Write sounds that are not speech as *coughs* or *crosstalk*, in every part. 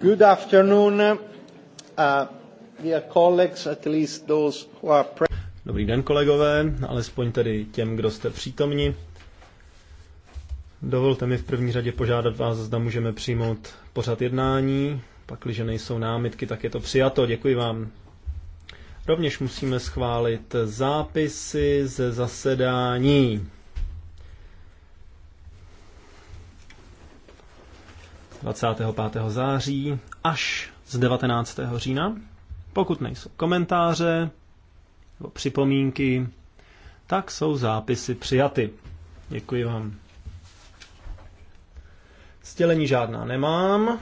Good afternoon, uh, dear colleagues, at least those who are Dobrý den, kolegové, alespoň tedy těm, kdo jste přítomni. Dovolte mi v první řadě požádat vás, zda můžeme přijmout pořad jednání. Pakliže nejsou námitky, tak je to přijato. Děkuji vám. Rovněž musíme schválit zápisy ze zasedání 25. září až z 19. října. Pokud nejsou komentáře nebo připomínky, tak jsou zápisy přijaty. Děkuji vám. Stělení žádná nemám,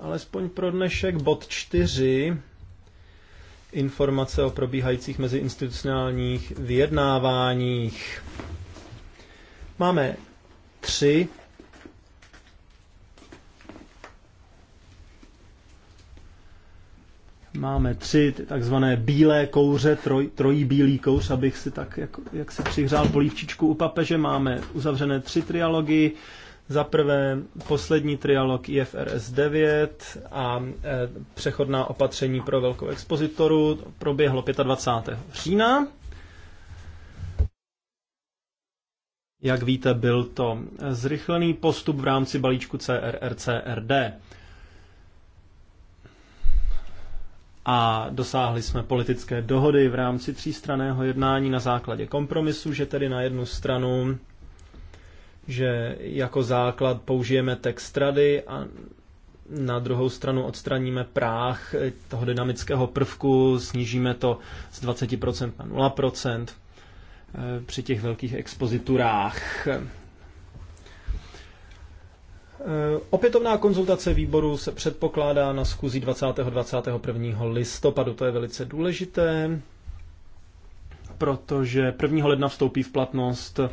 alespoň pro dnešek bod 4. Informace o probíhajících meziinstitucionálních vyjednáváních. Máme tři Máme tři takzvané bílé kouře, troj, trojí bílý kouř, abych si tak, jak, jak si přihřál polívčičku u papeže. Máme uzavřené tři trialogy. Za prvé poslední trialog IFRS 9 a e, přechodná opatření pro velkou expozitoru proběhlo 25. října. Jak víte, byl to zrychlený postup v rámci balíčku CRRCRD. crd a dosáhli jsme politické dohody v rámci třístraného jednání na základě kompromisu, že tedy na jednu stranu, že jako základ použijeme text rady a na druhou stranu odstraníme práh toho dynamického prvku, snížíme to z 20% na 0% eh, při těch velkých expoziturách Eh, opětovná konzultace výboru se předpokládá na schůzi 20. 21. listopadu. To je velice důležité, protože 1. ledna vstoupí v platnost eh,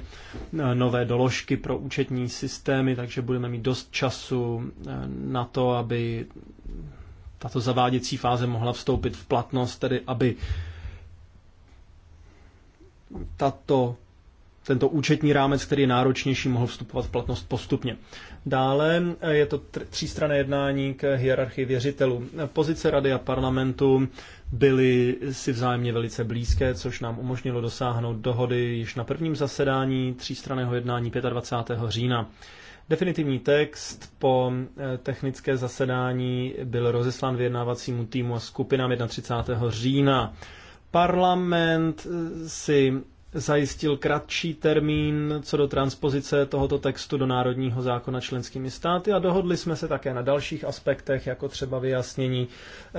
nové doložky pro účetní systémy, takže budeme mít dost času eh, na to, aby tato zaváděcí fáze mohla vstoupit v platnost, tedy aby tato tento účetní rámec, který je náročnější, mohl vstupovat v platnost postupně. Dále eh, je to třístrané jednání k hierarchii věřitelů. Pozice rady a parlamentu byly si vzájemně velice blízké, což nám umožnilo dosáhnout dohody již na prvním zasedání třístraného jednání 25. října. Definitivní text po eh, technické zasedání byl rozeslán vyjednávacímu týmu a skupinám 31. října. Parlament eh, si zajistil kratší termín co do transpozice tohoto textu do národního zákona členskými státy a dohodli jsme se také na dalších aspektech, jako třeba vyjasnění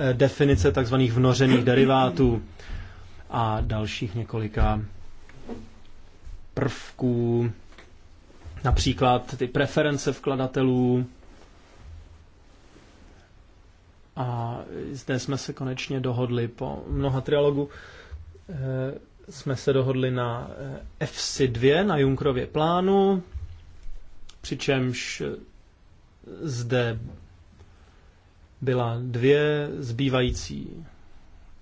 eh, definice tzv. vnořených derivátů a dalších několika prvků, například ty preference vkladatelů. A zde jsme se konečně dohodli po mnoha trialogu eh, jsme se dohodli na eh, FC 2 na Junkrově plánu, přičemž eh, zde byla dvě zbývající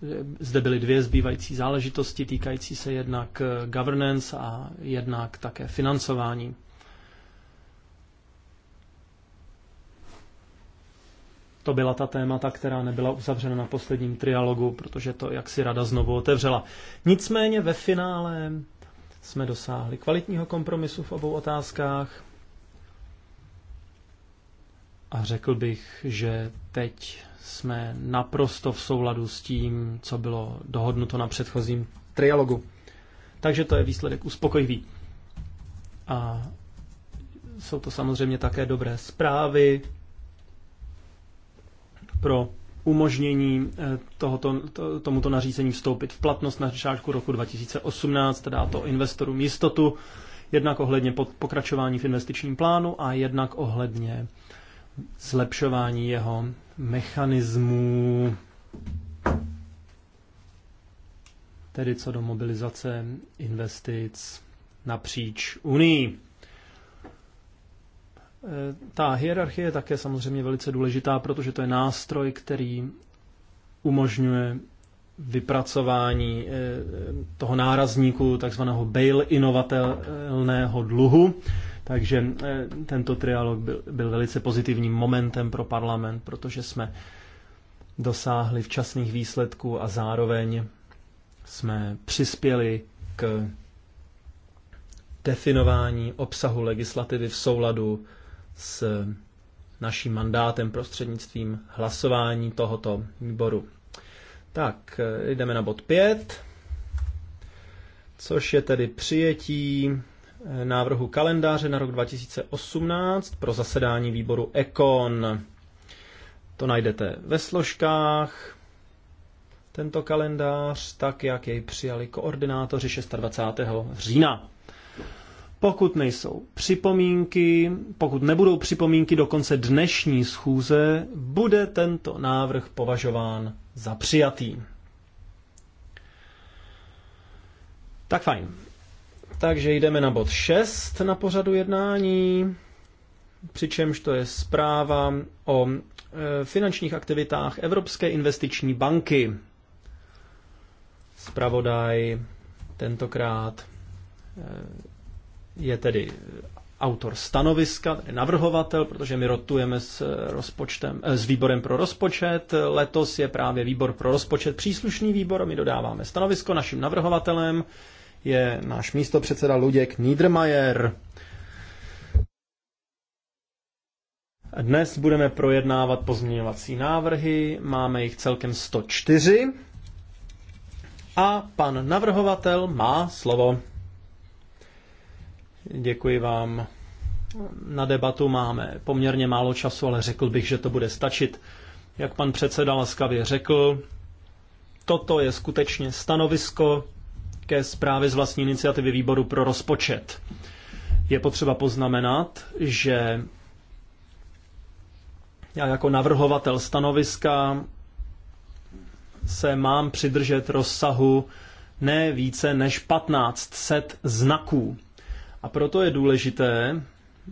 eh, zde byly dvě zbývající záležitosti týkající se jednak governance a jednak také financování. To byla ta témata, která nebyla uzavřena na posledním trialogu, protože to jak si rada znovu otevřela. Nicméně ve finále jsme dosáhli kvalitního kompromisu v obou otázkách a řekl bych, že teď jsme naprosto v souladu s tím, co bylo dohodnuto na předchozím trialogu. Takže to je výsledek uspokojivý. A jsou to samozřejmě také dobré zprávy pro umožnění eh, tohoto, to, tomuto nařízení vstoupit v platnost na řešáčku roku 2018, dá to investorům jistotu, jednak ohledně pokračování v investičním plánu a jednak ohledně zlepšování jeho mechanismů, tedy co do mobilizace investic napříč Unii. Eh, ta hierarchie je také samozřejmě velice důležitá, protože to je nástroj, který umožňuje vypracování eh, toho nárazníku takzvaného bail inovatelného dluhu. Takže eh, tento trialog byl, byl velice pozitivním momentem pro parlament, protože jsme dosáhli včasných výsledků a zároveň jsme přispěli k definování obsahu legislativy v souladu s naším mandátem prostřednictvím hlasování tohoto výboru. Tak, eh, jdeme na bod 5, což je tedy přijetí eh, návrhu kalendáře na rok 2018 pro zasedání výboru ekon. To najdete ve složkách, tento kalendář, tak jak jej přijali koordinátoři 26. října. Pokud nejsou připomínky, pokud nebudou připomínky do konce dnešní schůze, bude tento návrh považován za přijatý. Tak fajn. Takže jdeme na bod 6 na pořadu jednání, přičemž to je zpráva o e, finančních aktivitách Evropské investiční banky. Spravodaj tentokrát e, je tedy autor stanoviska, tedy navrhovatel, protože my rotujeme s, rozpočtem, eh, s výborem pro rozpočet. Letos je právě výbor pro rozpočet příslušný výbor, my dodáváme stanovisko. Naším navrhovatelem je náš místopředseda Luděk Niedermayer. Dnes budeme projednávat pozměňovací návrhy, máme jich celkem 104 a pan navrhovatel má slovo. Děkuji vám. Na debatu máme poměrně málo času, ale řekl bych, že to bude stačit. Jak pan předseda laskavě řekl, toto je skutečně stanovisko ke zprávě z vlastní iniciativy výboru pro rozpočet. Je potřeba poznamenat, že já jako navrhovatel stanoviska se mám přidržet rozsahu ne více než 1500 znaků. A proto je důležité,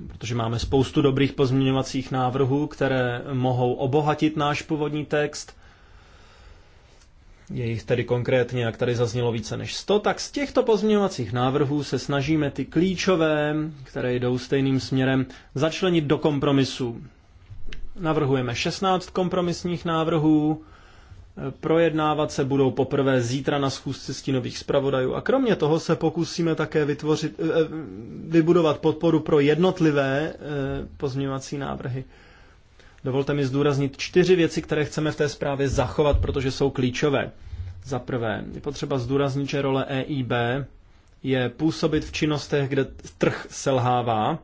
protože máme spoustu dobrých pozměňovacích návrhů, které mohou obohatit náš původní text, je jich tedy konkrétně, jak tady zaznělo více než 100, tak z těchto pozměňovacích návrhů se snažíme ty klíčové, které jdou stejným směrem, začlenit do kompromisu. Navrhujeme 16 kompromisních návrhů, Projednávat se budou poprvé zítra na schůzce stínových zpravodajů a kromě toho se pokusíme také vytvořit, eh, vybudovat podporu pro jednotlivé eh, pozměňovací návrhy. Dovolte mi zdůraznit čtyři věci, které chceme v té zprávě zachovat, protože jsou klíčové. Za prvé, je potřeba zdůraznit, že role EIB je působit v činnostech, kde trh selhává,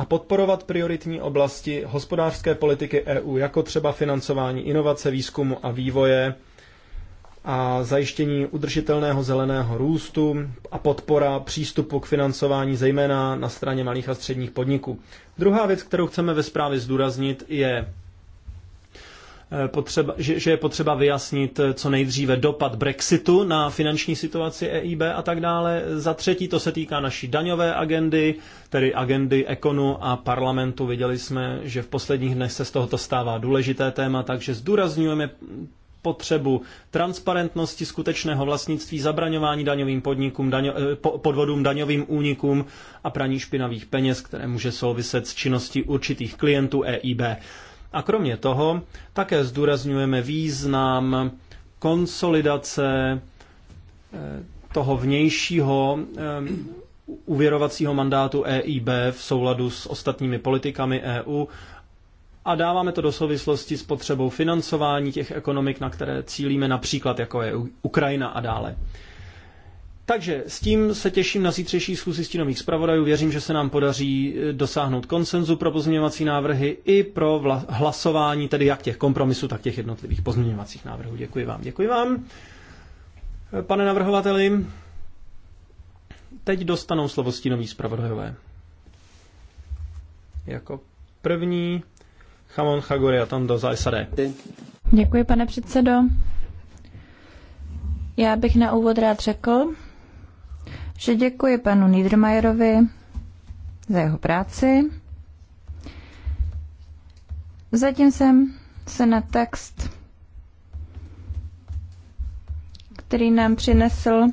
a podporovat prioritní oblasti hospodářské politiky EU, jako třeba financování inovace, výzkumu a vývoje a zajištění udržitelného zeleného růstu a podpora přístupu k financování zejména na straně malých a středních podniků. Druhá věc, kterou chceme ve zprávě zdůraznit, je Eh, potřeba, že, že je potřeba vyjasnit eh, co nejdříve dopad Brexitu na finanční situaci EIB a tak dále. Za třetí to se týká naší daňové agendy, tedy agendy ekonu a parlamentu. Viděli jsme, že v posledních dnech se z tohoto stává důležité téma, takže zdůrazňujeme potřebu transparentnosti skutečného vlastnictví, zabraňování daňovým podnikům, daňo, eh, podvodům, daňovým únikům a praní špinavých peněz, které může souviset s činností určitých klientů EIB. A kromě toho také zdůrazňujeme význam konsolidace eh, toho vnějšího eh, uvěrovacího mandátu EIB v souladu s ostatními politikami EU a dáváme to do souvislosti s potřebou financování těch ekonomik, na které cílíme například jako je Ukrajina a dále. Takže s tím se těším na zítřejší schůzi stínových zpravodajů. Věřím, že se nám podaří eh, dosáhnout konsenzu pro pozměňovací návrhy i pro hlasování, tedy jak těch kompromisů, tak těch jednotlivých pozměňovacích návrhů. Děkuji vám. Děkuji vám. Eh, pane navrhovateli, teď dostanou slovo stínoví zpravodajové. Jako první Chamon a tam do SAD. Děkuji, pane předsedo. Já bych na úvod rád řekl, že děkuji panu Niedermayerovi za jeho práci. Zatím jsem se na text, který nám přinesl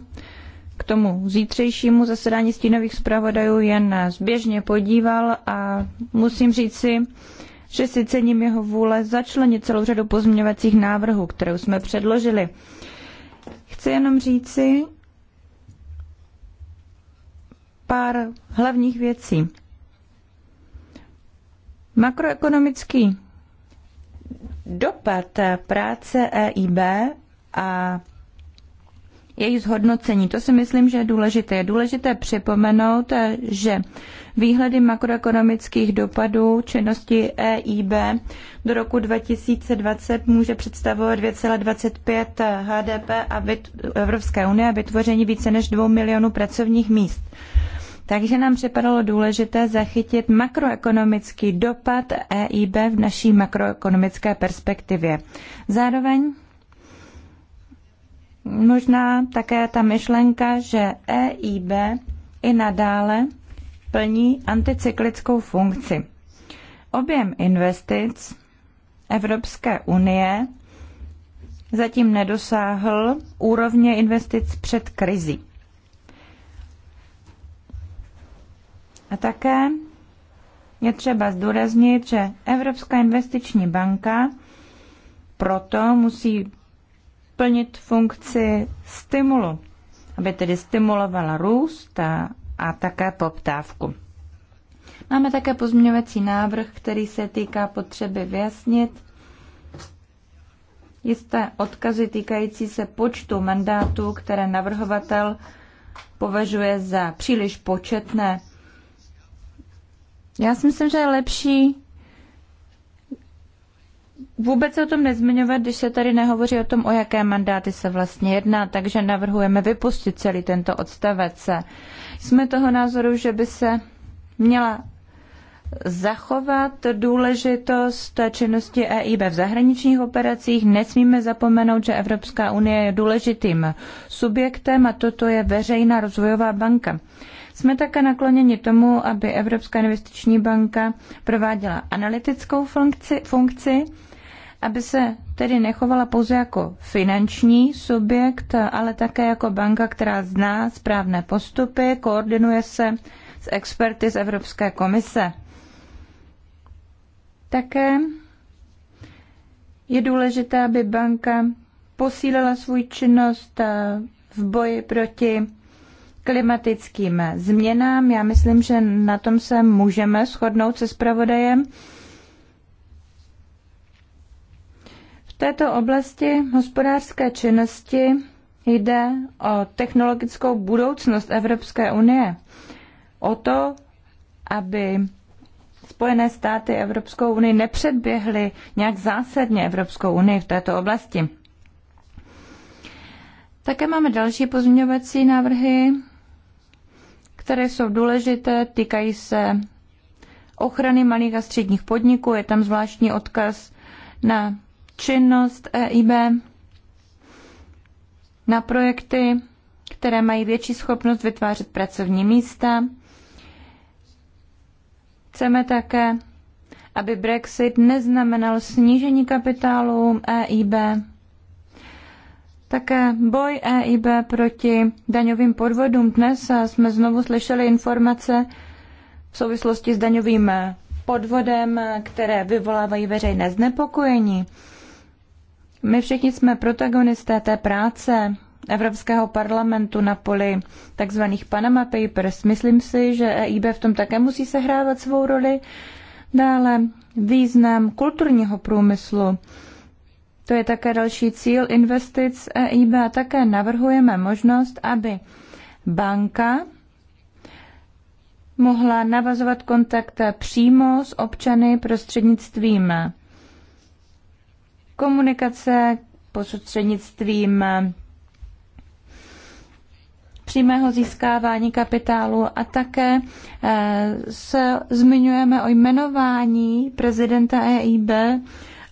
k tomu zítřejšímu zasedání stínových zpravodajů, jen zběžně podíval a musím říci, že si cením jeho vůle začlenit celou řadu pozměňovacích návrhů, kterou jsme předložili. Chci jenom říci, pár hlavních věcí. Makroekonomický dopad práce EIB a její zhodnocení. To si myslím, že je důležité. Je důležité připomenout, že výhledy makroekonomických dopadů činnosti EIB do roku 2020 může představovat 2,25 HDP a Evropské unie a vytvoření více než 2 milionů pracovních míst. Takže nám připadalo důležité zachytit makroekonomický dopad EIB v naší makroekonomické perspektivě. Zároveň možná také ta myšlenka, že EIB i nadále plní anticyklickou funkci. Objem investic Evropské unie zatím nedosáhl úrovně investic před krizí. A také je třeba zdůraznit, že Evropská investiční banka proto musí plnit funkci stimulu, aby tedy stimulovala růst a, a také poptávku. Máme také pozměňovací návrh, který se týká potřeby vyjasnit jisté odkazy týkající se počtu mandátů, které navrhovatel považuje za příliš početné já si myslím, že je lepší vůbec se o tom nezmiňovat, když se tady nehovoří o tom, o jaké mandáty se vlastně jedná, takže navrhujeme vypustit celý tento odstavec. Jsme toho názoru, že by se měla zachovat důležitost činnosti EIB v zahraničních operacích. Nesmíme zapomenout, že Evropská unie je důležitým subjektem a toto je veřejná rozvojová banka. Jsme také nakloněni tomu, aby Evropská investiční banka prováděla analytickou funkci, funkci aby se tedy nechovala pouze jako finanční subjekt, ale také jako banka, která zná správné postupy, koordinuje se s experty z Evropské komise. Také je důležité, aby banka posílila svůj činnost v boji proti klimatickým změnám. Já myslím, že na tom se můžeme shodnout se zpravodajem. V této oblasti hospodářské činnosti jde o technologickou budoucnost Evropské unie. O to, aby Spojené státy Evropskou unii nepředběhly nějak zásadně Evropskou unii v této oblasti. Také máme další pozměňovací návrhy, které jsou důležité, týkají se ochrany malých a středních podniků. Je tam zvláštní odkaz na činnost EIB, na projekty, které mají větší schopnost vytvářet pracovní místa. Chceme také, aby Brexit neznamenal snížení kapitálu EIB také boj EIB proti daňovým podvodům. Dnes jsme znovu slyšeli informace v souvislosti s daňovým podvodem, které vyvolávají veřejné znepokojení. My všichni jsme protagonisté té práce Evropského parlamentu na poli tzv. Panama Papers. Myslím si, že EIB v tom také musí sehrávat svou roli. Dále význam kulturního průmyslu to je také další cíl investic EIB a také navrhujeme možnost, aby banka mohla navazovat kontakt přímo s občany prostřednictvím komunikace, prostřednictvím přímého získávání kapitálu a také eh, se zmiňujeme o jmenování prezidenta EIB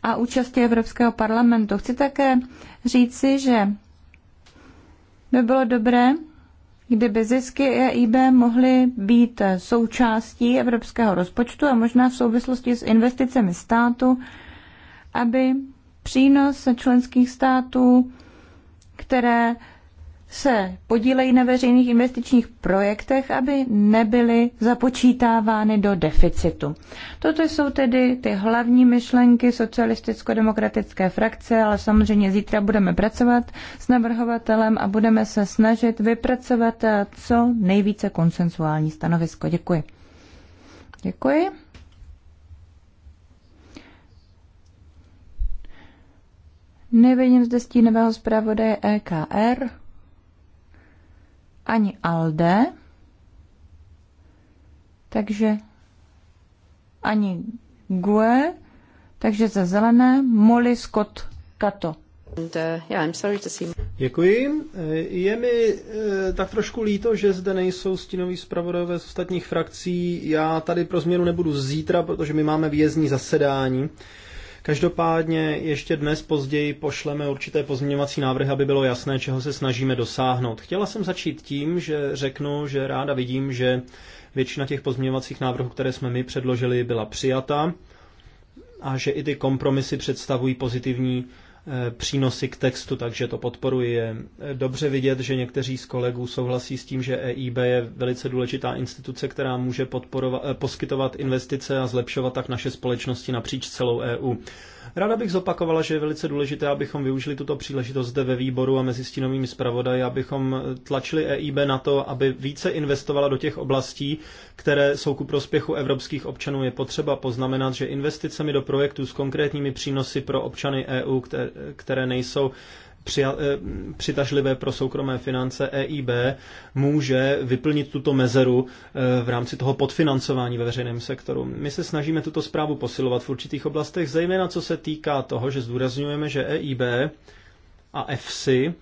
a účasti Evropského parlamentu. Chci také říci, že by bylo dobré, kdyby zisky EIB mohly být součástí evropského rozpočtu a možná v souvislosti s investicemi státu, aby přínos členských států, které se podílejí na veřejných investičních projektech, aby nebyly započítávány do deficitu. Toto jsou tedy ty hlavní myšlenky socialisticko-demokratické frakce, ale samozřejmě zítra budeme pracovat s navrhovatelem a budeme se snažit vypracovat eh, co nejvíce konsensuální stanovisko. Děkuji. Děkuji. Nevidím zde stínového zpravodaje EKR ani ALDE, takže ani GUE, takže za zelené Molly Scott Kato. Děkuji. Je mi eh, tak trošku líto, že zde nejsou stínoví zpravodajové z ostatních frakcí. Já tady pro změnu nebudu zítra, protože my máme výjezdní zasedání. Každopádně ještě dnes později pošleme určité pozměňovací návrhy, aby bylo jasné, čeho se snažíme dosáhnout. Chtěla jsem začít tím, že řeknu, že ráda vidím, že většina těch pozměňovacích návrhů, které jsme my předložili, byla přijata a že i ty kompromisy představují pozitivní Eh, přínosy k textu, takže to podporuji. Je eh, dobře vidět, že někteří z kolegů souhlasí s tím, že EIB je velice důležitá instituce, která může eh, poskytovat investice a zlepšovat tak naše společnosti napříč celou EU. Ráda bych zopakovala, že je velice důležité, abychom využili tuto příležitost zde ve výboru a mezi stínovými zpravodaji, abychom tlačili EIB na to, aby více investovala do těch oblastí, které jsou ku prospěchu evropských občanů. Je potřeba poznamenat, že investicemi do projektů s konkrétními přínosy pro občany EU, které nejsou Eh, přitažlivé pro soukromé finance EIB může vyplnit tuto mezeru eh, v rámci toho podfinancování ve veřejném sektoru. My se snažíme tuto zprávu posilovat v určitých oblastech, zejména co se týká toho, že zdůrazňujeme, že EIB a EFSI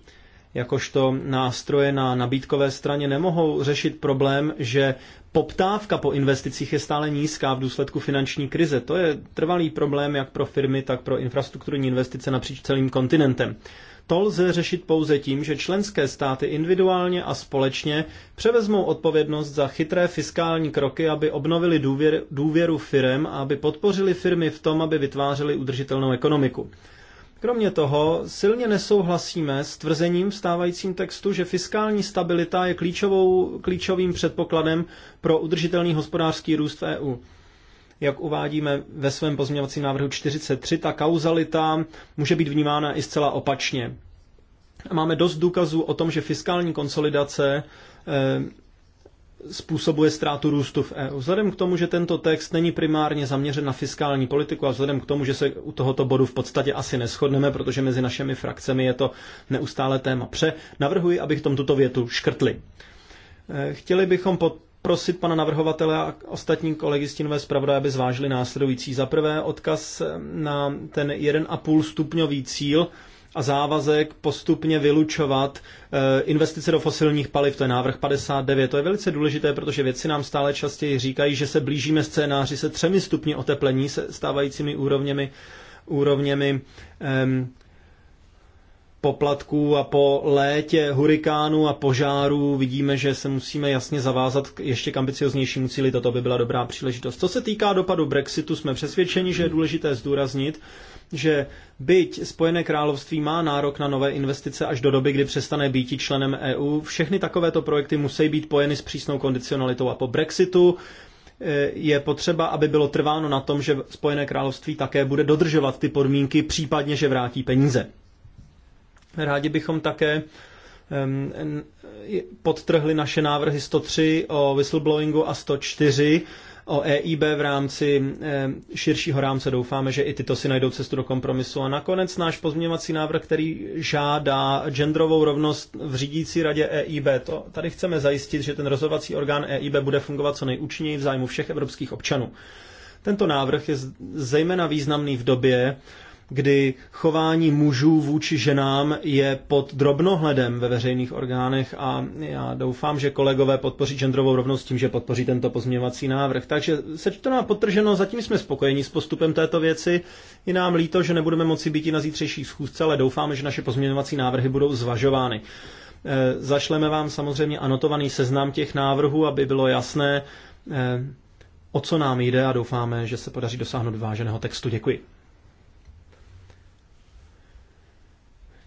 jakožto nástroje na nabídkové straně nemohou řešit problém, že poptávka po investicích je stále nízká v důsledku finanční krize. To je trvalý problém jak pro firmy, tak pro infrastrukturní investice napříč celým kontinentem. To lze řešit pouze tím, že členské státy individuálně a společně převezmou odpovědnost za chytré fiskální kroky, aby obnovili důvěr, důvěru firm a aby podpořili firmy v tom, aby vytvářely udržitelnou ekonomiku. Kromě toho silně nesouhlasíme s tvrzením v stávajícím textu, že fiskální stabilita je klíčovou, klíčovým předpokladem pro udržitelný hospodářský růst v EU. Jak uvádíme ve svém pozměňovacím návrhu 43, ta kauzalita může být vnímána i zcela opačně. Máme dost důkazů o tom, že fiskální konsolidace eh, způsobuje ztrátu růstu v EU. Vzhledem k tomu, že tento text není primárně zaměřen na fiskální politiku a vzhledem k tomu, že se u tohoto bodu v podstatě asi neschodneme, protože mezi našimi frakcemi je to neustále téma pře, navrhuji, abychom tuto větu škrtli. Eh, chtěli bychom pod prosit pana navrhovatele a ostatní kolegy stínové zpravodaje, aby zvážili následující. Za prvé odkaz na ten 1,5 stupňový cíl a závazek postupně vylučovat eh, investice do fosilních paliv, to je návrh 59. To je velice důležité, protože věci nám stále častěji říkají, že se blížíme scénáři se třemi stupni oteplení se stávajícími úrovněmi úrovněmi poplatků a po létě hurikánu a požáru vidíme, že se musíme jasně zavázat k ještě k ambicioznějšímu cíli. Toto by byla dobrá příležitost. Co se týká dopadu Brexitu, jsme přesvědčeni, že je důležité zdůraznit, že byť Spojené království má nárok na nové investice až do doby, kdy přestane být členem EU, všechny takovéto projekty musí být pojeny s přísnou kondicionalitou a po Brexitu eh, je potřeba, aby bylo trváno na tom, že Spojené království také bude dodržovat ty podmínky, případně, že vrátí peníze. Rádi bychom také podtrhli naše návrhy 103 o whistleblowingu a 104 o EIB v rámci širšího rámce. Doufáme, že i tyto si najdou cestu do kompromisu. A nakonec náš pozměňovací návrh, který žádá genderovou rovnost v řídící radě EIB. To, tady chceme zajistit, že ten rozhodovací orgán EIB bude fungovat co nejúčinněji v zájmu všech evropských občanů. Tento návrh je zejména významný v době, kdy chování mužů vůči ženám je pod drobnohledem ve veřejných orgánech a já doufám, že kolegové podpoří genderovou rovnost tím, že podpoří tento pozměňovací návrh. Takže se nám potrženo, zatím jsme spokojeni s postupem této věci. Je nám líto, že nebudeme moci být i na zítřejší schůzce, ale doufáme, že naše pozměňovací návrhy budou zvažovány. Eh, zašleme vám samozřejmě anotovaný seznam těch návrhů, aby bylo jasné, eh, o co nám jde a doufáme, že se podaří dosáhnout váženého textu. Děkuji.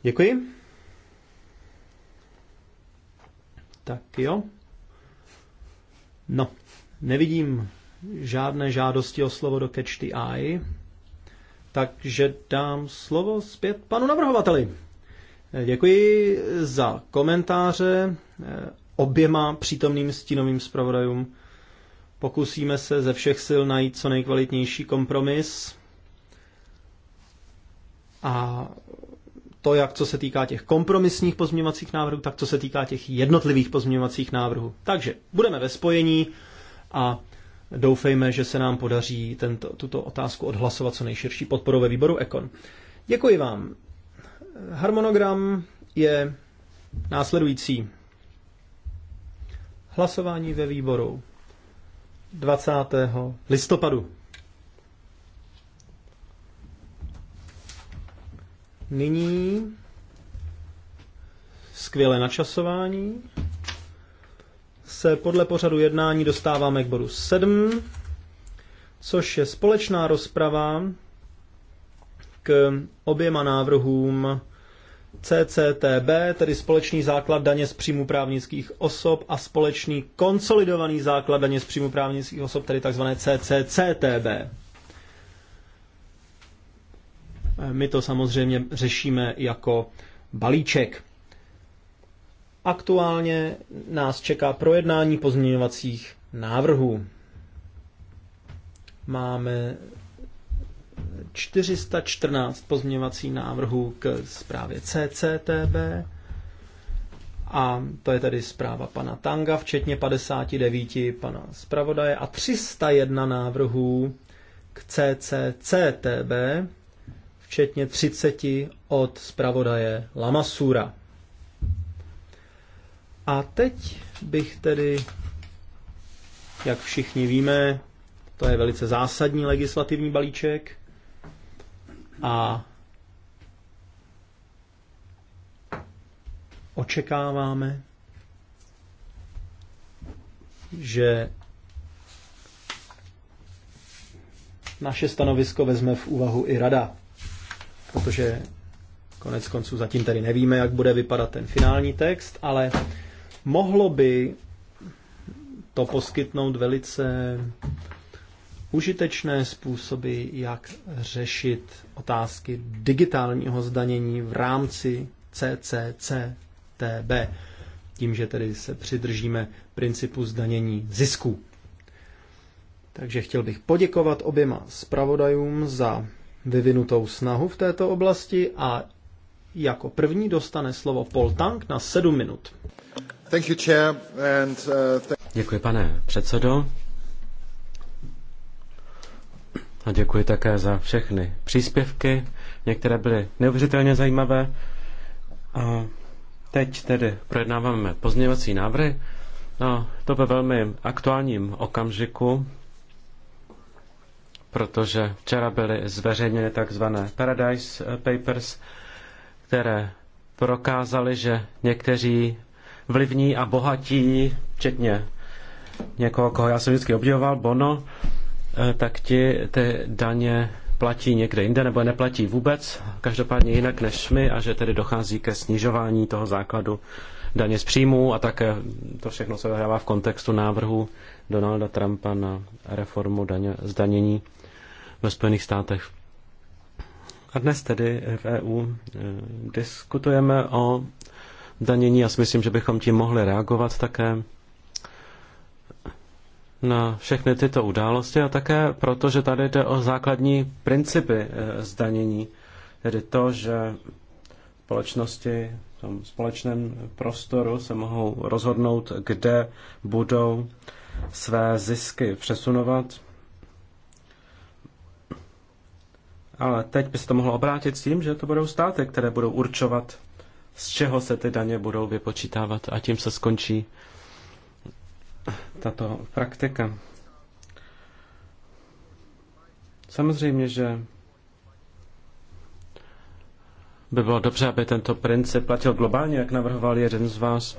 Děkuji. Tak jo. No, nevidím žádné žádosti o slovo do Catch the Eye, takže dám slovo zpět panu navrhovateli. Děkuji za komentáře eh, oběma přítomným stínovým zpravodajům. Pokusíme se ze všech sil najít co nejkvalitnější kompromis a to jak co se týká těch kompromisních pozměňovacích návrhů, tak co se týká těch jednotlivých pozměňovacích návrhů. Takže budeme ve spojení a doufejme, že se nám podaří tento, tuto otázku odhlasovat co nejširší podporou ve výboru Ekon. Děkuji vám. Harmonogram je následující. Hlasování ve výboru 20. listopadu. Nyní skvělé načasování. Se podle pořadu jednání dostáváme k bodu 7, což je společná rozprava k oběma návrhům CCTB, tedy společný základ daně z příjmu právnických osob a společný konsolidovaný základ daně z příjmu právnických osob, tedy tzv. CCCTB. My to samozřejmě řešíme jako balíček. Aktuálně nás čeká projednání pozměňovacích návrhů. Máme 414 pozměňovacích návrhů k zprávě CCTB. A to je tedy zpráva pana Tanga, včetně 59 pana zpravodaje a 301 návrhů k CCCTB, včetně 30 od zpravodaje Lamasura. A teď bych tedy, jak všichni víme, to je velice zásadní legislativní balíček a očekáváme, že naše stanovisko vezme v úvahu i rada protože konec konců zatím tady nevíme, jak bude vypadat ten finální text, ale mohlo by to poskytnout velice užitečné způsoby, jak řešit otázky digitálního zdanění v rámci CCCTB, tím, že tedy se přidržíme principu zdanění zisku. Takže chtěl bych poděkovat oběma zpravodajům za vyvinutou snahu v této oblasti a jako první dostane slovo Paul Tank na sedm minut. Thank you, chair, and, uh, Děkuji, pane předsedo. A děkuji také za všechny příspěvky. Některé byly neuvěřitelně zajímavé. A teď tedy projednáváme pozměňovací návrhy. No, to ve velmi aktuálním okamžiku, protože včera byly zveřejněny takzvané Paradise Papers, které prokázaly, že někteří vlivní a bohatí, včetně někoho, koho já jsem vždycky obdivoval, Bono, eh, tak ti ty daně platí někde jinde nebo neplatí vůbec, každopádně jinak než my a že tedy dochází ke snižování toho základu daně z příjmů a také to všechno se odehrává v kontextu návrhu Donalda Trumpa na reformu daně, zdanění ve Spojených státech. A dnes tedy v EU eh, diskutujeme o danění. a si myslím, že bychom tím mohli reagovat také na všechny tyto události a také proto, že tady jde o základní principy eh, zdanění, tedy to, že společnosti v tom společném prostoru se mohou rozhodnout, kde budou své zisky přesunovat Ale teď by se to mohlo obrátit s tím, že to budou státy, které budou určovat, z čeho se ty daně budou vypočítávat a tím se skončí tato praktika. Samozřejmě, že by bylo dobře, aby tento princip platil globálně, jak navrhoval jeden z vás.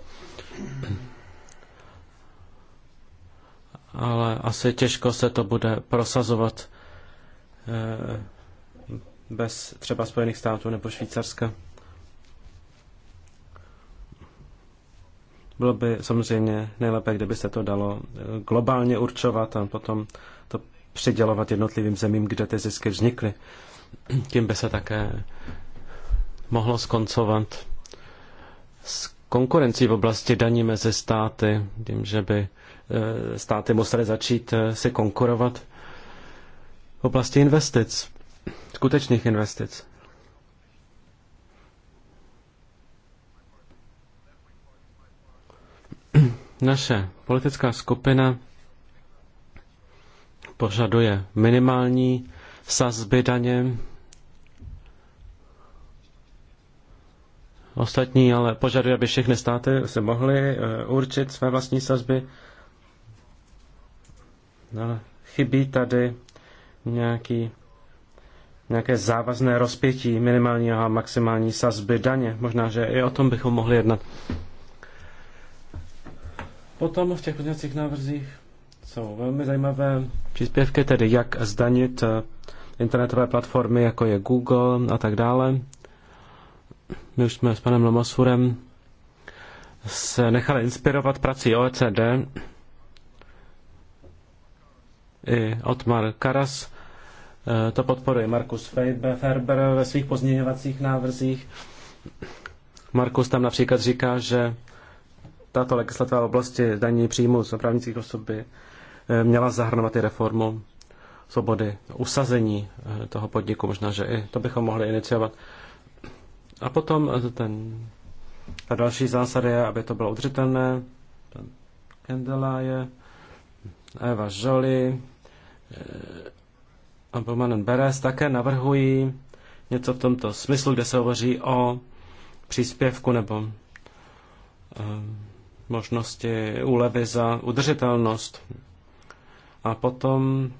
Ale asi těžko se to bude prosazovat eh, bez třeba Spojených států nebo Švýcarska. Bylo by samozřejmě nejlépe, kdyby se to dalo eh, globálně určovat a potom to přidělovat jednotlivým zemím, kde ty zisky vznikly. *clears throat* Tím by se také mohlo skoncovat s konkurencí v oblasti daní mezi státy, tím, že by eh, státy musely začít eh, si konkurovat v oblasti investic skutečných investic. Naše politická skupina požaduje minimální sazby daně. Ostatní ale požaduje, aby všechny státy se mohly eh, určit své vlastní sazby. Ale chybí tady nějaký nějaké závazné rozpětí minimální a maximální sazby daně. Možná, že i o tom bychom mohli jednat. Potom v těch pozměňovacích návrzích jsou velmi zajímavé příspěvky, tedy jak zdanit eh, internetové platformy, jako je Google a tak dále. My už jsme s panem Lomasurem se nechali inspirovat prací OECD. I Otmar Karas Eh, to podporuje Markus Ferber ve svých pozměňovacích návrzích. Markus tam například říká, že tato legislativa v oblasti daní příjmu z právnických osoby eh, měla zahrnovat i reformu svobody usazení eh, toho podniku. Možná, že i to bychom mohli iniciovat. A potom ten, ta další zásada je, aby to bylo udržitelné. Kendela je, Eva Jolie, pan Pomanen Beres také navrhují něco v tomto smyslu, kde se hovoří o příspěvku nebo eh, možnosti úlevy za udržitelnost. A potom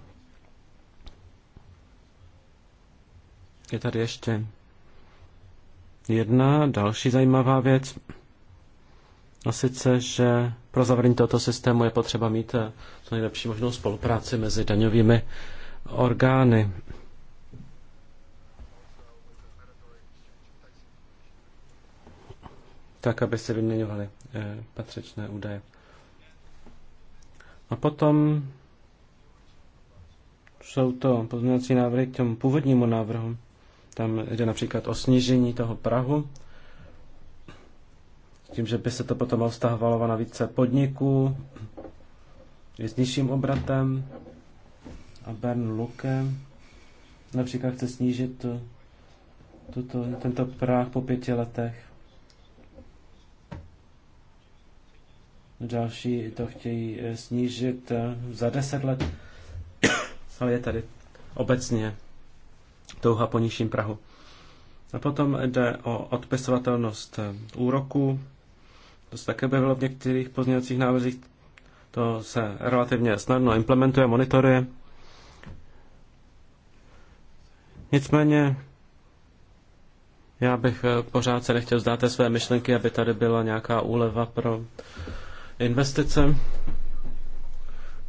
je tady ještě jedna další zajímavá věc. A sice, že pro zavření tohoto systému je potřeba mít eh, co nejlepší možnou spolupráci mezi daňovými orgány. tak, aby se vyměňovaly eh, patřičné údaje. A potom jsou to pozměňovací návrhy k tomu původnímu návrhu. Tam jde například o snížení toho Prahu, tím, že by se to potom vztahovalo na více podniků, s nižším obratem a Bern Luke například chce snížit to, tuto, tento práh po pěti letech. Další to chtějí eh, snížit eh, za deset let, *coughs* ale je tady obecně touha po nižším Prahu. A potom jde o odpisovatelnost eh, úroku. To se také bylo v některých pozměňovacích návrzích. To se relativně snadno implementuje, monitoruje. Nicméně já bych eh, pořád se nechtěl zdát té své myšlenky, aby tady byla nějaká úleva pro investice.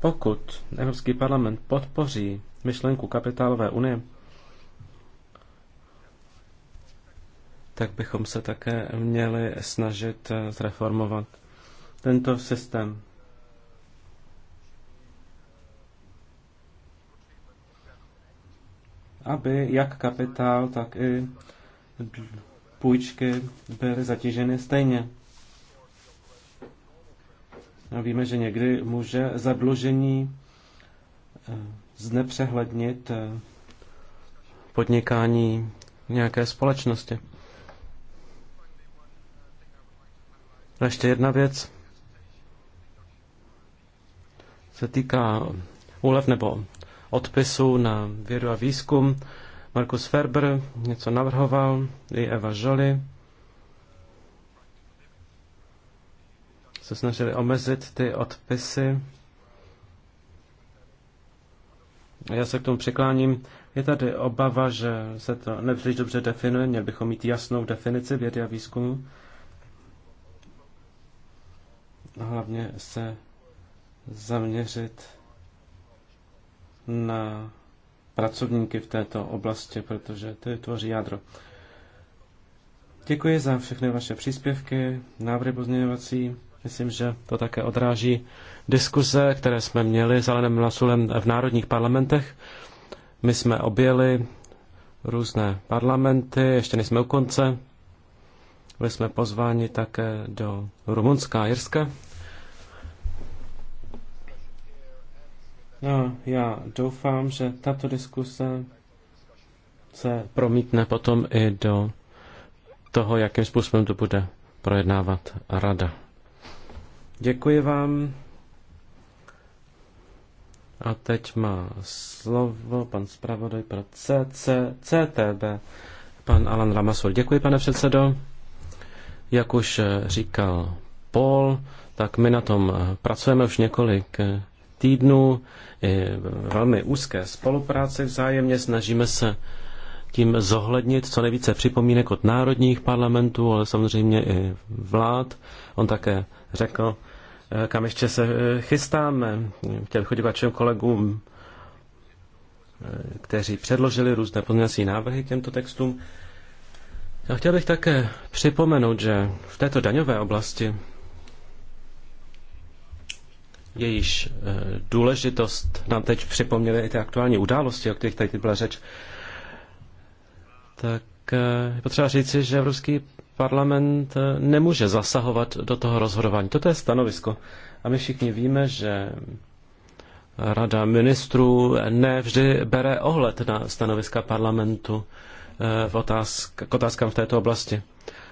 Pokud Evropský parlament podpoří myšlenku kapitálové unie, tak bychom se také měli snažit eh, zreformovat tento systém. aby jak kapitál, tak i půjčky byly zatíženy stejně. A víme, že někdy může zadlužení eh, znepřehlednit eh, podnikání nějaké společnosti. A ještě jedna věc se týká úlev nebo odpisu na vědu a výzkum. Markus Ferber něco navrhoval, i Eva Žoli se snažili omezit ty odpisy. Já se k tomu překláním. Je tady obava, že se to nepříliš dobře definuje, měli bychom mít jasnou definici vědy a výzkumu. Hlavně se zaměřit na pracovníky v této oblasti, protože ty tvoří jádro. Děkuji za všechny vaše příspěvky, návrhy pozměňovací. Myslím, že to také odráží diskuze, které jsme měli s Alenem Lasulem v národních parlamentech. My jsme objeli různé parlamenty, ještě nejsme u konce. Byli jsme pozváni také do Rumunska a Jirska. No, já doufám, že tato diskuse se promítne potom i do toho, jakým způsobem to bude projednávat rada. Děkuji vám. A teď má slovo pan zpravodaj pro CC, CTB, pan Alan Ramasol. Děkuji, pane předsedo. Jak už říkal Paul, tak my na tom pracujeme už několik týdnů velmi úzké spolupráce vzájemně. Snažíme se tím zohlednit co nejvíce připomínek od národních parlamentů, ale samozřejmě i vlád. On také řekl, eh, kam ještě se eh, chystáme. Chtěl bych poděkovat kolegům, eh, kteří předložili různé pozměňovací návrhy k těmto textům. Já chtěl bych také připomenout, že v této daňové oblasti jejíž eh, důležitost nám teď připomněly i ty aktuální události, o kterých tady byla řeč, tak eh, je potřeba říci, že Evropský parlament eh, nemůže zasahovat do toho rozhodování. Toto je stanovisko. A my všichni víme, že Rada ministrů nevždy bere ohled na stanoviska parlamentu v otázk, k otázkám v této oblasti.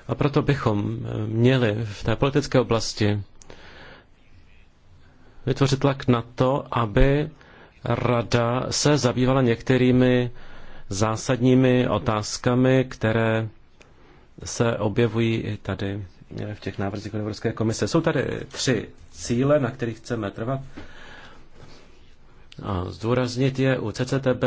A proto bychom měli v té politické oblasti vytvořit tlak na to, aby rada se zabývala některými zásadními otázkami, které se objevují i tady eh, v těch návrzích Evropské komise. Jsou tady tři cíle, na kterých chceme trvat. A zdůraznit je u CCTB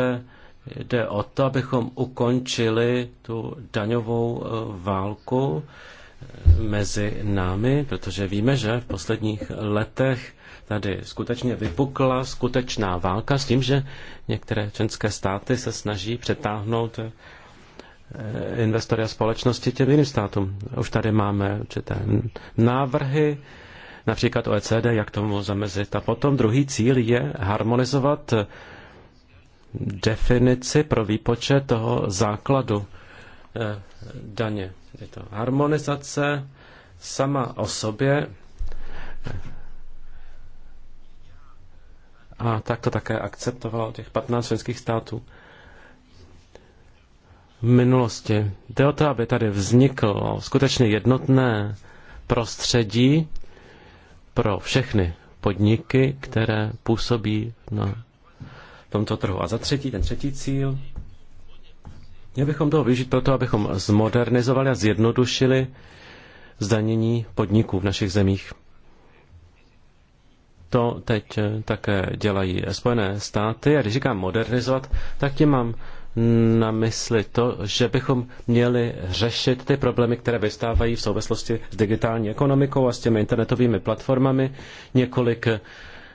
jde o to, abychom ukončili tu daňovou eh, válku eh, mezi námi, protože víme, že v posledních letech tady skutečně vypukla skutečná válka s tím, že některé členské státy se snaží přetáhnout eh, investory a společnosti těm jiným státům. Už tady máme určité návrhy, například OECD, jak tomu zamezit. A potom druhý cíl je harmonizovat definici pro výpočet toho základu eh, daně. Je to harmonizace sama o sobě a tak to také akceptovalo těch 15 členských států v minulosti. Jde o to, aby tady vzniklo skutečně jednotné prostředí pro všechny podniky, které působí na tomto trhu. A za třetí, ten třetí cíl, měli bychom toho využít proto, abychom zmodernizovali a zjednodušili zdanění podniků v našich zemích. To teď eh, také dělají Spojené státy. A když říkám modernizovat, tak tím mám na mysli to, že bychom měli řešit ty problémy, které vystávají v souvislosti s digitální ekonomikou a s těmi internetovými platformami. Několik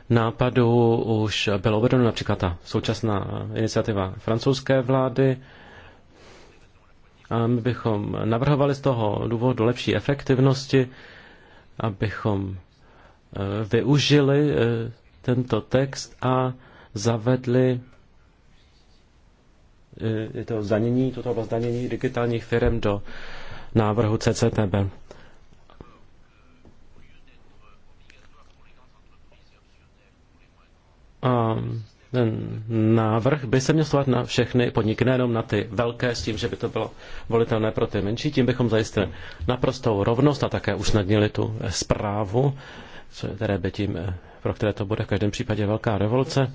nápadů už bylo uvedeno, například ta současná iniciativa francouzské vlády. A my bychom navrhovali z toho důvodu lepší efektivnosti, abychom Eh, využili eh, tento text a zavedli eh, to zdanění, toto zdanění digitálních firm do návrhu CCTB. A ten návrh by se měl stovat na všechny podniky, nejenom na ty velké, s tím, že by to bylo volitelné pro ty menší. Tím bychom zajistili naprostou rovnost a také usnadnili tu zprávu které by tím, eh, pro které to bude v každém případě velká revoluce.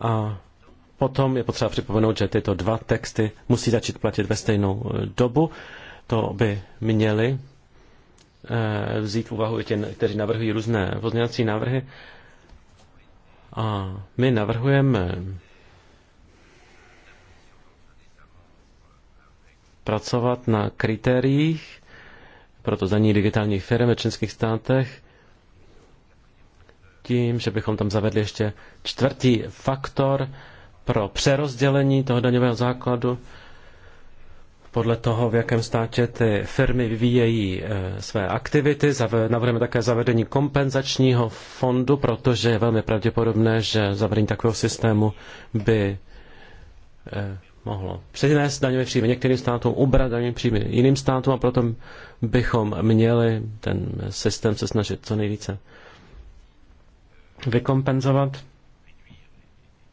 A potom je potřeba připomenout, že tyto dva texty musí začít platit ve stejnou eh, dobu. To by měli eh, vzít v úvahu i těm, kteří navrhují různé pozměňovací návrhy. A my navrhujeme pracovat na kritériích proto to zdanění digitálních firm ve členských státech tím, že bychom tam zavedli ještě čtvrtý faktor pro přerozdělení toho daňového základu podle toho, v jakém státě ty firmy vyvíjejí eh, své aktivity. Navrhujeme také zavedení kompenzačního fondu, protože je velmi pravděpodobné, že zavedení takového systému by eh, mohlo přinést daňové příjmy některým státům, ubrat daňové příjmy jiným státům a proto bychom měli ten systém se snažit co nejvíce vykompenzovat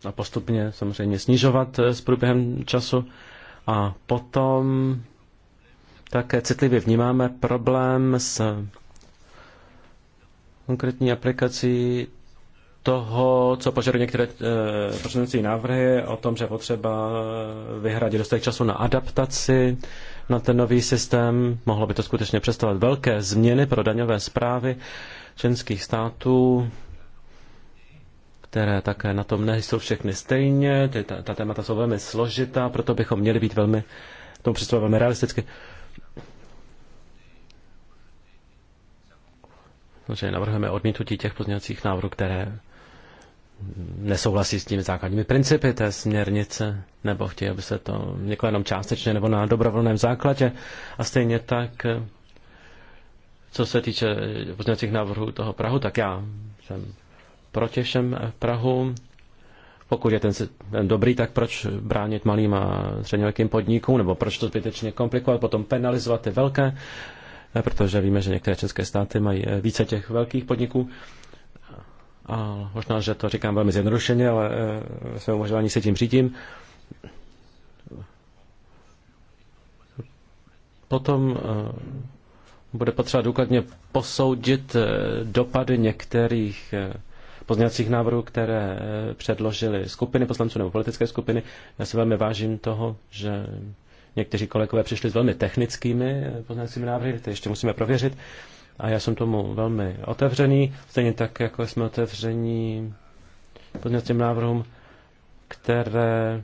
a postupně samozřejmě snižovat eh, s průběhem času. A potom také citlivě vnímáme problém s konkrétní aplikací toho, co požadují některé e, návrhy, o tom, že potřeba eh, vyhradit dostatek času na adaptaci na ten nový systém. Mohlo by to skutečně představovat velké změny pro daňové zprávy členských států, které také na tom nejsou všechny stejně. Ty, ta, ta témata jsou velmi složitá, proto bychom měli být velmi, tomu představovat velmi realisticky. Takže navrhujeme odmítnutí těch pozměňovacích návrhů, které nesouhlasí s těmi základními principy té směrnice, nebo chtějí, aby se to někdo jenom částečně nebo na dobrovolném základě. A stejně tak, co se týče pozměňovacích návrhů toho Prahu, tak já jsem proti všem Prahu. Pokud je ten, ten dobrý, tak proč bránit malým a středně velkým podnikům, nebo proč to zbytečně komplikovat, potom penalizovat ty velké, protože víme, že některé české státy mají více těch velkých podniků a možná, že to říkám velmi zjednodušeně, ale eh, ve svém uvažování se tím řídím. Potom eh, bude potřeba důkladně posoudit eh, dopady některých pozměňovacích návrhů, které předložily skupiny poslanců nebo politické skupiny. Já si velmi vážím toho, že někteří kolegové přišli s velmi technickými pozměňovacími návrhy, které ještě musíme prověřit. A já jsem tomu velmi otevřený, stejně tak, jako jsme otevření podněcím návrhům, které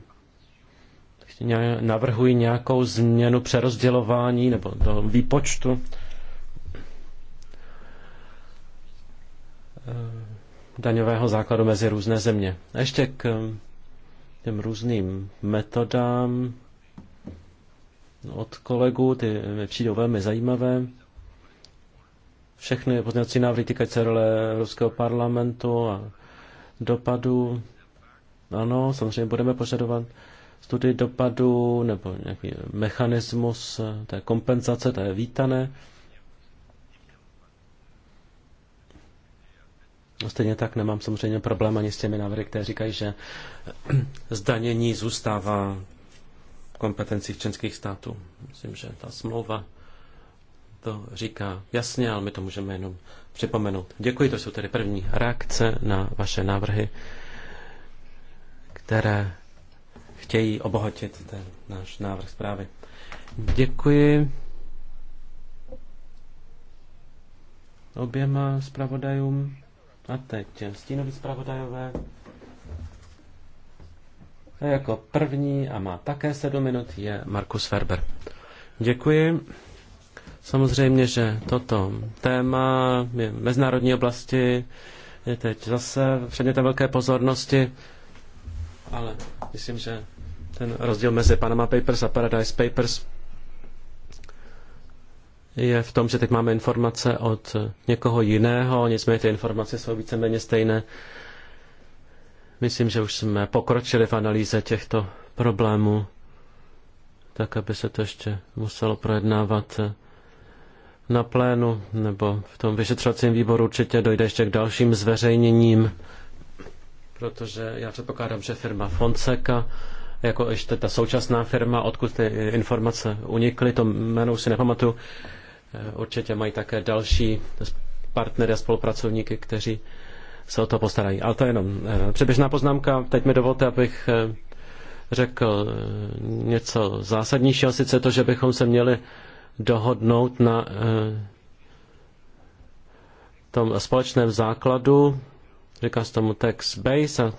navrhují nějakou změnu přerozdělování nebo do výpočtu eh, daňového základu mezi různé země. A ještě k eh, těm různým metodám od kolegů, ty mi přijdou velmi zajímavé všechny pozměňovací návrhy týkající se role Evropského parlamentu a dopadu. Ano, samozřejmě budeme požadovat studii dopadu nebo nějaký mechanismus té kompenzace, to je vítané. Stejně tak nemám samozřejmě problém ani s těmi návrhy, které říkají, že *clears throat* zdanění zůstává kompetencí členských států. Myslím, že ta smlouva to říká jasně, ale my to můžeme jenom připomenout. Děkuji, to jsou tedy první reakce na vaše návrhy, které chtějí obohatit ten náš návrh zprávy. Děkuji oběma zpravodajům. A teď stínový zpravodajové. A jako první a má také sedm minut je Markus Ferber. Děkuji. Samozřejmě, že toto téma je v mezinárodní oblasti je teď zase předmětem velké pozornosti, ale myslím, že ten rozdíl mezi Panama Papers a Paradise Papers je v tom, že teď máme informace od někoho jiného, nicméně ty informace jsou víceméně stejné. Myslím, že už jsme pokročili v analýze těchto problémů, tak aby se to ještě muselo projednávat na plénu nebo v tom vyšetřovacím výboru určitě dojde ještě k dalším zveřejněním, protože já předpokládám, že firma Fonseca, jako ještě ta současná firma, odkud ty informace unikly, to jméno už si nepamatuju, eh, určitě mají také další partnery a spolupracovníky, kteří se o to postarají. Ale to je jenom eh, předběžná poznámka. Teď mi dovolte, abych eh, řekl něco zásadnějšího, sice to, že bychom se měli dohodnout na eh, tom společném základu, říká se tomu text base a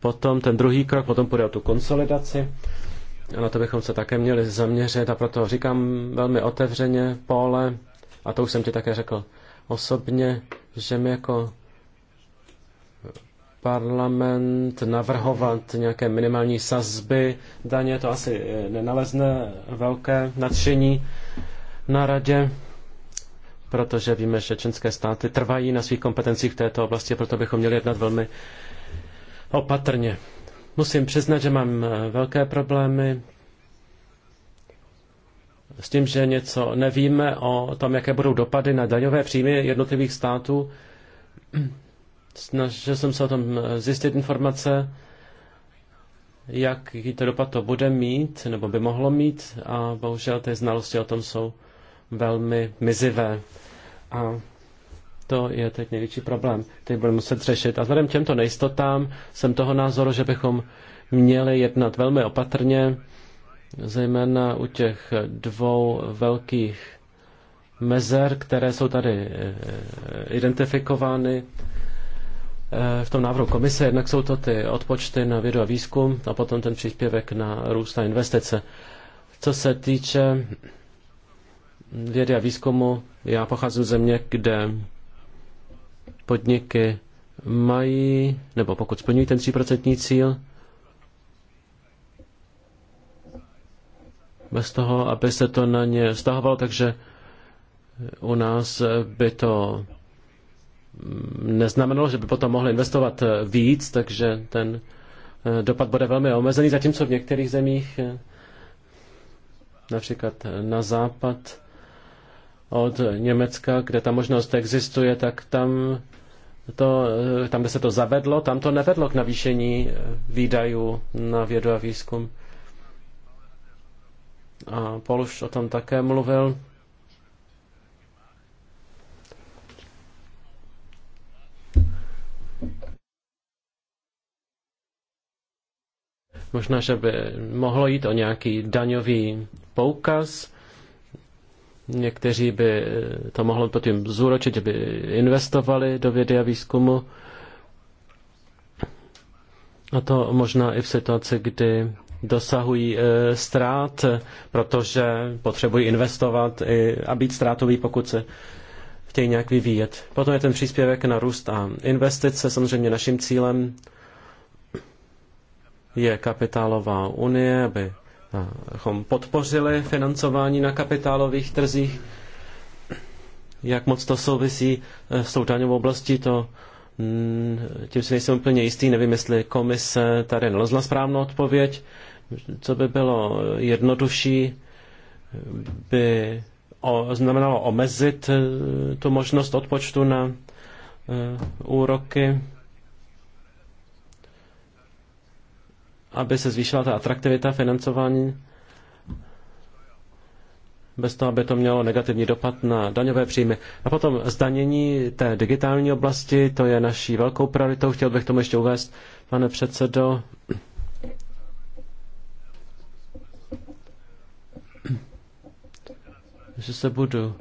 potom ten druhý krok, potom půjde o tu konsolidaci a na to bychom se také měli zaměřit a proto říkám velmi otevřeně, Pole, a to už jsem ti také řekl osobně, že my jako parlament navrhovat nějaké minimální sazby daně, to asi eh, nenalezne velké nadšení na radě, protože víme, že čínské státy trvají na svých kompetencích v této oblasti, proto bychom měli jednat velmi opatrně. Musím přiznat, že mám eh, velké problémy s tím, že něco nevíme o tom, jaké budou dopady na daňové příjmy jednotlivých států Snažil jsem se o tom eh, zjistit informace, jaký to dopad to bude mít, nebo by mohlo mít, a bohužel ty znalosti o tom jsou velmi mizivé. A to je teď největší problém, který budeme muset řešit. A vzhledem těmto nejistotám jsem toho názoru, že bychom měli jednat velmi opatrně, zejména u těch dvou velkých mezer, které jsou tady eh, eh, identifikovány v tom návrhu komise. Jednak jsou to ty odpočty na vědu a výzkum a potom ten příspěvek na růst a investice. Co se týče vědy a výzkumu, já pocházím z země, kde podniky mají, nebo pokud splňují ten 3% cíl, bez toho, aby se to na ně vztahovalo, takže u nás by to neznamenalo, že by potom mohli investovat eh, víc, takže ten eh, dopad bude velmi omezený, zatímco v některých zemích, eh, například na západ od Německa, kde ta možnost existuje, tak tam, to, tam kde se to zavedlo, tam to nevedlo k navýšení výdajů na vědu a výzkum. A Paul už o tom také mluvil. Možná, že by mohlo jít o nějaký daňový poukaz. Někteří by to mohlo potom zúročit, že by investovali do vědy a výzkumu. A to možná i v situaci, kdy dosahují e, protože potřebují investovat i, a být ztrátový, pokud se chtějí nějak vyvíjet. Potom je ten příspěvek na růst a investice. Samozřejmě naším cílem je kapitálová unie, abychom podpořili financování na kapitálových trzích. Jak moc to souvisí eh, s tou daňovou oblastí, to mm, tím si nejsem úplně jistý, nevím, jestli komise tady nalezla správnou odpověď. Co by bylo jednodušší, by o, znamenalo omezit eh, tu možnost odpočtu na eh, úroky aby se zvýšila ta atraktivita financování, bez toho, aby to mělo negativní dopad na daňové příjmy. A potom zdanění té digitální oblasti, to je naší velkou prioritou. Chtěl bych tomu ještě uvést, pane předsedo. že se budu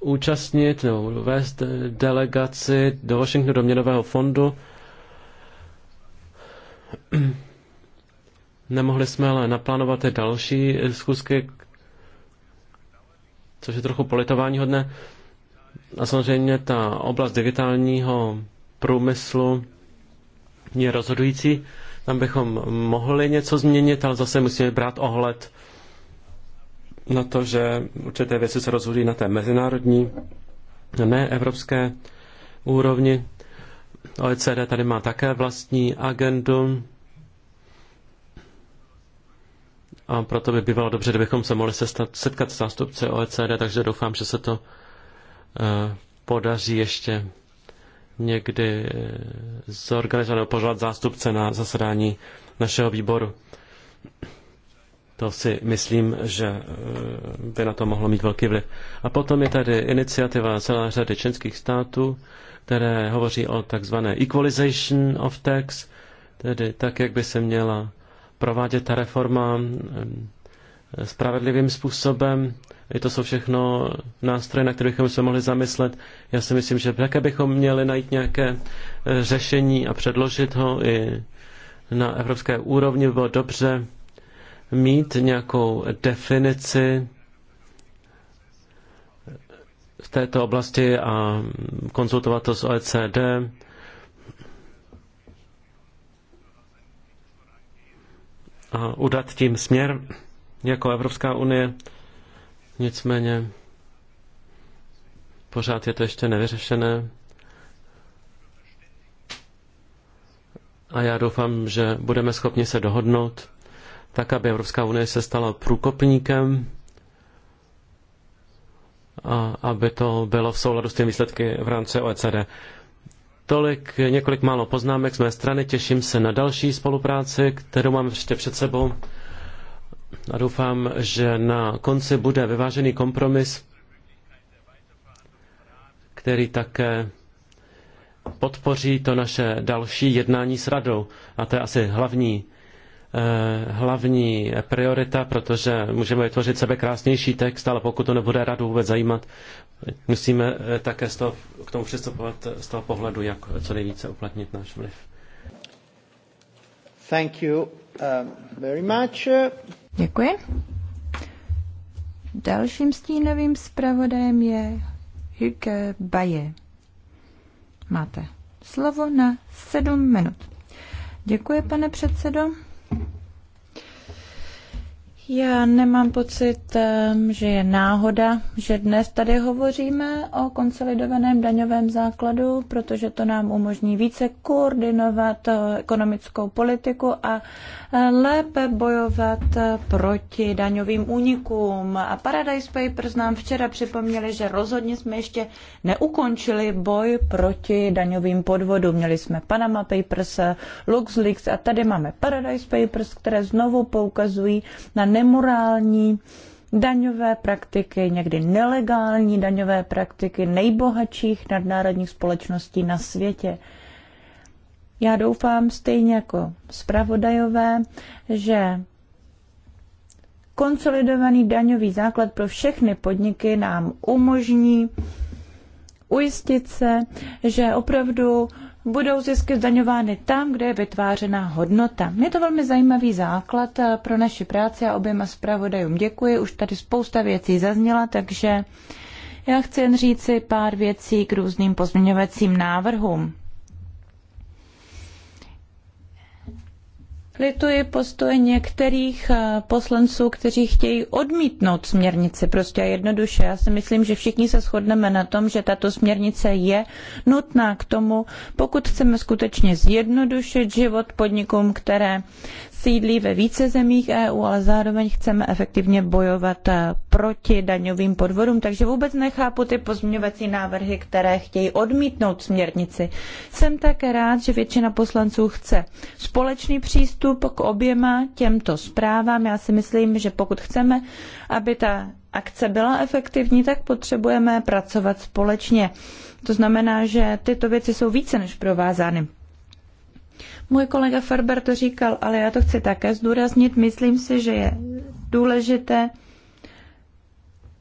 účastnit nebo vést delegaci do Washingtonu do Měnového fondu Nemohli jsme ale naplánovat i další schůzky, což je trochu politování hodné. A samozřejmě ta oblast digitálního průmyslu je rozhodující. Tam bychom mohli něco změnit, ale zase musíme brát ohled na to, že určité věci se rozhodují na té mezinárodní, ne evropské úrovni. OECD tady má také vlastní agendu A proto by bylo dobře, kdybychom se mohli setkat s zástupci OECD, takže doufám, že se to eh, podaří ještě někdy eh, zorganizovat nebo pořád zástupce na zasedání našeho výboru. To si myslím, že eh, by na to mohlo mít velký vliv. A potom je tady iniciativa celé řady členských států, které hovoří o takzvané equalization of tax, tedy tak, jak by se měla provádět ta reforma eh, spravedlivým způsobem. I to jsou všechno nástroje, na které bychom se mohli zamyslet. Já si myslím, že také bychom měli najít nějaké eh, řešení a předložit ho i na evropské úrovni. Bylo dobře mít nějakou definici eh, v této oblasti a konzultovat to s OECD udat tím směr jako Evropská unie. Nicméně pořád je to ještě nevyřešené. A já doufám, že budeme schopni se dohodnout, tak aby Evropská unie se stala průkopníkem a aby to bylo v souladu s těmi výsledky v rámci OECD. Tolik několik málo poznámek z mé strany. Těším se na další spolupráci, kterou mám ještě před sebou. A doufám, že na konci bude vyvážený kompromis, který také podpoří to naše další jednání s radou. A to je asi hlavní, eh, hlavní priorita, protože můžeme vytvořit sebe krásnější text, ale pokud to nebude radu vůbec zajímat, Musíme eh, také z toho, k tomu přistupovat eh, z toho pohledu, jak eh, co nejvíce uplatnit náš vliv. Thank you um, very much. Děkuji. Dalším stínovým zpravodajem je Hugo Baje. Máte slovo na sedm minut. Děkuji, pane předsedo. Já nemám pocit, že je náhoda, že dnes tady hovoříme o konsolidovaném daňovém základu, protože to nám umožní více koordinovat eh, ekonomickou politiku a lépe bojovat proti daňovým únikům. A Paradise Papers nám včera připomněli, že rozhodně jsme ještě neukončili boj proti daňovým podvodům. Měli jsme Panama Papers, LuxLeaks a tady máme Paradise Papers, které znovu poukazují na nemorální daňové praktiky, někdy nelegální daňové praktiky nejbohatších nadnárodních společností na světě. Já doufám, stejně jako zpravodajové, že konsolidovaný daňový základ pro všechny podniky nám umožní ujistit se, že opravdu budou zisky zdaňovány tam, kde je vytvářena hodnota. Je to velmi zajímavý základ eh, pro naši práci a oběma zpravodajům děkuji. Už tady spousta věcí zazněla, takže já chci jen říci pár věcí k různým pozměňovacím návrhům. Lituji postoje některých eh, poslanců, kteří chtějí odmítnout směrnici prostě a jednoduše. Já si myslím, že všichni se shodneme na tom, že tato směrnice je nutná k tomu, pokud chceme skutečně zjednodušit život podnikům, které sídlí ve více zemích EU, ale zároveň chceme efektivně bojovat eh, proti daňovým podvodům, takže vůbec nechápu ty pozměňovací návrhy, které chtějí odmítnout směrnici. Jsem také rád, že většina poslanců chce společný přístup k oběma těmto zprávám. Já si myslím, že pokud chceme, aby ta akce byla efektivní, tak potřebujeme pracovat společně. To znamená, že tyto věci jsou více než provázány. Můj kolega Farber to říkal, ale já to chci také zdůraznit. Myslím si, že je důležité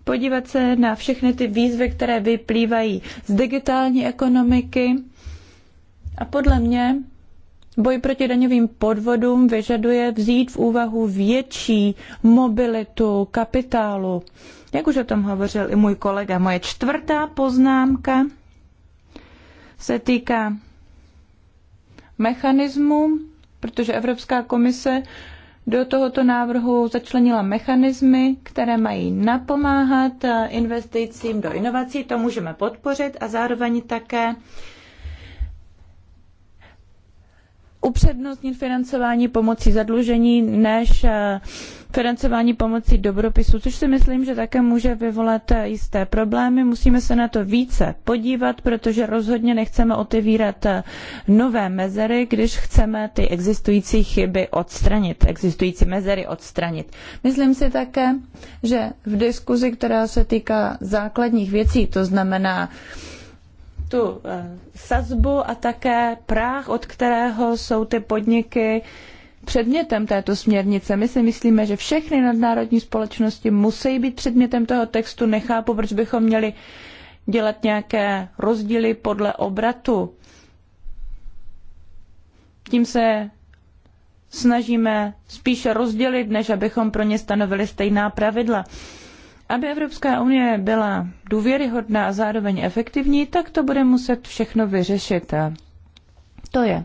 podívat se na všechny ty výzvy, které vyplývají z digitální ekonomiky. A podle mě boj proti daňovým podvodům vyžaduje vzít v úvahu větší mobilitu kapitálu. Jak už o tom hovořil i můj kolega, moje čtvrtá poznámka se týká mechanismu, protože Evropská komise do tohoto návrhu začlenila mechanismy, které mají napomáhat investicím do inovací, to můžeme podpořit a zároveň také upřednostnit financování pomocí zadlužení než eh, financování pomocí dobropisů, což si myslím, že také může vyvolat eh, jisté problémy. Musíme se na to více podívat, protože rozhodně nechceme otevírat eh, nové mezery, když chceme ty existující chyby odstranit, existující mezery odstranit. Myslím si také, že v diskuzi, která se týká základních věcí, to znamená, tu eh, sazbu a také práh, od kterého jsou ty podniky předmětem této směrnice. My si myslíme, že všechny nadnárodní společnosti musí být předmětem toho textu. Nechápu, proč bychom měli dělat nějaké rozdíly podle obratu. Tím se snažíme spíše rozdělit, než abychom pro ně stanovili stejná pravidla. Aby Evropská unie byla důvěryhodná a zároveň efektivní, tak to bude muset všechno vyřešit. A to je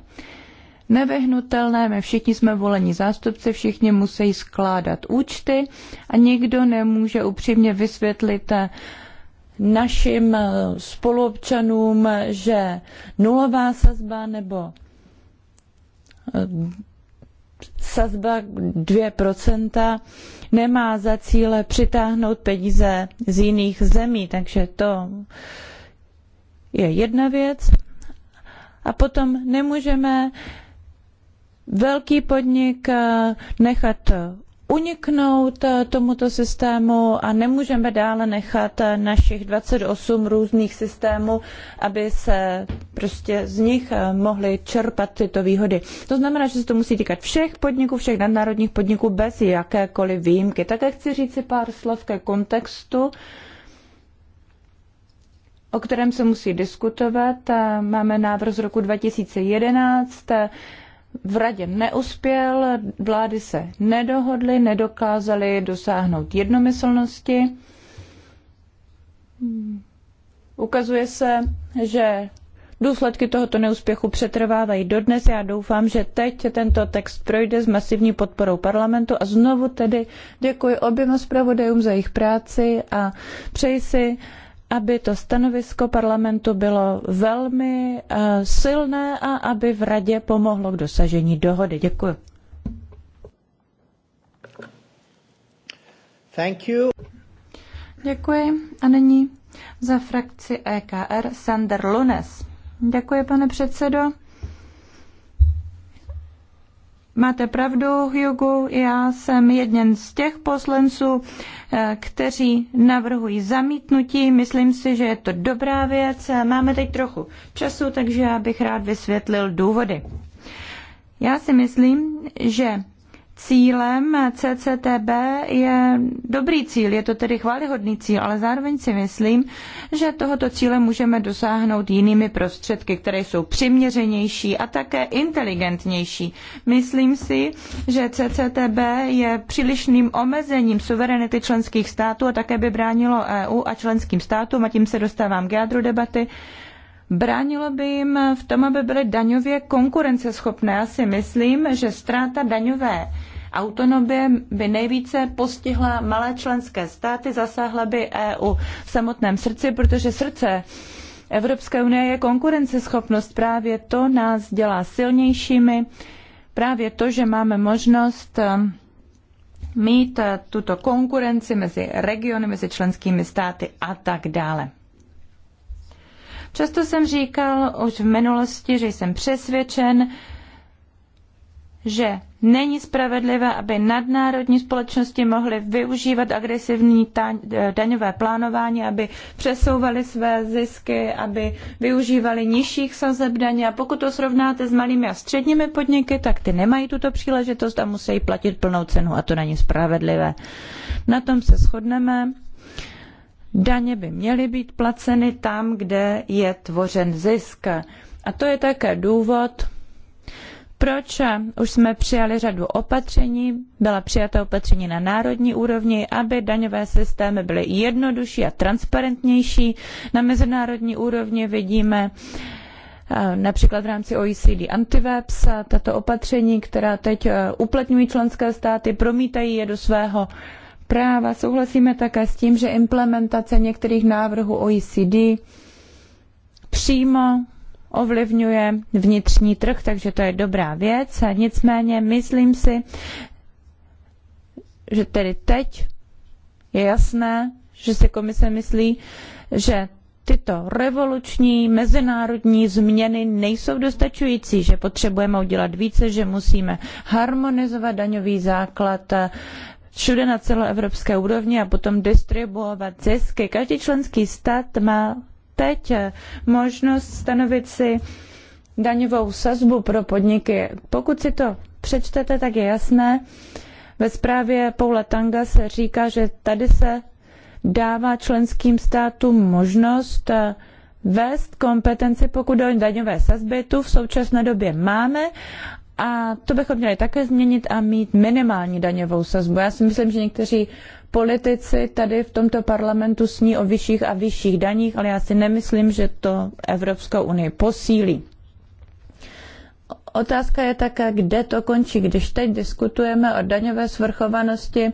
nevyhnutelné, my všichni jsme volení zástupci, všichni musí skládat účty a nikdo nemůže upřímně vysvětlit našim spoluobčanům, že nulová sazba nebo sazba 2% nemá za cíle přitáhnout peníze z jiných zemí, takže to je jedna věc. A potom nemůžeme velký podnik eh, nechat uniknout eh, tomuto systému a nemůžeme dále nechat eh, našich 28 různých systémů, aby se prostě z nich eh, mohly čerpat tyto výhody. To znamená, že se to musí týkat všech podniků, všech nadnárodních podniků bez jakékoliv výjimky. Také chci říci pár slov ke kontextu, o kterém se musí diskutovat. Máme návrh z roku 2011, v radě neuspěl, vlády se nedohodly, nedokázaly dosáhnout jednomyslnosti. Ukazuje se, že důsledky tohoto neúspěchu přetrvávají dodnes. Já doufám, že teď tento text projde s masivní podporou parlamentu a znovu tedy děkuji oběma zpravodajům za jejich práci a přeji si, aby to stanovisko parlamentu bylo velmi eh, silné a aby v radě pomohlo k dosažení dohody. Děkuji. Thank you. Děkuji. A nyní za frakci EKR Sander Lunes. Děkuji, pane předsedo. Máte pravdu, Hugo, já jsem jeden z těch poslanců, eh, kteří navrhují zamítnutí. Myslím si, že je to dobrá věc. Máme teď trochu času, takže já bych rád vysvětlil důvody. Já si myslím, že cílem CCTB je dobrý cíl, je to tedy chválihodný cíl, ale zároveň si myslím, že tohoto cíle můžeme dosáhnout jinými prostředky, které jsou přiměřenější a také inteligentnější. Myslím si, že CCTB je přílišným omezením suverenity členských států a také by bránilo EU a členským státům, a tím se dostávám k jádru debaty, bránilo by jim v tom, aby byly daňově konkurenceschopné. Já si myslím, že ztráta daňové autonomie by nejvíce postihla malé členské státy, zasáhla by EU v samotném srdci, protože srdce Evropské unie je konkurenceschopnost. Právě to nás dělá silnějšími. Právě to, že máme možnost um, mít uh, tuto konkurenci mezi regiony, mezi členskými státy a tak dále. Často jsem říkal už v minulosti, že jsem přesvědčen, že není spravedlivé, aby nadnárodní společnosti mohly využívat agresivní eh, daňové plánování, aby přesouvaly své zisky, aby využívaly nižších sazeb daně. A pokud to srovnáte s malými a středními podniky, tak ty nemají tuto příležitost a musí platit plnou cenu a to není spravedlivé. Na tom se shodneme. Daně by měly být placeny tam, kde je tvořen zisk. A to je také důvod, proč už jsme přijali řadu opatření, byla přijata opatření na národní úrovni, aby daňové systémy byly jednodušší a transparentnější. Na mezinárodní úrovni vidíme eh, například v rámci OECD Antiveps eh, tato opatření, která teď eh, uplatňují členské státy, promítají je do svého práva. Souhlasíme také s tím, že implementace některých návrhů OECD přímo ovlivňuje vnitřní trh, takže to je dobrá věc. Nicméně myslím si, že tedy teď je jasné, že si komise myslí, že tyto revoluční mezinárodní změny nejsou dostačující, že potřebujeme udělat více, že musíme harmonizovat daňový základ všude na celoevropské úrovni a potom distribuovat zisky. Každý členský stát má teď možnost stanovit si daňovou sazbu pro podniky. Pokud si to přečtete, tak je jasné. Ve zprávě Paula Tanga se říká, že tady se dává členským státům možnost eh, vést kompetenci, pokud o daňové sazby. Tu v současné době máme a to bychom měli také změnit a mít minimální daňovou sazbu. Já si myslím, že někteří politici tady v tomto parlamentu sní o vyšších a vyšších daních, ale já si nemyslím, že to Evropskou unii posílí. Otázka je také, kde to končí, když teď diskutujeme o daňové svrchovanosti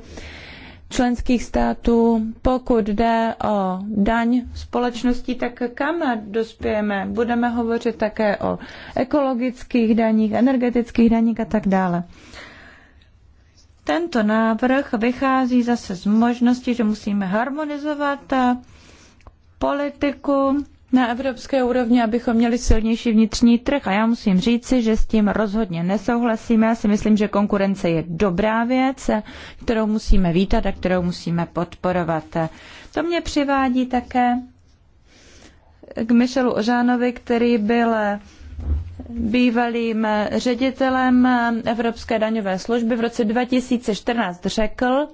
členských států, pokud jde o daň společností, tak kam dospějeme? Budeme hovořit také o ekologických daních, energetických daních a tak dále. Tento návrh vychází zase z možnosti, že musíme harmonizovat politiku na evropské úrovni, abychom měli silnější vnitřní trh. A já musím říci, že s tím rozhodně nesouhlasím. Já si myslím, že konkurence je dobrá věc, kterou musíme vítat a kterou musíme podporovat. To mě přivádí také k Michelu Ožánovi, který byl bývalým ředitelem Evropské daňové služby v roce 2014 řekl,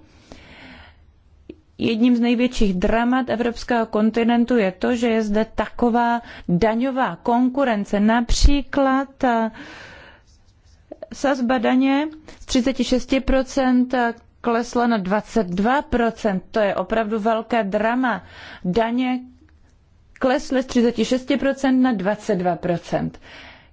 jedním z největších dramat evropského kontinentu je to, že je zde taková daňová konkurence. Například eh, sazba daně z 36% klesla na 22%. To je opravdu velké drama. Daně klesly z 36% na 22%.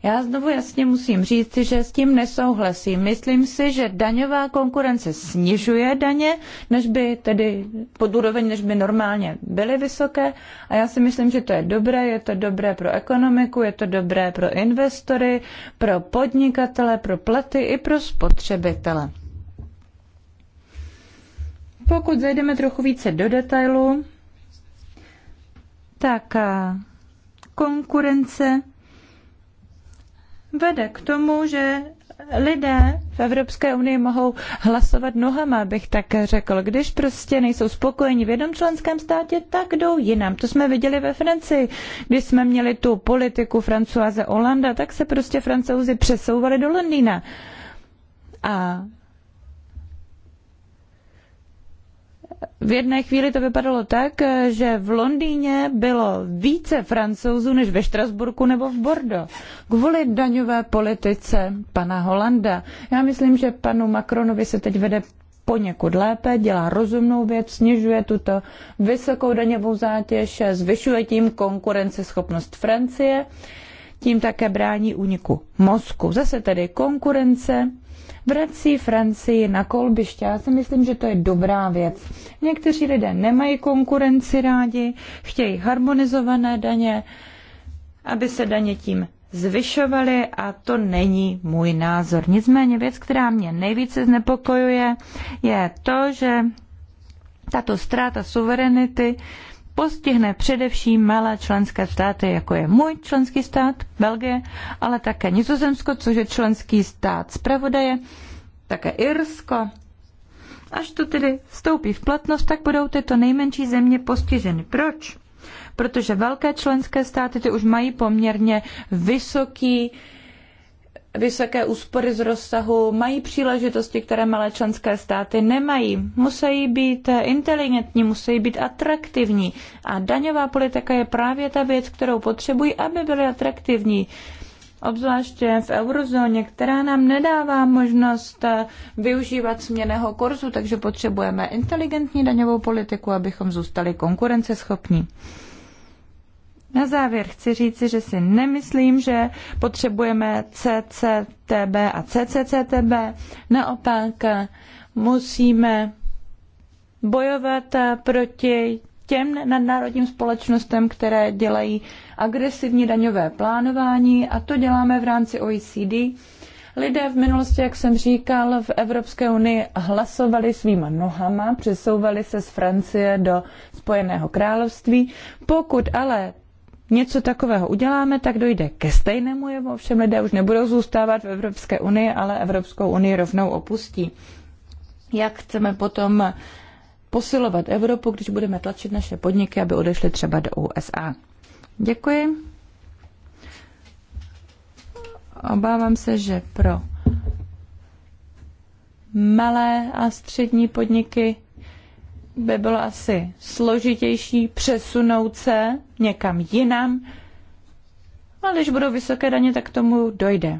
Já znovu jasně musím říct, že s tím nesouhlasím. Myslím si, že daňová konkurence snižuje daně, než by tedy pod úroveň, než by normálně byly vysoké. A já si myslím, že to je dobré, je to dobré pro ekonomiku, je to dobré pro investory, pro podnikatele, pro platy i pro spotřebitele. Pokud zajdeme trochu více do detailu, tak eh, konkurence vede k tomu, že lidé v Evropské unii mohou hlasovat nohama, bych tak řekl. Když prostě nejsou spokojeni v jednom členském státě, tak jdou jinam. To jsme viděli ve Francii. Když jsme měli tu politiku Francoise Hollanda, tak se prostě francouzi přesouvali do Londýna. A v jedné chvíli to vypadalo tak, že v Londýně bylo více francouzů než ve Štrasburku nebo v Bordeaux. Kvůli daňové politice pana Holanda. Já myslím, že panu Macronovi se teď vede poněkud lépe, dělá rozumnou věc, snižuje tuto vysokou daňovou zátěž, zvyšuje tím konkurenceschopnost Francie, tím také brání úniku mozku. Zase tedy konkurence vrací Francii na kolbiště. Já si myslím, že to je dobrá věc. Někteří lidé nemají konkurenci rádi, chtějí harmonizované daně, aby se daně tím zvyšovaly a to není můj názor. Nicméně věc, která mě nejvíce znepokojuje, je to, že tato ztráta suverenity postihne především malé členské státy, jako je můj členský stát, Belgie, ale také Nizozemsko, což je členský stát zpravodaje, také Irsko. Až to tedy vstoupí v platnost, tak budou tyto nejmenší země postiženy. Proč? Protože velké členské státy ty už mají poměrně vysoký uh, vysoké úspory z rozsahu, mají příležitosti, které malé členské státy nemají. Musí být inteligentní, musí být atraktivní. A daňová politika je právě ta věc, kterou potřebují, aby byly atraktivní. Obzvláště v eurozóně, která nám nedává možnost eh, využívat směného kurzu, takže potřebujeme inteligentní daňovou politiku, abychom zůstali konkurenceschopní. Na závěr chci říci, že si nemyslím, že potřebujeme CCTB a CCCTB. Naopak musíme bojovat proti těm nadnárodním společnostem, které dělají agresivní daňové plánování a to děláme v rámci OECD. Lidé v minulosti, jak jsem říkal, v Evropské unii hlasovali svýma nohama, přesouvali se z Francie do Spojeného království. Pokud ale něco takového uděláme, tak dojde ke stejnému jevu, Všem lidé už nebudou zůstávat v Evropské unii, ale Evropskou unii rovnou opustí. Jak chceme potom posilovat Evropu, když budeme tlačit naše podniky, aby odešly třeba do USA? Děkuji. Obávám se, že pro malé a střední podniky by bylo asi složitější přesunout se někam jinam, ale když budou vysoké daně, tak tomu dojde.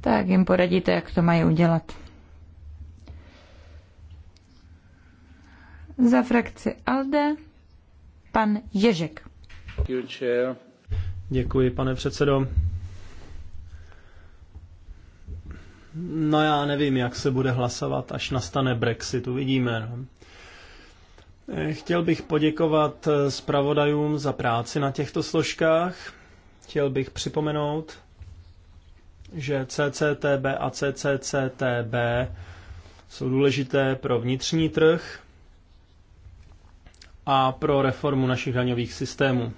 Tak jim poradíte, jak to mají udělat. Za frakci ALDE pan Ježek. Děkuji, pane předsedo. No já nevím, jak se bude hlasovat, až nastane Brexit, uvidíme. No. Eh, chtěl bych poděkovat eh, zpravodajům za práci na těchto složkách. Chtěl bych připomenout, že CCTB a CCCTB jsou důležité pro vnitřní trh a pro reformu našich daňových systémů.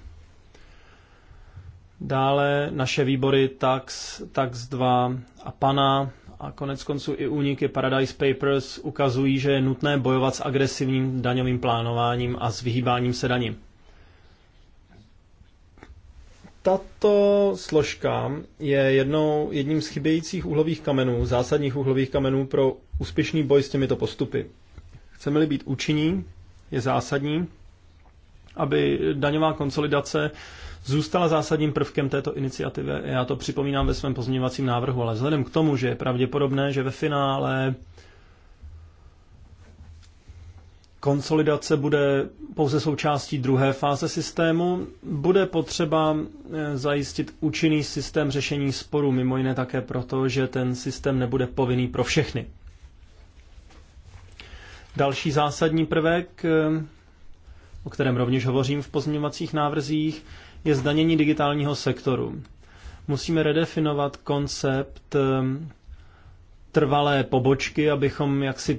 Dále naše výbory TAX, TAX 2 a PANA a konec konců i úniky Paradise Papers ukazují, že je nutné bojovat s agresivním daňovým plánováním a s vyhýbáním se daním. Tato složka je jednou, jedním z chybějících uhlových kamenů, zásadních uhlových kamenů pro úspěšný boj s těmito postupy. Chceme-li být účinní, je zásadní, aby daňová konsolidace zůstala zásadním prvkem této iniciativy. Já to připomínám ve svém pozměňovacím návrhu, ale vzhledem k tomu, že je pravděpodobné, že ve finále konsolidace bude pouze součástí druhé fáze systému, bude potřeba eh, zajistit účinný systém řešení sporu, mimo jiné také proto, že ten systém nebude povinný pro všechny. Další zásadní prvek, eh, o kterém rovněž hovořím v pozměňovacích návrzích, je zdanění digitálního sektoru. Musíme redefinovat koncept ehm, trvalé pobočky, abychom jaksi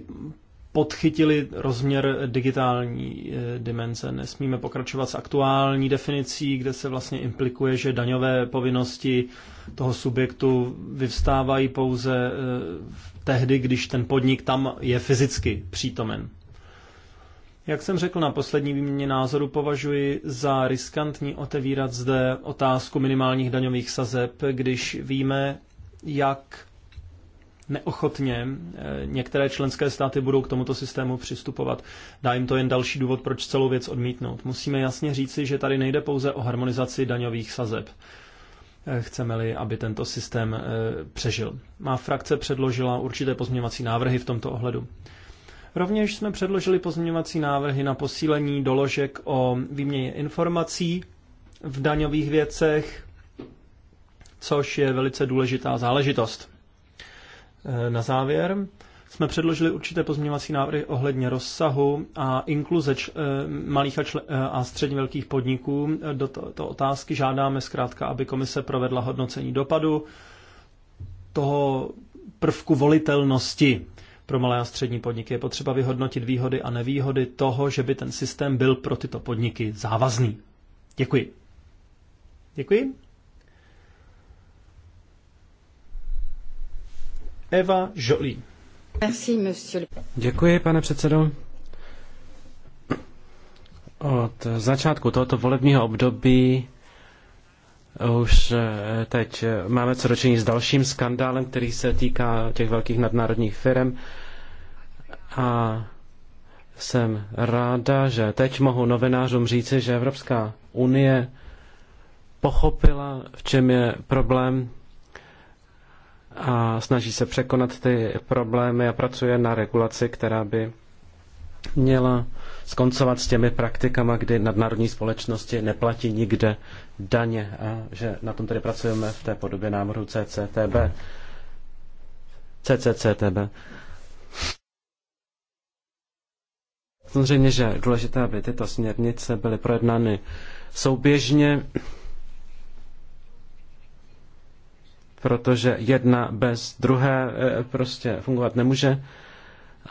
podchytili rozměr digitální eh, dimenze. Nesmíme pokračovat s aktuální definicí, kde se vlastně implikuje, že daňové povinnosti toho subjektu vyvstávají pouze eh, tehdy, když ten podnik tam je fyzicky přítomen. Jak jsem řekl na poslední výměně názoru, považuji za riskantní otevírat zde otázku minimálních daňových sazeb, když víme, jak neochotně eh, některé členské státy budou k tomuto systému přistupovat. Dá jim to jen další důvod, proč celou věc odmítnout. Musíme jasně říci, že tady nejde pouze o harmonizaci daňových sazeb. Eh, chceme-li, aby tento systém eh, přežil. Má frakce předložila určité pozměňovací návrhy v tomto ohledu. Rovněž jsme předložili pozměňovací návrhy na posílení doložek o výměně informací v daňových věcech, což je velice důležitá záležitost. E, na závěr jsme předložili určité pozměňovací návrhy ohledně rozsahu a inkluze e, malých a, e, a středně velkých podniků. Do této otázky žádáme zkrátka, aby komise provedla hodnocení dopadu toho prvku volitelnosti pro malé a střední podniky. Je potřeba vyhodnotit výhody a nevýhody toho, že by ten systém byl pro tyto podniky závazný. Děkuji. Děkuji. Eva Jolie. Děkuji, pane předsedo. Od začátku tohoto volebního období už eh, teď eh, máme co dočení s dalším skandálem, který se týká těch velkých nadnárodních firm. A jsem ráda, že teď mohu novinářům říci, že Evropská unie pochopila, v čem je problém a snaží se překonat ty problémy a pracuje na regulaci, která by měla skoncovat s těmi praktikama, kdy nadnárodní společnosti neplatí nikde daně a že na tom tedy pracujeme v té podobě návrhu CCTB. CCCTB. Samozřejmě, že důležité, aby tyto směrnice byly projednány souběžně, protože jedna bez druhé eh, prostě fungovat nemůže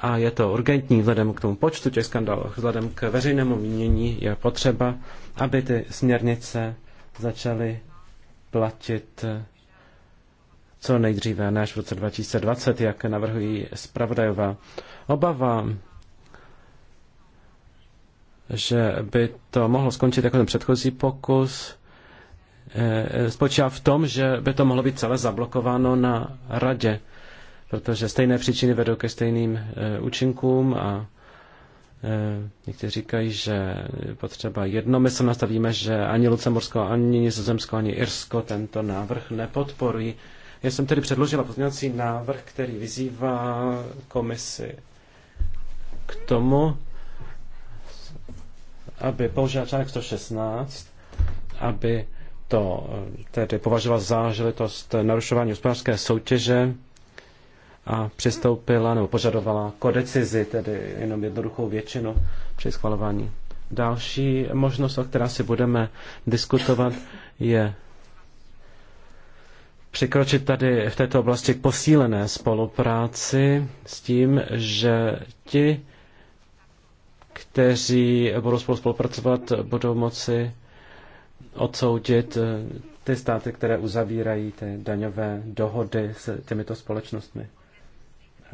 a je to urgentní vzhledem k tomu počtu těch skandálů, vzhledem k veřejnému mínění je potřeba, aby ty směrnice začaly platit eh, co nejdříve, než v roce 2020, jak navrhují zpravodajová. Obava, že by to mohlo skončit jako ten předchozí pokus, eh, eh, spočívá v tom, že by to mohlo být celé zablokováno na radě protože stejné příčiny vedou ke stejným eh, účinkům a eh, Někteří říkají, že potřeba jednomyslnost a víme, že ani Lucembursko, ani Nizozemsko, ani Irsko tento návrh nepodporují. Já jsem tedy předložila pozměňovací návrh, který vyzývá komisi k tomu, aby použila článek 116, aby to eh, tedy považoval za žilitost narušování hospodářské soutěže a přistoupila nebo požadovala kodecizi, tedy jenom jednoduchou většinu při schvalování. Další možnost, o které si budeme diskutovat, je přikročit tady v této oblasti k posílené spolupráci s tím, že ti, kteří budou spolu spolupracovat, budou moci odsoudit eh, ty státy, které uzavírají ty daňové dohody s těmito společnostmi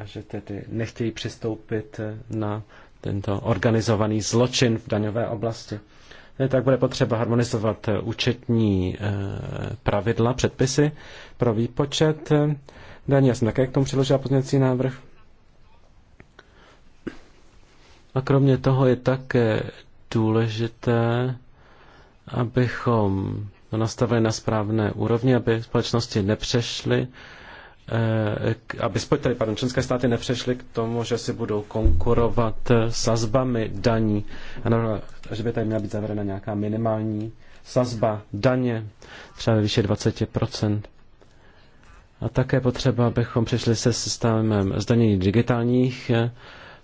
a že tedy nechtějí přistoupit na tento organizovaný zločin v daňové oblasti. Tak bude potřeba harmonizovat účetní eh, pravidla, předpisy pro výpočet daní. Já jsem také k tomu přiložila pozměňovací návrh. A kromě toho je také důležité, abychom to nastavili na správné úrovni, aby společnosti nepřešly Eh, aby spojiteli pardon, členské státy nepřešly k tomu, že si budou konkurovat eh, sazbami daní. Ano, no, že by tady měla být zavedena nějaká minimální sazba daně, třeba ve výši 20%. A také potřeba, abychom přišli se systémem zdanění digitálních eh,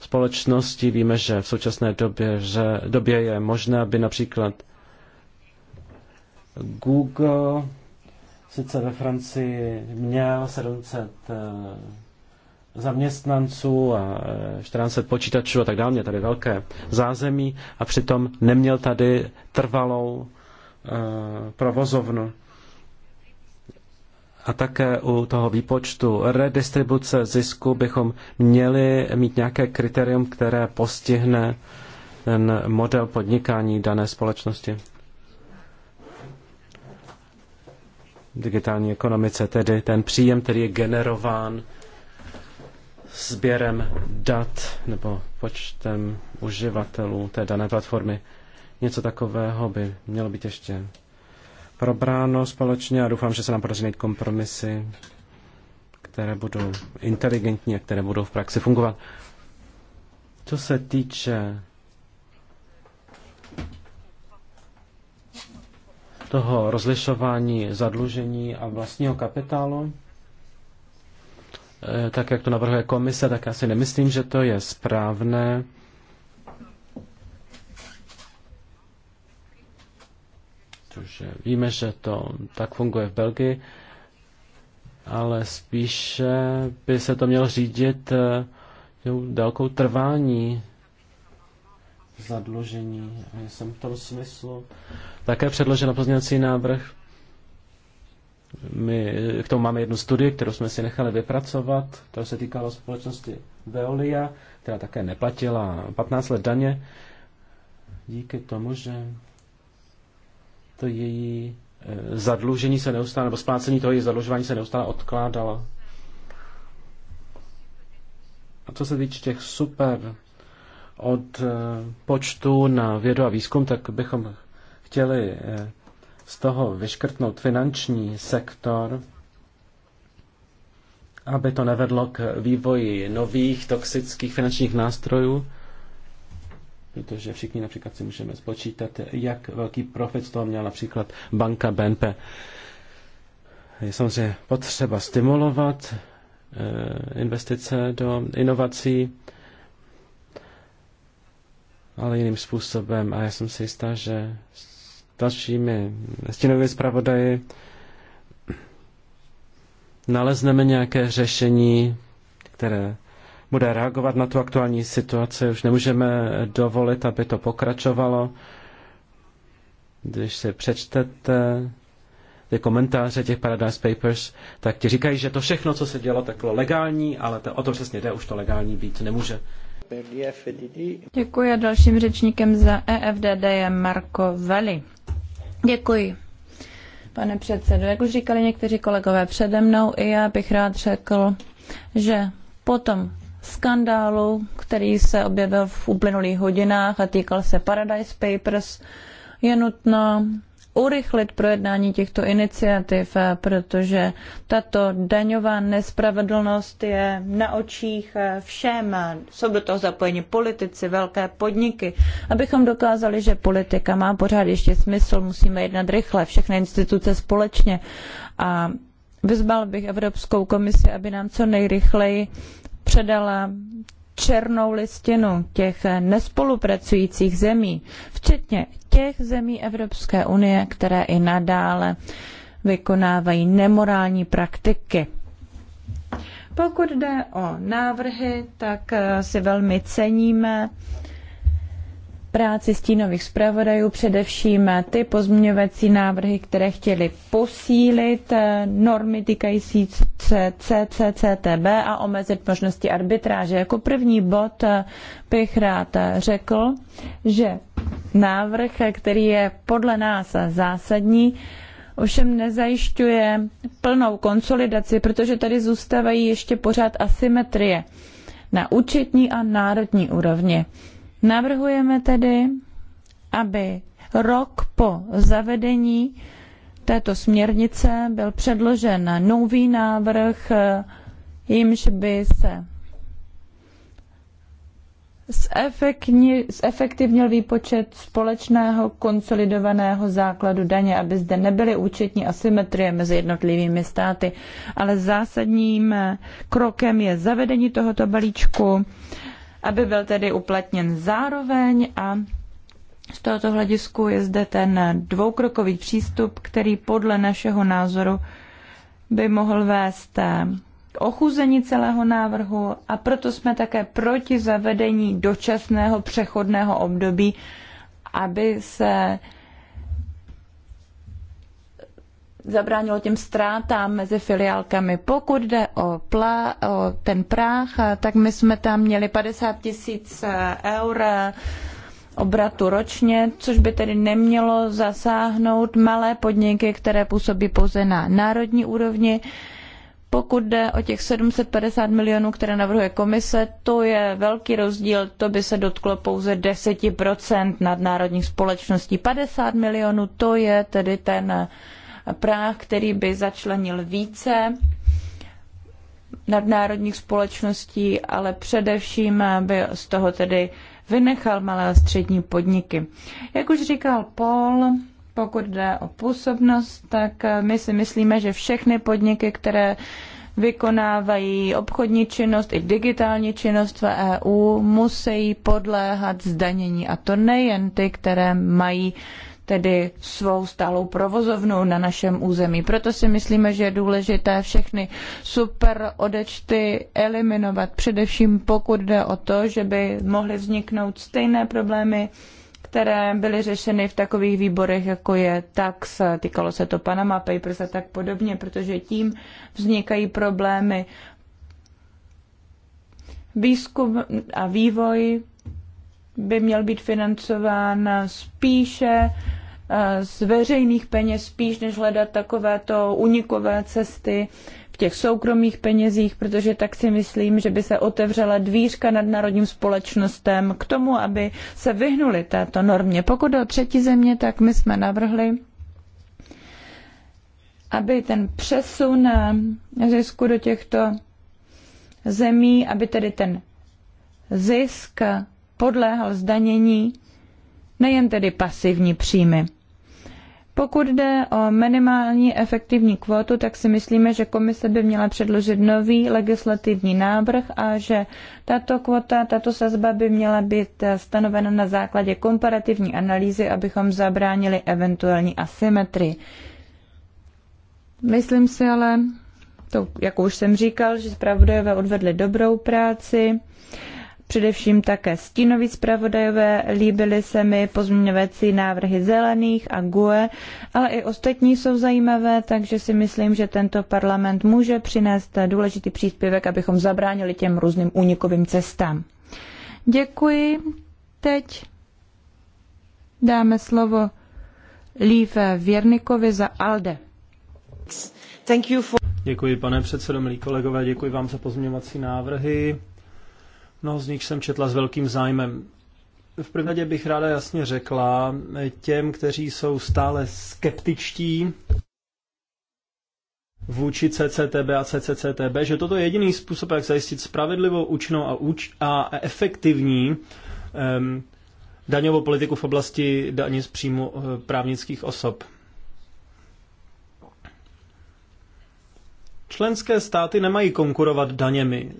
společností. Víme, že v současné době, že době je možné, aby například Google sice ve Francii měl 700 eh, zaměstnanců a 1400 eh, počítačů a tak dále, tady velké zázemí a přitom neměl tady trvalou eh, provozovnu. A také u toho výpočtu redistribuce zisku bychom měli mít nějaké kritérium, které postihne ten model podnikání dané společnosti. digitální ekonomice, tedy ten příjem, který je generován sběrem dat nebo počtem uživatelů té dané platformy. Něco takového by mělo být ještě probráno společně a doufám, že se nám podaří najít kompromisy, které budou inteligentní a které budou v praxi fungovat. Co se týče toho rozlišování zadlužení a vlastního kapitálu, e, tak jak to navrhuje komise, tak já si nemyslím, že to je správné. Protože víme, že to tak funguje v Belgii, ale spíše by se to mělo řídit e, délkou trvání zadlužení. Já jsem v tom smyslu také předložena pozměňovací návrh. My k tomu máme jednu studii, kterou jsme si nechali vypracovat, která se týkala společnosti Veolia, která také neplatila 15 let daně, díky tomu, že to její eh, zadlužení se neustále, nebo splácení toho její zadlužování se neustále odkládalo. A co se týče těch super od eh, počtu na vědu a výzkum, tak bychom chtěli eh, z toho vyškrtnout finanční sektor, aby to nevedlo k vývoji nových toxických finančních nástrojů, protože všichni například si můžeme spočítat, jak velký profit z toho měla například banka BNP. Je samozřejmě potřeba stimulovat eh, investice do inovací, ale jiným způsobem. A já jsem si jistá, že s dalšími stínovými zpravodaji nalezneme nějaké řešení, které bude reagovat na tu aktuální situaci. Už nemůžeme dovolit, aby to pokračovalo. Když si přečtete ty komentáře těch Paradise Papers, tak ti říkají, že to všechno, co se dělo, tak bylo legální, ale to, o to přesně jde, už to legální být nemůže. Děkuji a dalším řečníkem za EFDD je Marko Vali. Děkuji. Pane předsedo, jak už říkali někteří kolegové přede mnou, i já bych rád řekl, že po tom skandálu, který se objevil v uplynulých hodinách a týkal se Paradise Papers, je nutno urychlit projednání těchto iniciativ, eh, protože tato daňová nespravedlnost je na očích eh, všem. Jsou do toho zapojeni politici, velké podniky. Abychom dokázali, že politika má pořád ještě smysl, musíme jednat rychle, všechny instituce společně. A vyzval bych Evropskou komisi, aby nám co nejrychleji předala černou listinu těch nespolupracujících zemí, včetně těch zemí Evropské unie, které i nadále vykonávají nemorální praktiky. Pokud jde o návrhy, tak eh, si velmi ceníme práci stínových zpravodajů, především ty pozměňovací návrhy, které chtěly posílit eh, normy týkající CCCTB a omezit možnosti arbitráže. Jako první bod eh, bych rád eh, řekl, že návrh, který je podle nás zásadní, ovšem nezajišťuje plnou konsolidaci, protože tady zůstávají ještě pořád asymetrie na účetní a národní úrovni. Navrhujeme tedy, aby rok po zavedení této směrnice byl předložen nový návrh, jimž by se zefektivnil výpočet společného konsolidovaného základu daně, aby zde nebyly účetní asymetrie mezi jednotlivými státy. Ale zásadním krokem je zavedení tohoto balíčku aby byl tedy uplatněn zároveň a z tohoto hledisku je zde ten dvoukrokový přístup, který podle našeho názoru by mohl vést k ochuzení celého návrhu a proto jsme také proti zavedení dočasného přechodného období, aby se zabránilo těm ztrátám mezi filiálkami. Pokud jde o, plá, o ten práh, tak my jsme tam měli 50 tisíc eur obratu ročně, což by tedy nemělo zasáhnout malé podniky, které působí pouze na národní úrovni. Pokud jde o těch 750 milionů, které navrhuje komise, to je velký rozdíl, to by se dotklo pouze 10% nadnárodních společností. 50 milionů, to je tedy ten práh, který by začlenil více nadnárodních společností, ale především by z toho tedy vynechal malé a střední podniky. Jak už říkal Paul, pokud jde o působnost, tak my si myslíme, že všechny podniky, které vykonávají obchodní činnost i digitální činnost v EU, musí podléhat zdanění. A to nejen ty, které mají uh, tedy svou stálou provozovnu na našem území. Proto si myslíme, že je důležité všechny super odečty eliminovat, především pokud jde o to, že by mohly vzniknout stejné problémy, které byly řešeny v takových výborech, jako je tax, týkalo se to Panama Papers a tak podobně, protože tím vznikají problémy výzkum a vývoj by měl být financován spíše z veřejných peněz spíš, než hledat takovéto unikové cesty v těch soukromých penězích, protože tak si myslím, že by se otevřela dvířka nad národním společnostem k tomu, aby se vyhnuli této normě. Pokud o třetí země, tak my jsme navrhli, aby ten přesun eh, zisku do těchto zemí, aby tedy ten zisk podléhal zdanění nejen tedy pasivní příjmy. Pokud jde o minimální efektivní kvotu, tak si myslíme, že komise by měla předložit nový legislativní návrh a že tato kvota, tato sazba by měla být stanovena na základě komparativní analýzy, abychom zabránili eventuální asymetrii. Myslím si ale, to, jak už jsem říkal, že zpravodajové odvedli dobrou práci především také stínoví zpravodajové, líbily se mi pozměňovací návrhy zelených a GUE, ale i ostatní jsou zajímavé, takže si myslím, že tento parlament může přinést důležitý příspěvek, abychom zabránili těm různým únikovým cestám. Děkuji. Teď dáme slovo Líve Věrnikovi za ALDE. For... Děkuji, pane předsedo, milí kolegové, děkuji vám za pozměňovací návrhy. No, z nich jsem četla s velkým zájmem. V první řadě bych ráda jasně řekla těm, kteří jsou stále skeptičtí vůči CCTB a CCCTB, že toto je jediný způsob, jak zajistit spravedlivou, účinnou a, úč- a efektivní um, daňovou politiku v oblasti daně z příjmu eh, právnických osob. Členské státy nemají konkurovat daněmi.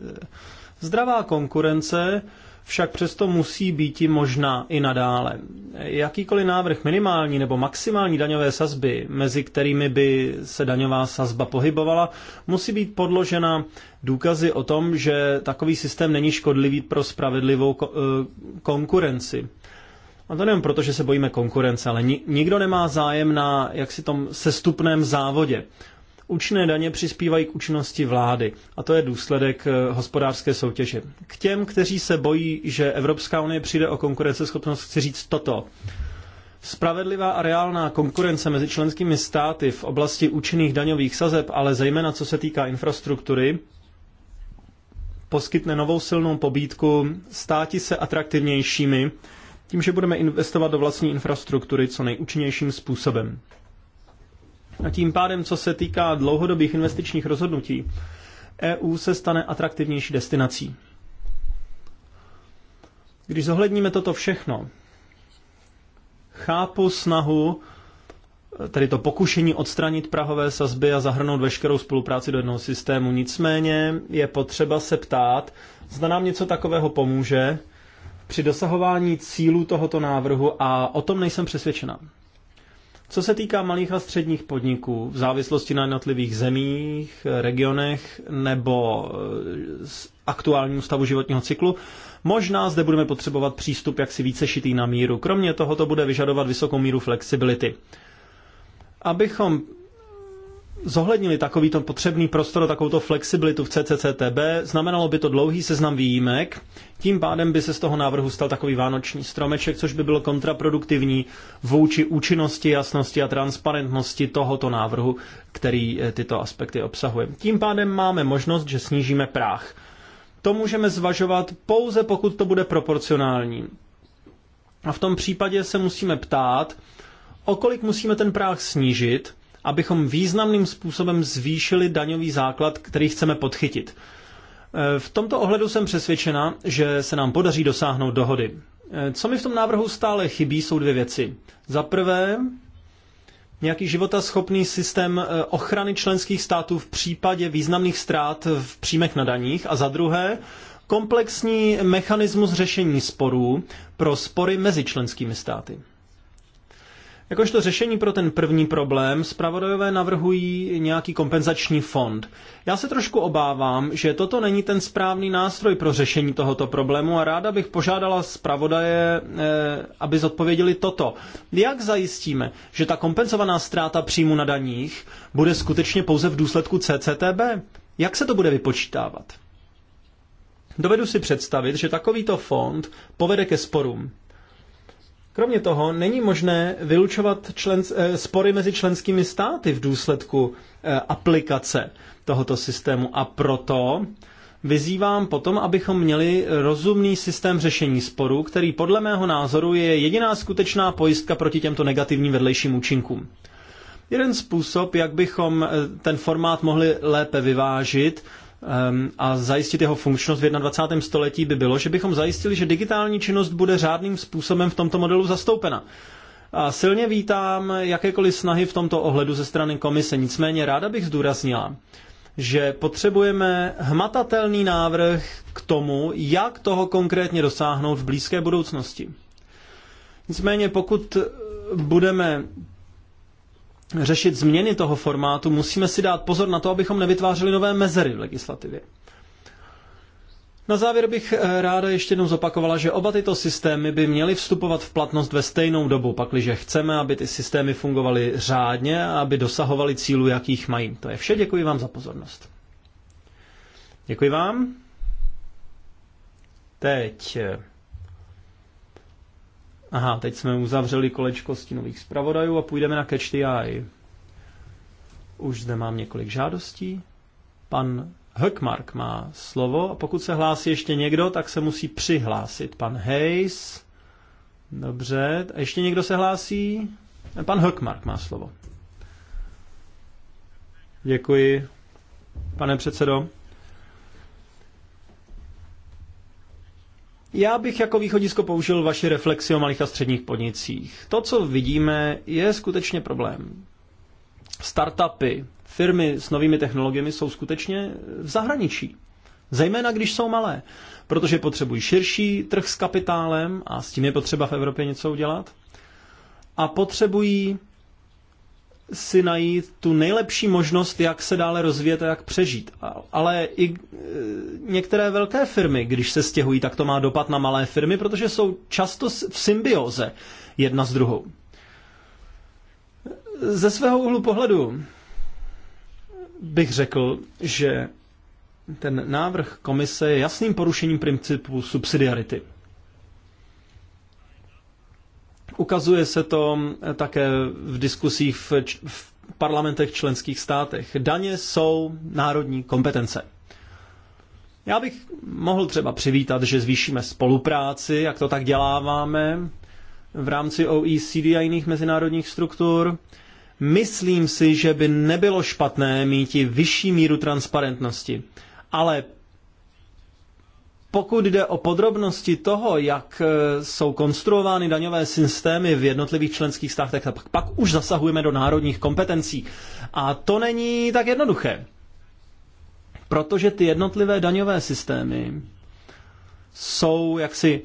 Zdravá konkurence však přesto musí být i možná i nadále. Jakýkoliv návrh minimální nebo maximální daňové sazby, mezi kterými by se daňová sazba pohybovala, musí být podložena důkazy o tom, že takový systém není škodlivý pro spravedlivou eh, konkurenci. A to nejen proto, že se bojíme konkurence, ale nikdo nemá zájem na jaksi tom sestupném závodě. Účinné daně přispívají k účinnosti vlády a to je důsledek eh, hospodářské soutěže. K těm, kteří se bojí, že Evropská unie přijde o konkurenceschopnost, chci říct toto. Spravedlivá a reálná konkurence mezi členskými státy v oblasti účinných daňových sazeb, ale zejména co se týká infrastruktury, poskytne novou silnou pobídku státi se atraktivnějšími, tím, že budeme investovat do vlastní infrastruktury co nejúčinnějším způsobem. A tím pádem, co se týká dlouhodobých investičních rozhodnutí, EU se stane atraktivnější destinací. Když zohledníme toto všechno, chápu snahu, tedy to pokušení odstranit prahové sazby a zahrnout veškerou spolupráci do jednoho systému. Nicméně je potřeba se ptát, zda nám něco takového pomůže při dosahování cílů tohoto návrhu a o tom nejsem přesvědčena. Co se týká malých a středních podniků, v závislosti na jednotlivých zemích, regionech nebo eh, aktuálním stavu životního cyklu, možná zde budeme potřebovat přístup jaksi více šitý na míru. Kromě toho to bude vyžadovat vysokou míru flexibility. Abychom zohlednili takovýto potřebný prostor a takovouto flexibilitu v CCCTB, znamenalo by to dlouhý seznam výjimek, tím pádem by se z toho návrhu stal takový vánoční stromeček, což by bylo kontraproduktivní vůči účinnosti, jasnosti a transparentnosti tohoto návrhu, který eh, tyto aspekty obsahuje. Tím pádem máme možnost, že snížíme práh. To můžeme zvažovat pouze pokud to bude proporcionální. A v tom případě se musíme ptát, o kolik musíme ten práh snížit, abychom významným způsobem zvýšili daňový základ, který chceme podchytit. E, v tomto ohledu jsem přesvědčena, že se nám podaří dosáhnout dohody. E, co mi v tom návrhu stále chybí, jsou dvě věci. Za prvé, nějaký životaschopný systém e, ochrany členských států v případě významných ztrát v příjmech na daních a za druhé, komplexní mechanismus řešení sporů pro spory mezi členskými státy. Jakožto řešení pro ten první problém, zpravodajové navrhují nějaký kompenzační fond. Já se trošku obávám, že toto není ten správný nástroj pro řešení tohoto problému a ráda bych požádala zpravodaje, eh, aby zodpověděli toto. Jak zajistíme, že ta kompenzovaná ztráta příjmu na daních bude skutečně pouze v důsledku CCTB? Jak se to bude vypočítávat? Dovedu si představit, že takovýto fond povede ke sporům. Kromě toho není možné vylučovat člen, eh, spory mezi členskými státy v důsledku eh, aplikace tohoto systému a proto vyzývám potom, abychom měli rozumný systém řešení sporů, který podle mého názoru je jediná skutečná pojistka proti těmto negativním vedlejším účinkům. Jeden způsob, jak bychom eh, ten formát mohli lépe vyvážit, Ehm, a zajistit jeho funkčnost v 21. století by bylo, že bychom zajistili, že digitální činnost bude řádným způsobem v tomto modelu zastoupena. A silně vítám jakékoliv snahy v tomto ohledu ze strany komise, nicméně ráda bych zdůraznila, že potřebujeme hmatatelný návrh k tomu, jak toho konkrétně dosáhnout v blízké budoucnosti. Nicméně pokud budeme řešit změny toho formátu, musíme si dát pozor na to, abychom nevytvářeli nové mezery v legislativě. Na závěr bych eh, ráda ještě jednou zopakovala, že oba tyto systémy by měly vstupovat v platnost ve stejnou dobu, pakliže chceme, aby ty systémy fungovaly řádně a aby dosahovaly cílů, jakých mají. To je vše, děkuji vám za pozornost. Děkuji vám. Teď eh, Aha, teď jsme uzavřeli kolečko stínových zpravodajů a půjdeme na Catch the Eye. Už zde mám několik žádostí. Pan Hökmark má slovo a pokud se hlásí ještě někdo, tak se musí přihlásit. Pan Hayes. Dobře, a ještě někdo se hlásí? Pan Hökmark má slovo. Děkuji, pane předsedo. Já bych jako východisko použil vaši reflexi o malých a středních podnicích. To, co vidíme, je skutečně problém. Startupy, firmy s novými technologiemi jsou skutečně v zahraničí. Zejména když jsou malé, protože potřebují širší trh s kapitálem a s tím je potřeba v Evropě něco udělat. A potřebují si najít tu nejlepší možnost, jak se dále rozvíjet a jak přežít. Ale i e, některé velké firmy, když se stěhují, tak to má dopad na malé firmy, protože jsou často v symbioze jedna s druhou. Ze svého úhlu pohledu bych řekl, že ten návrh komise je jasným porušením principu subsidiarity. Ukazuje se to eh, také v diskusích v, v parlamentech členských státech. Daně jsou národní kompetence. Já bych mohl třeba přivítat, že zvýšíme spolupráci, jak to tak děláváme v rámci OECD a jiných mezinárodních struktur. Myslím si, že by nebylo špatné mít i vyšší míru transparentnosti. Ale pokud jde o podrobnosti toho, jak e, jsou konstruovány daňové systémy v jednotlivých členských státech, tak pak už zasahujeme do národních kompetencí. A to není tak jednoduché. Protože ty jednotlivé daňové systémy jsou jaksi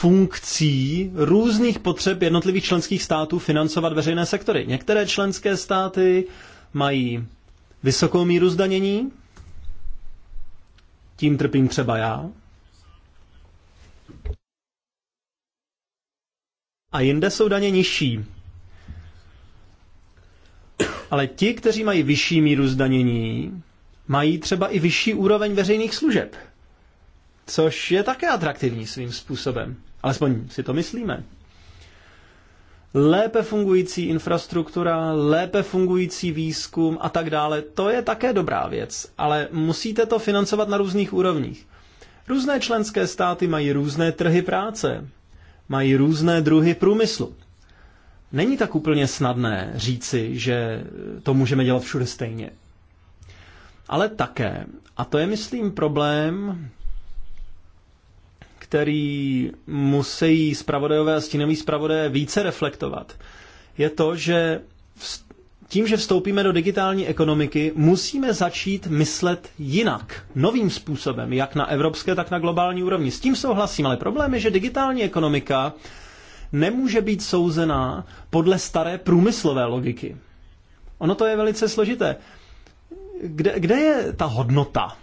funkcí různých potřeb jednotlivých členských států financovat veřejné sektory. Některé členské státy mají vysokou míru zdanění, tím trpím třeba já. A jinde jsou daně nižší. Ale ti, kteří mají vyšší míru zdanění, mají třeba i vyšší úroveň veřejných služeb. Což je také atraktivní svým způsobem. Alespoň si to myslíme lépe fungující infrastruktura, lépe fungující výzkum a tak dále, to je také dobrá věc, ale musíte to financovat na různých úrovních. Různé členské státy mají různé trhy práce, mají různé druhy průmyslu. Není tak úplně snadné říci, že to můžeme dělat všude stejně. Ale také, a to je myslím problém, který musí zpravodajové a stínoví zpravodaje více reflektovat, je to, že tím, že vstoupíme do digitální ekonomiky, musíme začít myslet jinak, novým způsobem, jak na evropské, tak na globální úrovni. S tím souhlasím, ale problém je, že digitální ekonomika nemůže být souzená podle staré průmyslové logiky. Ono to je velice složité. Kde, kde je ta hodnota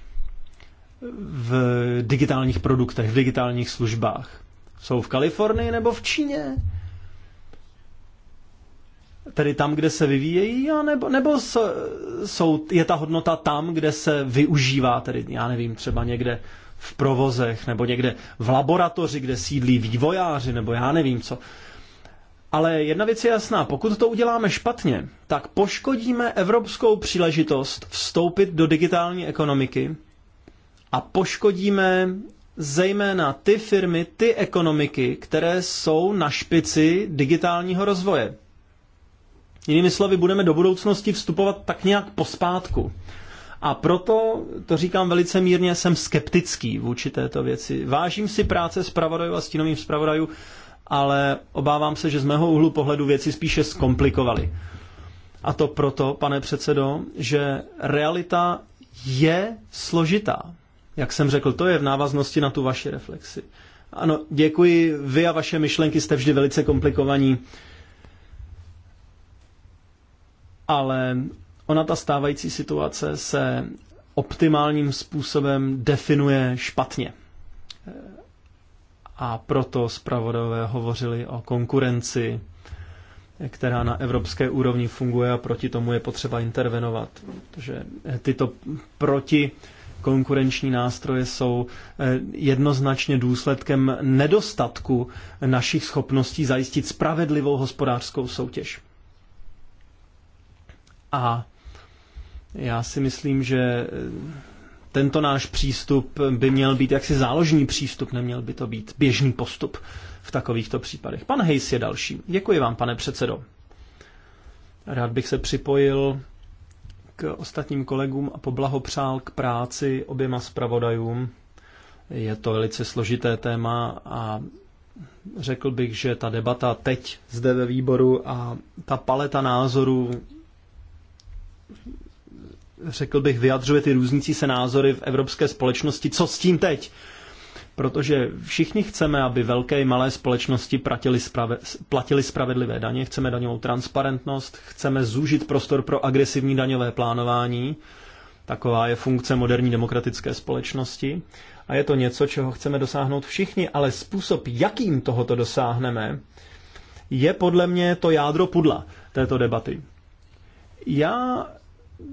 v digitálních produktech, v digitálních službách? Jsou v Kalifornii nebo v Číně? Tedy tam, kde se vyvíjejí, a nebo, nebo jsou, je ta hodnota tam, kde se využívá, tedy já nevím, třeba někde v provozech, nebo někde v laboratoři, kde sídlí vývojáři, nebo já nevím co. Ale jedna věc je jasná, pokud to uděláme špatně, tak poškodíme evropskou příležitost vstoupit do digitální ekonomiky a poškodíme zejména ty firmy, ty ekonomiky, které jsou na špici digitálního rozvoje. Jinými slovy, budeme do budoucnosti vstupovat tak nějak pospátku. A proto, to říkám velice mírně, jsem skeptický vůči této věci. Vážím si práce zpravodajů a stínovým zpravodajů, ale obávám se, že z mého úhlu pohledu věci spíše zkomplikovaly. A to proto, pane předsedo, že realita je složitá. Jak jsem řekl, to je v návaznosti na tu vaši reflexi. Ano, děkuji. Vy a vaše myšlenky jste vždy velice komplikovaní. Ale ona, ta stávající situace, se optimálním způsobem definuje špatně. A proto zpravodové hovořili o konkurenci, která na evropské úrovni funguje a proti tomu je potřeba intervenovat. Protože tyto proti konkurenční nástroje jsou eh, jednoznačně důsledkem nedostatku našich schopností zajistit spravedlivou hospodářskou soutěž. A já si myslím, že eh, tento náš přístup by měl být jaksi záložní přístup, neměl by to být běžný postup v takovýchto případech. Pan Hejs je další. Děkuji vám, pane předsedo. Rád bych se připojil ostatním kolegům a poblahopřál k práci oběma zpravodajům. Je to velice složité téma a řekl bych, že ta debata teď zde ve výboru a ta paleta názorů řekl bych, vyjadřuje ty různící se názory v evropské společnosti. Co s tím teď? protože všichni chceme, aby velké i malé společnosti platily sprave, platili spravedlivé daně, chceme daňovou transparentnost, chceme zúžit prostor pro agresivní daňové plánování, taková je funkce moderní demokratické společnosti a je to něco, čeho chceme dosáhnout všichni, ale způsob, jakým tohoto dosáhneme, je podle mě to jádro pudla této debaty. Já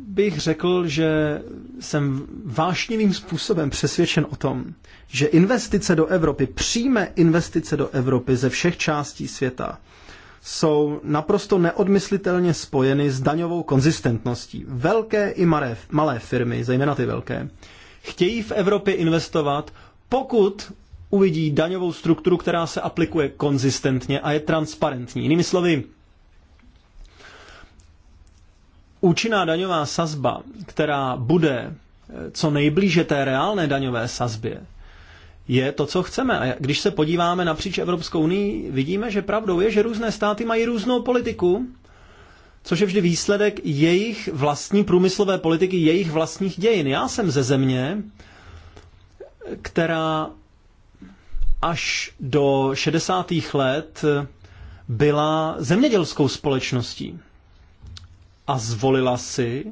bych řekl, že jsem vášnivým způsobem přesvědčen o tom, že investice do Evropy, přímé investice do Evropy ze všech částí světa, jsou naprosto neodmyslitelně spojeny s daňovou konzistentností. Velké i malé, malé firmy, zejména ty velké, chtějí v Evropě investovat, pokud uvidí daňovou strukturu, která se aplikuje konzistentně a je transparentní. Jinými slovy, účinná daňová sazba, která bude eh, co nejblíže té reálné daňové sazbě, je to, co chceme. A když se podíváme napříč Evropskou unii, vidíme, že pravdou je, že různé státy mají různou politiku, což je vždy výsledek jejich vlastní průmyslové politiky, jejich vlastních dějin. Já jsem ze země, která až do 60. let byla zemědělskou společností a zvolila si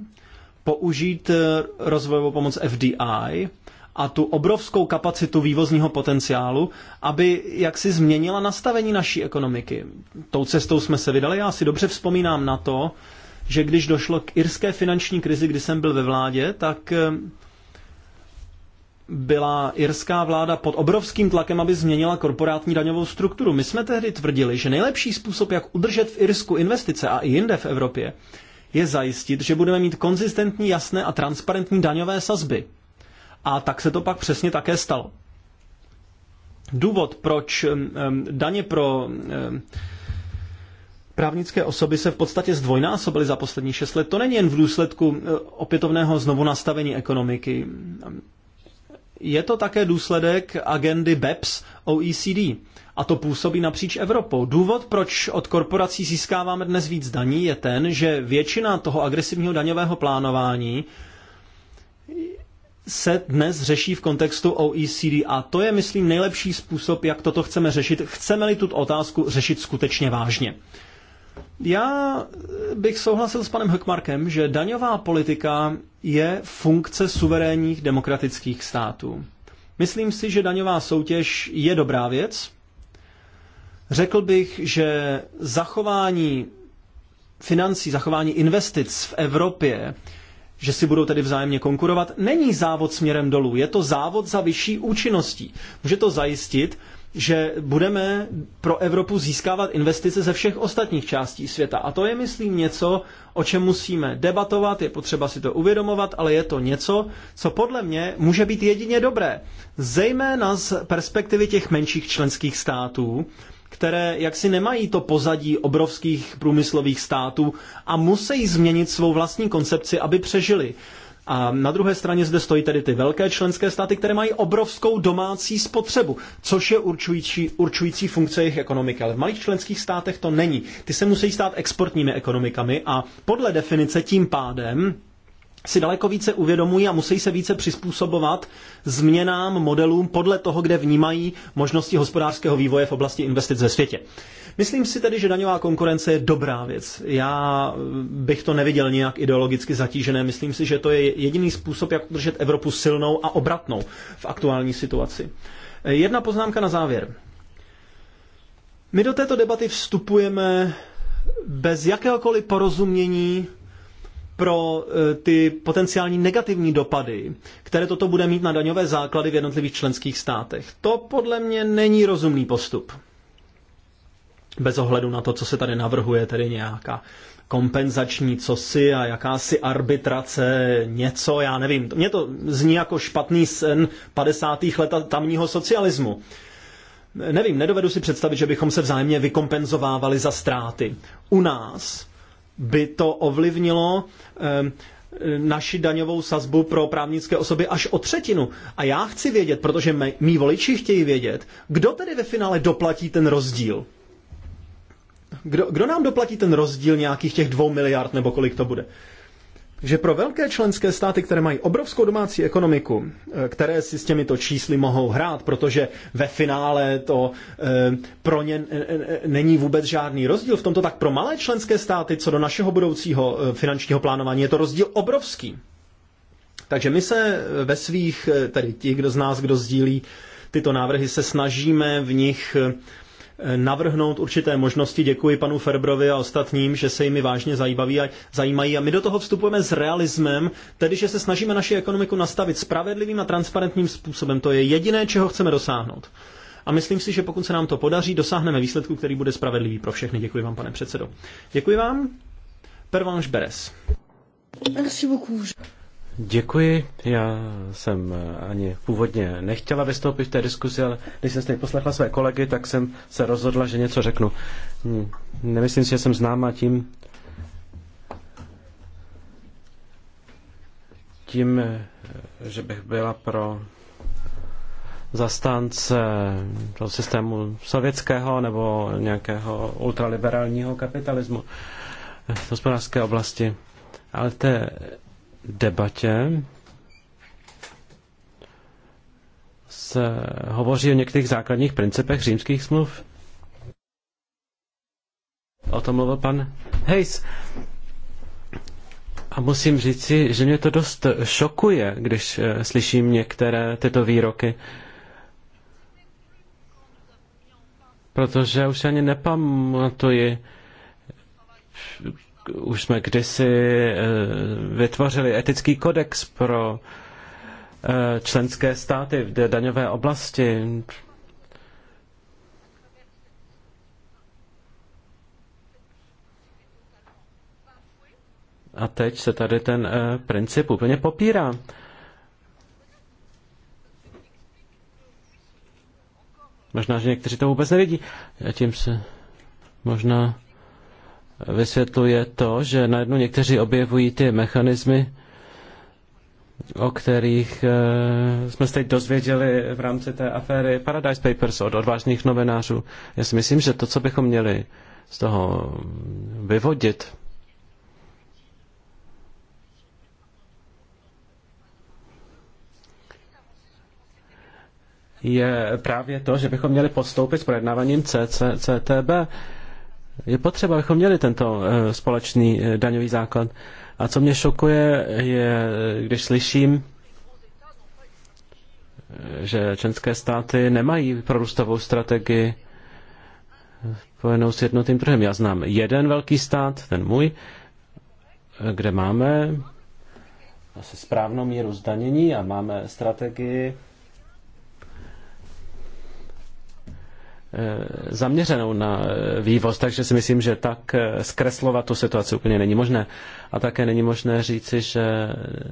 použít eh, rozvojovou pomoc FDI a tu obrovskou kapacitu vývozního potenciálu, aby jaksi změnila nastavení naší ekonomiky. Tou cestou jsme se vydali. Já si dobře vzpomínám na to, že když došlo k irské finanční krizi, kdy jsem byl ve vládě, tak eh, byla irská vláda pod obrovským tlakem, aby změnila korporátní daňovou strukturu. My jsme tehdy tvrdili, že nejlepší způsob, jak udržet v Irsku investice a i jinde v Evropě, je zajistit, že budeme mít konzistentní, jasné a transparentní daňové sazby. A tak se to pak přesně také stalo. Důvod, proč daně pro právnické osoby se v podstatě zdvojnásobily za poslední šest let, to není jen v důsledku e, opětovného znovu nastavení ekonomiky. Je to také důsledek agendy BEPS OECD. A to působí napříč Evropou. Důvod, proč od korporací získáváme dnes víc daní, je ten, že většina toho agresivního daňového plánování se dnes řeší v kontextu OECD a to je, myslím, nejlepší způsob, jak toto chceme řešit. Chceme-li tuto otázku řešit skutečně vážně. Já bych souhlasil s panem Hökmarkem, že daňová politika je funkce suverénních demokratických států. Myslím si, že daňová soutěž je dobrá věc, Řekl bych, že zachování financí, zachování investic v Evropě, že si budou tedy vzájemně konkurovat, není závod směrem dolů, je to závod za vyšší účinností. Může to zajistit, že budeme pro Evropu získávat investice ze všech ostatních částí světa. A to je, myslím, něco, o čem musíme debatovat, je potřeba si to uvědomovat, ale je to něco, co podle mě může být jedině dobré. Zejména z perspektivy těch menších členských států, které jaksi nemají to pozadí obrovských průmyslových států a musí změnit svou vlastní koncepci, aby přežili. A na druhé straně zde stojí tedy ty velké členské státy, které mají obrovskou domácí spotřebu, což je určující, určující funkce jejich ekonomiky. Ale v malých členských státech to není. Ty se musí stát exportními ekonomikami a podle definice tím pádem si daleko více uvědomují a musí se více přizpůsobovat změnám, modelům podle toho, kde vnímají možnosti hospodářského vývoje v oblasti investic ve světě. Myslím si tedy, že daňová konkurence je dobrá věc. Já bych to neviděl nějak ideologicky zatížené. Myslím si, že to je jediný způsob, jak udržet Evropu silnou a obratnou v aktuální situaci. Jedna poznámka na závěr. My do této debaty vstupujeme bez jakéhokoliv porozumění pro e, ty potenciální negativní dopady, které toto bude mít na daňové základy v jednotlivých členských státech. To podle mě není rozumný postup. Bez ohledu na to, co se tady navrhuje, tedy nějaká kompenzační cosi a jakási arbitrace, něco, já nevím. Mně to zní jako špatný sen 50. let tamního socialismu. Nevím, nedovedu si představit, že bychom se vzájemně vykompenzovávali za ztráty. U nás by to ovlivnilo ehm, naši daňovou sazbu pro právnické osoby až o třetinu. A já chci vědět, protože mý voliči chtějí vědět, kdo tedy ve finále doplatí ten rozdíl. Kdo, kdo nám doplatí ten rozdíl nějakých těch dvou miliard nebo kolik to bude? že pro velké členské státy, které mají obrovskou domácí ekonomiku, eh, které si s těmito čísly mohou hrát, protože ve finále to eh, pro ně není vůbec žádný rozdíl v tomto, tak pro malé členské státy, co do našeho budoucího eh, finančního plánování, je to rozdíl obrovský. Takže my se ve svých, tedy ti, kdo z nás, kdo sdílí tyto návrhy, se snažíme v nich navrhnout určité možnosti. Děkuji panu Ferbrovi a ostatním, že se jimi vážně zajímaví a, zajímají. A my do toho vstupujeme s realismem, tedy že se snažíme naši ekonomiku nastavit spravedlivým a transparentním způsobem. To je jediné, čeho chceme dosáhnout. A myslím si, že pokud se nám to podaří, dosáhneme výsledku, který bude spravedlivý pro všechny. Děkuji vám, pane předsedo. Děkuji vám. Pervanche Beres. Merci beaucoup. Děkuji. Já jsem ani původně nechtěla vystoupit v té diskuzi, ale když jsem teď poslechla své kolegy, tak jsem se rozhodla, že něco řeknu. Hmm, nemyslím si, že jsem známa tím, tím, že bych byla pro zastánce toho systému sovětského nebo nějakého ultraliberálního kapitalismu v hospodářské oblasti. Ale té debatě se hovoří o některých základních principech římských smluv. O tom mluvil pan Hayes. A musím říci, že mě to dost šokuje, když eh, slyším některé tyto výroky. Protože už ani nepamatuji, už jsme kdysi eh, vytvořili etický kodex pro eh, členské státy v daňové oblasti. A teď se tady ten eh, princip úplně popírá. Možná, že někteří to vůbec nevidí. Tím se možná vysvětluje to, že najednou někteří objevují ty mechanismy, o kterých eh, jsme se teď dozvěděli v rámci té aféry Paradise Papers od odvážných novinářů. Já si myslím, že to, co bychom měli z toho vyvodit, je právě to, že bychom měli postoupit s projednáváním CC, C- je potřeba, abychom měli tento eh, společný eh, daňový základ. A co mě šokuje, je, když slyším, eh, že členské státy nemají prorůstovou strategii spojenou s jednotným trhem. Já znám jeden velký stát, ten můj, kde máme asi správnou míru zdanění a máme strategii Eh, zaměřenou na eh, vývoz, takže si myslím, že tak eh, zkreslovat tu situaci úplně není možné. A také není možné říci, že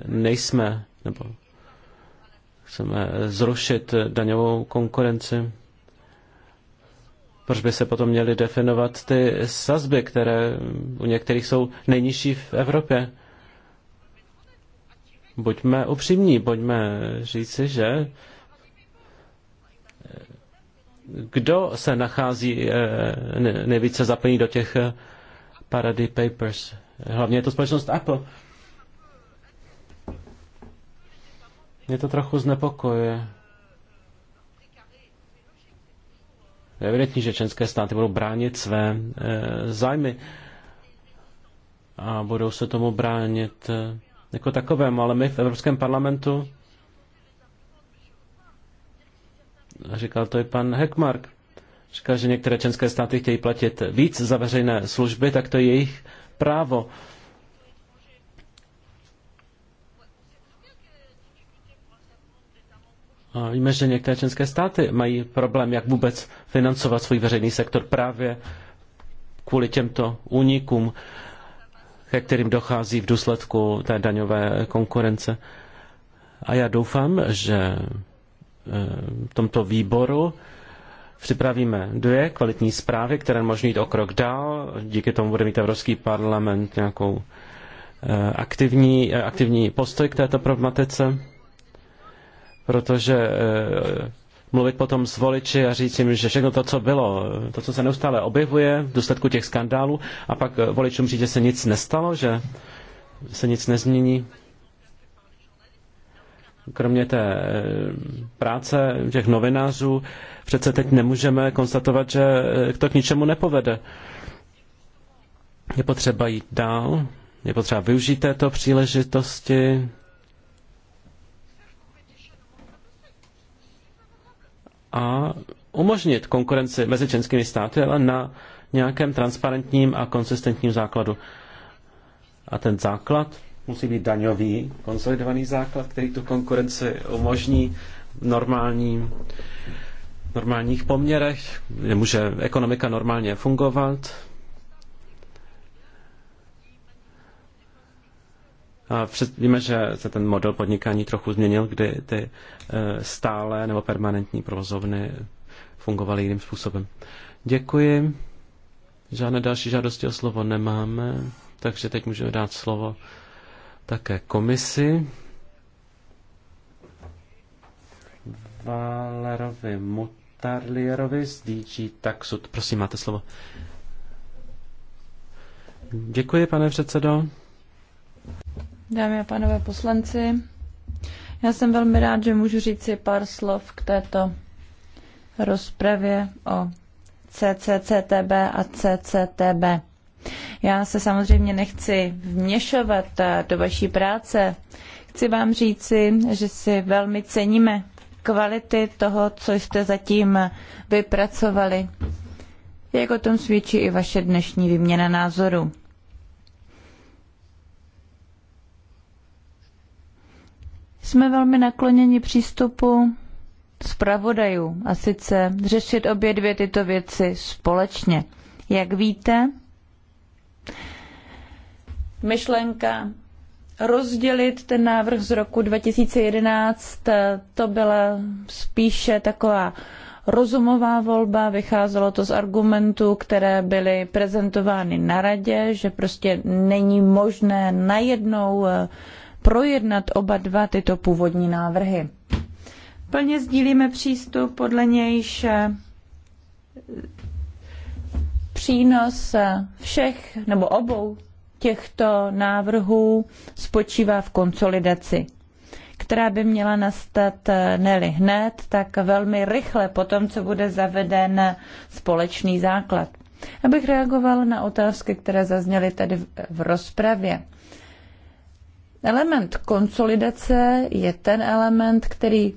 nejsme, nebo chceme zrušit daňovou konkurenci. Proč by se potom měly definovat ty sazby, které u některých jsou nejnižší v Evropě? Buďme upřímní, buďme říci, že kdo se nachází eh, nejvíce zapojený do těch eh, parady Papers. Hlavně je to společnost Apple. Mě to trochu znepokojuje. Je evidentní, že členské státy budou bránit své e, zájmy a budou se tomu bránit e, jako takovému, ale my v Evropském parlamentu říkal to i pan Heckmark, říkal, že některé české státy chtějí platit víc za veřejné služby, tak to je jejich právo. A víme, že některé české státy mají problém, jak vůbec financovat svůj veřejný sektor právě kvůli těmto únikům, ke kterým dochází v důsledku té daňové konkurence. A já doufám, že tomto výboru připravíme dvě kvalitní zprávy, které možná jít o krok dál. Díky tomu bude mít Evropský parlament nějakou eh, aktivní, eh, aktivní postoj k této problematice, protože eh, mluvit potom s voliči a říct jim, že všechno to, co bylo, to, co se neustále objevuje v důsledku těch skandálů, a pak voličům říct, že se nic nestalo, že se nic nezmění, kromě té eh, práce těch novinářů, přece teď nemůžeme konstatovat, že eh, to k ničemu nepovede. Je potřeba jít dál, je potřeba využít této příležitosti. A umožnit konkurenci mezi členskými státy, ale na nějakém transparentním a konsistentním základu. A ten základ Musí být daňový konsolidovaný základ, který tu konkurenci umožní v normální, normálních poměrech, kde může ekonomika normálně fungovat. A před, víme, že se ten model podnikání trochu změnil, kdy ty eh, stále nebo permanentní provozovny fungovaly jiným způsobem. Děkuji. Žádné další žádosti o slovo nemáme, takže teď můžeme dát slovo také komisi. Valerovi Mutarlierovi z DG Taxud. Prosím, máte slovo. Děkuji, pane předsedo. Dámy a pánové poslanci, já jsem velmi rád, že můžu říct si pár slov k této rozpravě o CCCTB a CCTB. Já se samozřejmě nechci vměšovat eh, do vaší práce. Chci vám říci, že si velmi ceníme kvality toho, co jste zatím vypracovali. Jak o tom svědčí i vaše dnešní výměna názorů. Jsme velmi nakloněni přístupu zpravodajů a sice řešit obě dvě tyto věci společně. Jak víte, myšlenka rozdělit ten návrh z roku 2011, to byla spíše taková rozumová volba, vycházelo to z argumentů, které byly prezentovány na radě, že prostě není možné najednou eh, projednat oba dva tyto původní návrhy. Plně sdílíme přístup, podle nějž eh, Přínos všech nebo obou těchto návrhů spočívá v konsolidaci, která by měla nastat eh, neli hned, tak velmi rychle po tom, co bude zaveden společný základ. Abych reagoval na otázky, které zazněly tady v rozpravě. Element konsolidace je ten element, který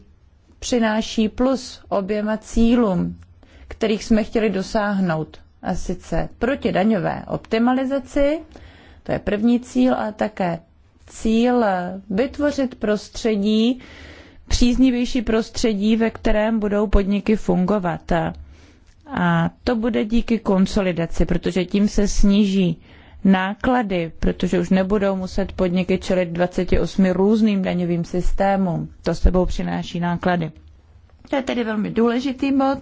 přináší plus oběma cílům, kterých jsme chtěli dosáhnout a sice proti daňové optimalizaci, to je první cíl, a také cíl vytvořit prostředí, příznivější prostředí, ve kterém budou podniky fungovat. A to bude díky konsolidaci, protože tím se sníží náklady, protože už nebudou muset podniky čelit 28 různým daňovým systémům. To sebou přináší náklady. To je tedy velmi důležitý bod.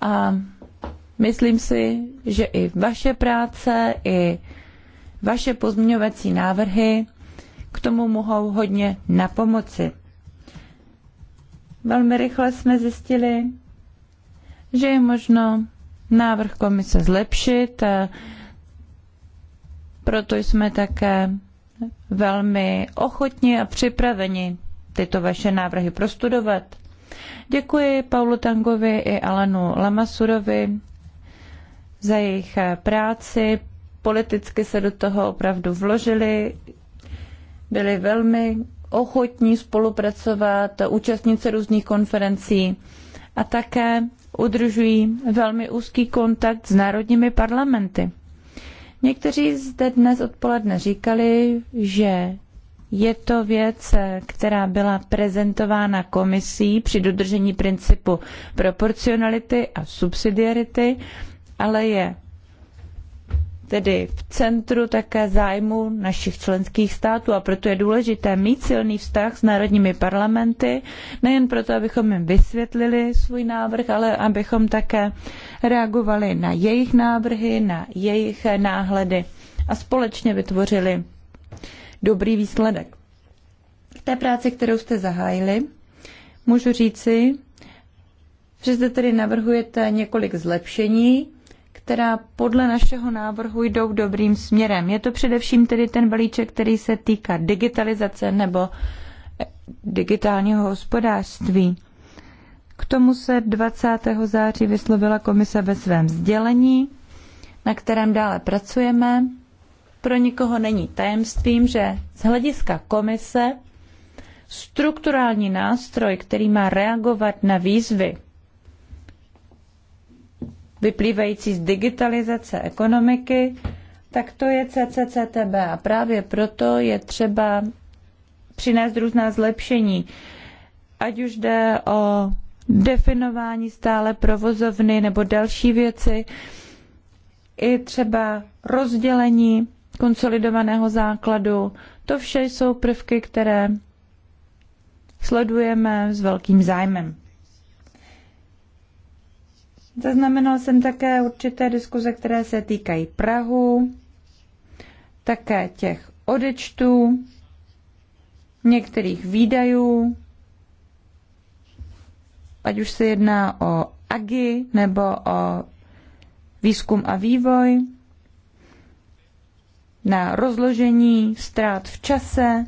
A Myslím si, že i vaše práce, i vaše pozměňovací návrhy k tomu mohou hodně napomoci. Velmi rychle jsme zjistili, že je možno návrh komise zlepšit, eh, proto jsme také velmi ochotni a připraveni tyto vaše návrhy prostudovat. Děkuji Paulu Tangovi i Alanu Lamasurovi za jejich eh, práci. Politicky se do toho opravdu vložili, byli velmi ochotní spolupracovat, účastnit se různých konferencí a také udržují velmi úzký kontakt s národními parlamenty. Někteří zde dnes odpoledne říkali, že je to věc, eh, která byla prezentována komisí při dodržení principu proporcionality a subsidiarity ale je tedy v centru také zájmu našich členských států a proto je důležité mít silný vztah s národními parlamenty, nejen proto, abychom jim vysvětlili svůj návrh, ale abychom také reagovali na jejich návrhy, na jejich náhledy a společně vytvořili dobrý výsledek. V té práci, kterou jste zahájili, můžu říci, že zde tedy navrhujete několik zlepšení, která podle našeho návrhu jdou dobrým směrem. Je to především tedy ten balíček, který se týká digitalizace nebo eh, digitálního hospodářství. K tomu se 20. září vyslovila komise ve svém sdělení, na kterém dále pracujeme. Pro nikoho není tajemstvím, že z hlediska komise strukturální nástroj, který má reagovat na výzvy vyplývající z digitalizace ekonomiky, tak to je CCCTB a právě proto je třeba přinést různá zlepšení. Ať už jde o definování stále provozovny nebo další věci, i třeba rozdělení konsolidovaného základu. To vše jsou prvky, které sledujeme s velkým zájmem. Zaznamenal jsem také určité diskuze, které se týkají Prahu, také těch odečtů, některých výdajů, ať už se jedná o AGI nebo o výzkum a vývoj, na rozložení ztrát v čase,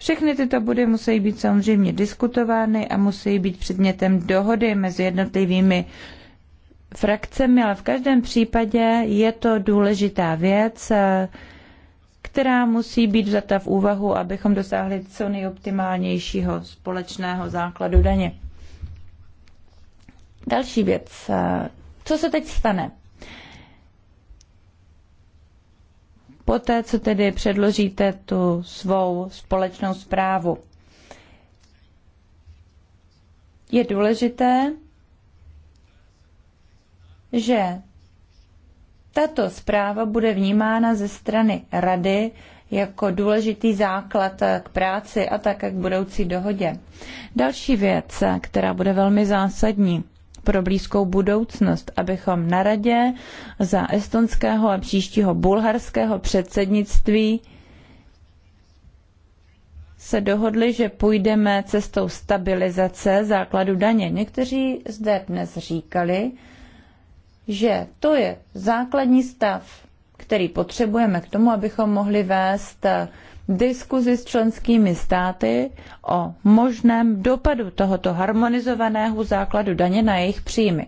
všechny tyto body musí být samozřejmě diskutovány a musí být předmětem dohody mezi jednotlivými frakcemi, ale v každém případě je to důležitá věc, eh, která musí být vzata v úvahu, abychom dosáhli co nejoptimálnějšího společného základu daně. Další věc. Eh, co se teď stane? poté co tedy předložíte tu svou společnou zprávu. Je důležité, že tato zpráva bude vnímána ze strany Rady jako důležitý základ k práci a také k budoucí dohodě. Další věc, která bude velmi zásadní, pro blízkou budoucnost, abychom na radě za estonského a příštího bulharského předsednictví se dohodli, že půjdeme cestou stabilizace základu daně. Někteří zde dnes říkali, že to je základní stav, který potřebujeme k tomu, abychom mohli vést diskuzi s členskými státy o možném dopadu tohoto harmonizovaného základu daně na jejich příjmy.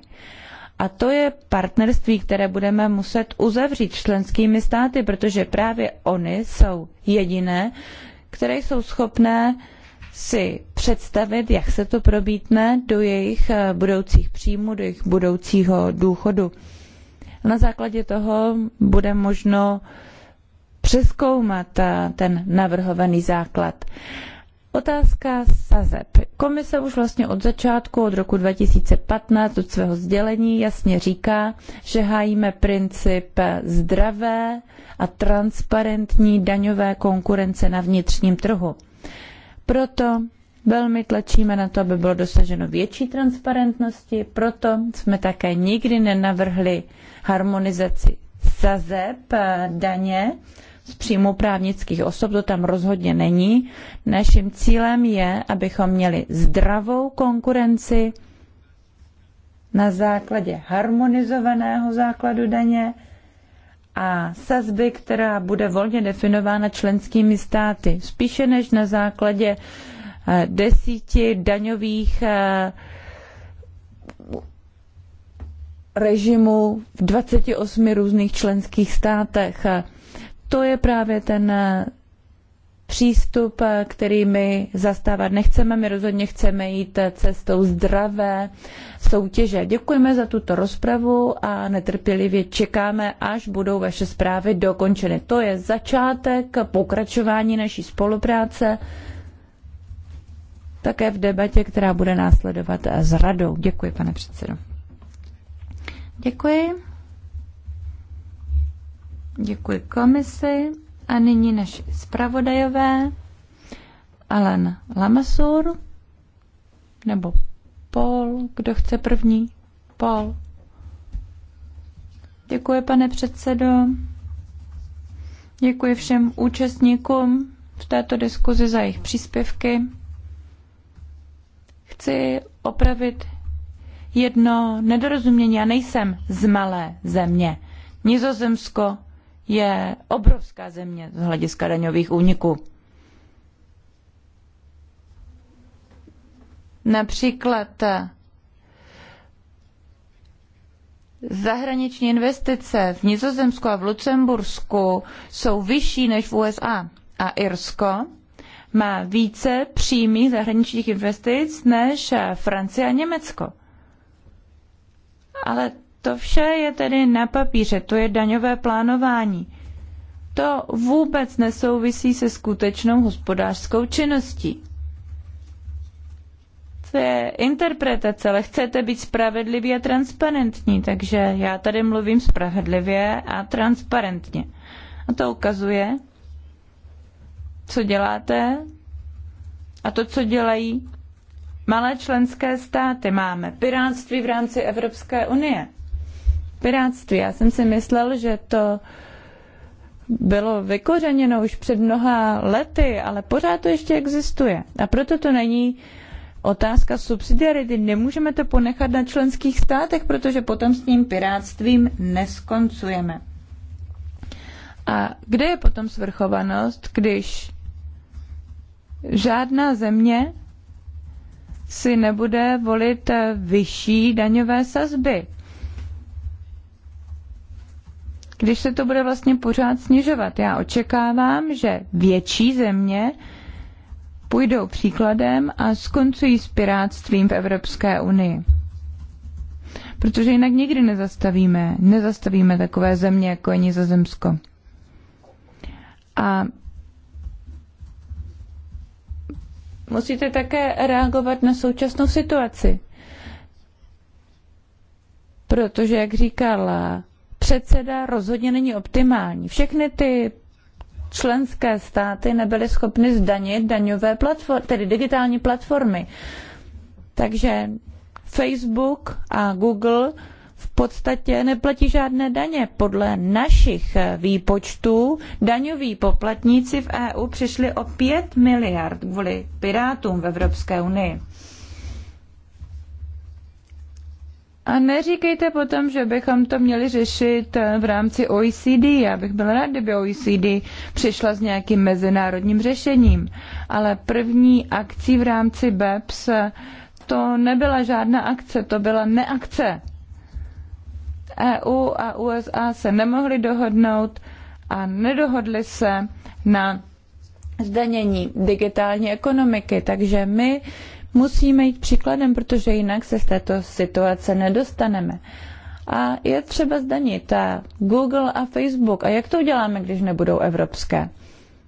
A to je partnerství, které budeme muset uzavřít s členskými státy, protože právě oni jsou jediné, které jsou schopné si představit, jak se to probítne do jejich eh, budoucích příjmů, do jejich budoucího důchodu. Na základě toho bude možno uh, přeskoumat eh, ten navrhovaný základ. Otázka sazeb. Komise už vlastně od začátku, od roku 2015, od svého sdělení jasně říká, že hájíme princip zdravé a transparentní daňové konkurence na vnitřním trhu. Proto velmi tlačíme na to, aby bylo dosaženo větší transparentnosti, proto jsme také nikdy nenavrhli harmonizaci sazeb eh, daně, z příjmu právnických osob, to tam rozhodně není. Naším cílem je, abychom měli zdravou konkurenci na základě harmonizovaného základu daně a sazby, která bude volně definována členskými státy, spíše než na základě eh, desíti daňových eh, režimu v 28 různých členských státech to je právě ten eh, přístup, eh, který my zastávat nechceme. My rozhodně chceme jít eh, cestou zdravé soutěže. Děkujeme za tuto rozpravu a netrpělivě čekáme, až budou vaše zprávy dokončeny. To je začátek pokračování naší spolupráce také v debatě, která bude následovat s radou. Děkuji, pane předsedo. Děkuji. Děkuji komisi a nyní naši zpravodajové. Alan Lamasur nebo Paul, kdo chce první? Paul. Děkuji, pane předsedo. Děkuji všem účastníkům v této diskuzi za jejich příspěvky. Chci opravit jedno nedorozumění. Já nejsem z malé země. Nizozemsko je obrovská země z hlediska daňových úniků. Například eh, zahraniční investice v Nizozemsku a v Lucembursku jsou vyšší než v USA a Irsko má více přímých zahraničních investic než eh, Francie a Německo. Ale to vše je tedy na papíře, to je daňové plánování. To vůbec nesouvisí se skutečnou hospodářskou činností. To je interpretace, ale chcete být spravedlivý a transparentní, takže já tady mluvím spravedlivě a transparentně. A to ukazuje, co děláte a to, co dělají malé členské státy. Máme piránství v rámci Evropské unie piráctví. Já jsem si myslel, že to bylo vykořeněno už před mnoha lety, ale pořád to ještě existuje. A proto to není otázka subsidiarity. Nemůžeme to ponechat na členských státech, protože potom s tím piráctvím neskoncujeme. A kde je potom svrchovanost, když žádná země si nebude volit vyšší daňové sazby? když se to bude vlastně pořád snižovat. Já očekávám, že větší země půjdou příkladem a skoncují s piráctvím v Evropské unii. Protože jinak nikdy nezastavíme, nezastavíme takové země, jako je Nizozemsko. A musíte také reagovat na současnou situaci. Protože, jak říkala předseda rozhodně není optimální. Všechny ty členské státy nebyly schopny zdanit daňové platformy, tedy digitální platformy. Takže Facebook a Google v podstatě neplatí žádné daně. Podle našich výpočtů daňoví poplatníci v EU přišli o 5 miliard kvůli pirátům v Evropské unii. A neříkejte potom, že bychom to měli řešit eh, v rámci OECD. Já bych byla rád, kdyby OECD přišla s nějakým mezinárodním řešením. Ale první akcí v rámci BEPS eh, to nebyla žádná akce, to byla neakce. EU a USA se nemohly dohodnout a nedohodli se na zdanění digitální ekonomiky. Takže my musíme jít příkladem, protože jinak se z této situace nedostaneme. A je třeba zdanit a Google a Facebook. A jak to uděláme, když nebudou evropské?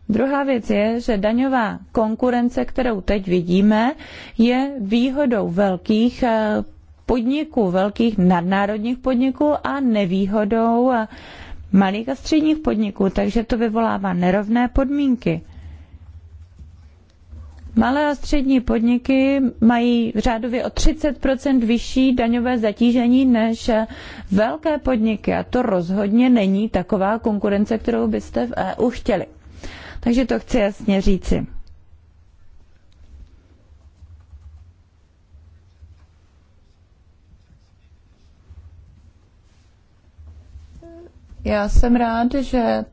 Druhá věc je, že daňová konkurence, kterou teď vidíme, je výhodou velkých eh, podniků, velkých nadnárodních podniků a nevýhodou eh, malých a středních podniků, takže to vyvolává nerovné podmínky. Malé a střední podniky mají řádově o 30 vyšší daňové zatížení než velké podniky a to rozhodně není taková konkurence, kterou byste v EU chtěli. Takže to chci jasně říci. Já jsem rád, že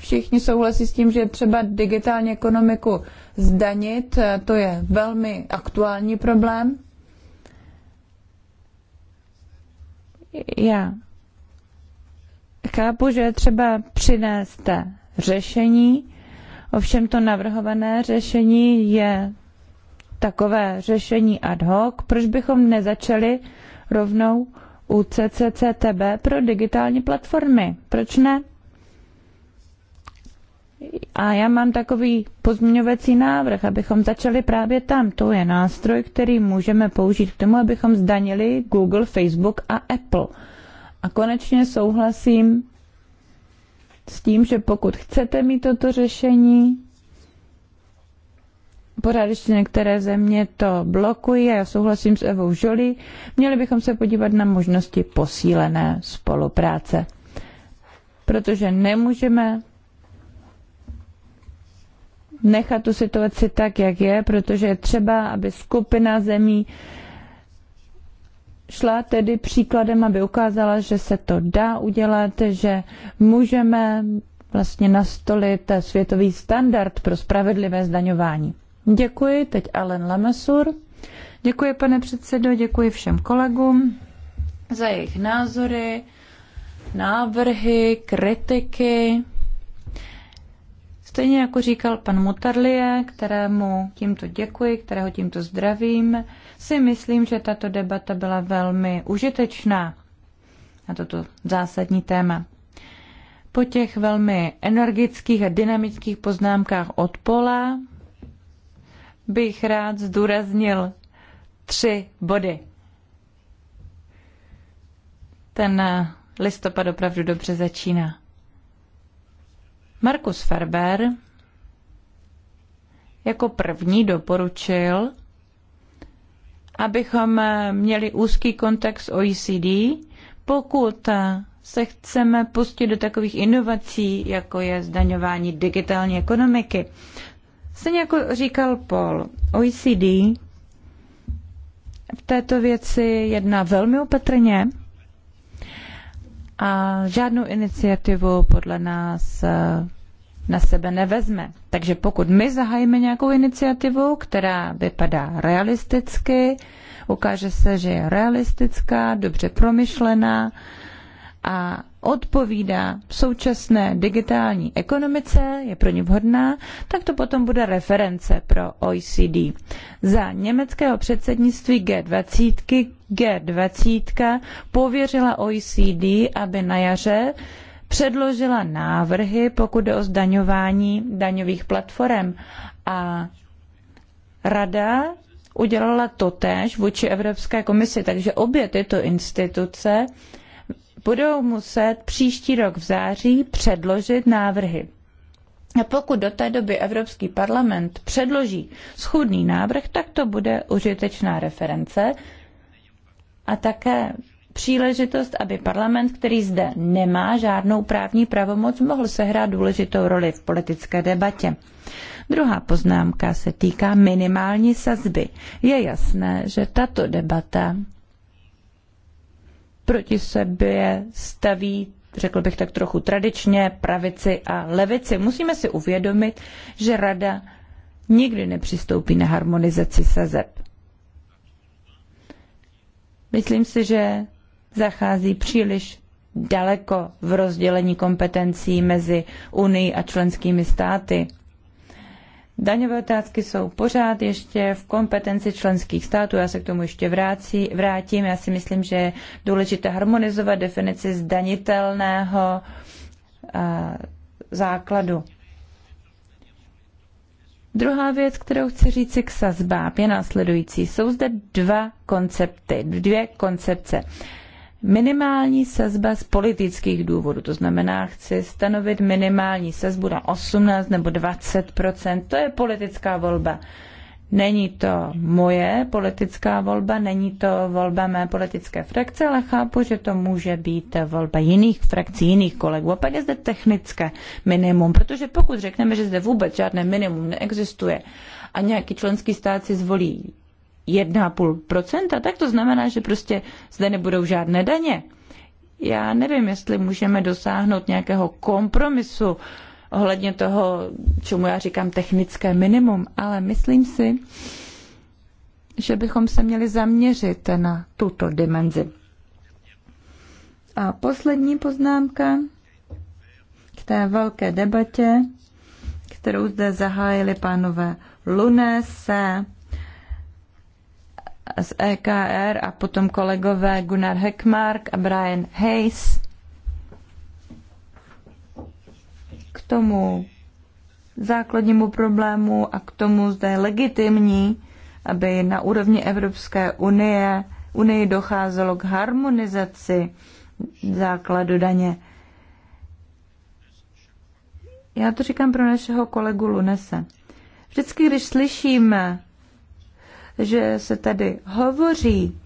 všichni souhlasí s tím, že třeba digitální ekonomiku zdanit, eh, to je velmi aktuální problém. Já chápu, že je třeba přinést řešení, ovšem to navrhované řešení je takové řešení ad hoc. Proč bychom nezačali rovnou u CCCTB pro digitální platformy? Proč ne? A já mám takový pozměňovací návrh, abychom začali právě tam. To je nástroj, který můžeme použít k tomu, abychom zdanili Google, Facebook a Apple. A konečně souhlasím s tím, že pokud chcete mít toto řešení, pořád ještě některé země to blokují a já souhlasím s Evou Žoli, měli bychom se podívat na možnosti posílené spolupráce. Protože nemůžeme nechat tu situaci tak, jak je, protože je třeba, aby skupina zemí šla tedy příkladem, aby ukázala, že se to dá udělat, že můžeme vlastně nastolit světový standard pro spravedlivé zdaňování. Děkuji, teď Alen Lamesur. Děkuji, pane předsedo, děkuji všem kolegům za jejich názory, návrhy, kritiky. Stejně jako říkal pan Mutarlie, kterému tímto děkuji, kterého tímto zdravím, si myslím, že tato debata byla velmi užitečná na toto zásadní téma. Po těch velmi energických a dynamických poznámkách od pola bych rád zdůraznil tři body. Ten listopad opravdu dobře začíná. Markus Ferber jako první doporučil, abychom měli úzký kontext s OECD, pokud se chceme pustit do takových inovací, jako je zdaňování digitální ekonomiky. Stejně jako říkal Paul, OECD v této věci jedná velmi opatrně a žádnou iniciativu podle nás eh, na sebe nevezme. Takže pokud my zahájíme nějakou iniciativu, která vypadá realisticky, ukáže se, že je realistická, dobře promyšlená a odpovídá současné digitální ekonomice, je pro ně vhodná, tak to potom bude reference pro OECD. Za německého předsednictví G20, G20 pověřila OECD, aby na jaře předložila návrhy, pokud jde o zdaňování daňových platform. A rada udělala též vůči Evropské komisi, takže obě tyto instituce budou muset příští rok v září předložit návrhy. A pokud do té doby Evropský parlament předloží schůdný návrh, tak to bude užitečná reference a také příležitost, aby parlament, který zde nemá žádnou právní pravomoc, mohl sehrát důležitou roli v politické debatě. Druhá poznámka se týká minimální sazby. Je jasné, že tato debata proti sebe staví řekl bych tak trochu tradičně, pravici a levici. Musíme si uvědomit, že rada nikdy nepřistoupí na harmonizaci sazeb. Myslím si, že zachází příliš daleko v rozdělení kompetencí mezi Unii a členskými státy. Daňové otázky jsou pořád ještě v kompetenci členských států, já se k tomu ještě vrátí, vrátím. Já si myslím, že je důležité harmonizovat definici zdanitelného eh, základu. Druhá věc, kterou chci říci k sazbám, je následující. Jsou zde dva koncepty, dvě koncepce minimální sazba z politických důvodů. To znamená, chci stanovit minimální sazbu na 18 nebo 20 To je politická volba. Není to moje politická volba, není to volba mé politické frakce, ale chápu, že to může být volba jiných frakcí, jiných kolegů. A pak je zde technické minimum, protože pokud řekneme, že zde vůbec žádné minimum neexistuje a nějaký členský stát si zvolí 1,5%, tak to znamená, že prostě zde nebudou žádné daně. Já nevím, jestli můžeme dosáhnout nějakého kompromisu ohledně toho, čemu já říkám technické minimum, ale myslím si, že bychom se měli zaměřit na tuto dimenzi. A poslední poznámka k té velké debatě, kterou zde zahájili pánové Lunese, z EKR a potom kolegové Gunnar Heckmark a Brian Hayes. K tomu základnímu problému a k tomu zde je legitimní, aby na úrovni Evropské unie unii docházelo k harmonizaci základu daně. Já to říkám pro našeho kolegu Lunese. Vždycky, když slyšíme že se tady hovoří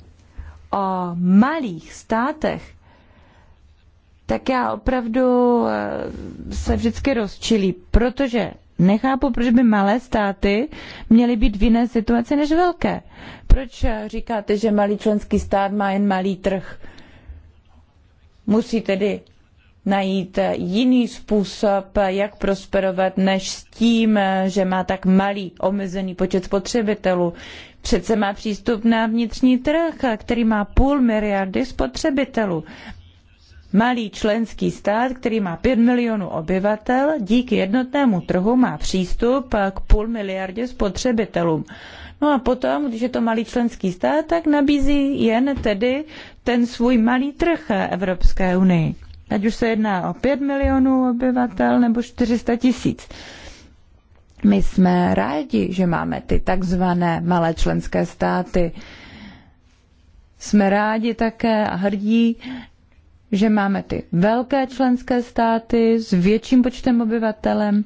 o malých státech, tak já opravdu eh, se vždycky rozčilí, protože nechápu, proč by malé státy měly být v jiné situaci než velké. Proč říkáte, že malý členský stát má jen malý trh? Musí tedy najít jiný způsob, jak prosperovat, než s tím, že má tak malý omezený počet spotřebitelů přece má přístup na vnitřní trh, který má půl miliardy spotřebitelů. Malý členský stát, který má 5 milionů obyvatel, díky jednotnému trhu má přístup k půl miliardě spotřebitelům. No a potom, když je to malý členský stát, tak nabízí jen tedy ten svůj malý trh Evropské unii. Ať už se jedná o 5 milionů obyvatel nebo 400 tisíc. My jsme rádi, že máme ty takzvané malé členské státy. Jsme rádi také a hrdí, že máme ty velké členské státy s větším počtem obyvatelem.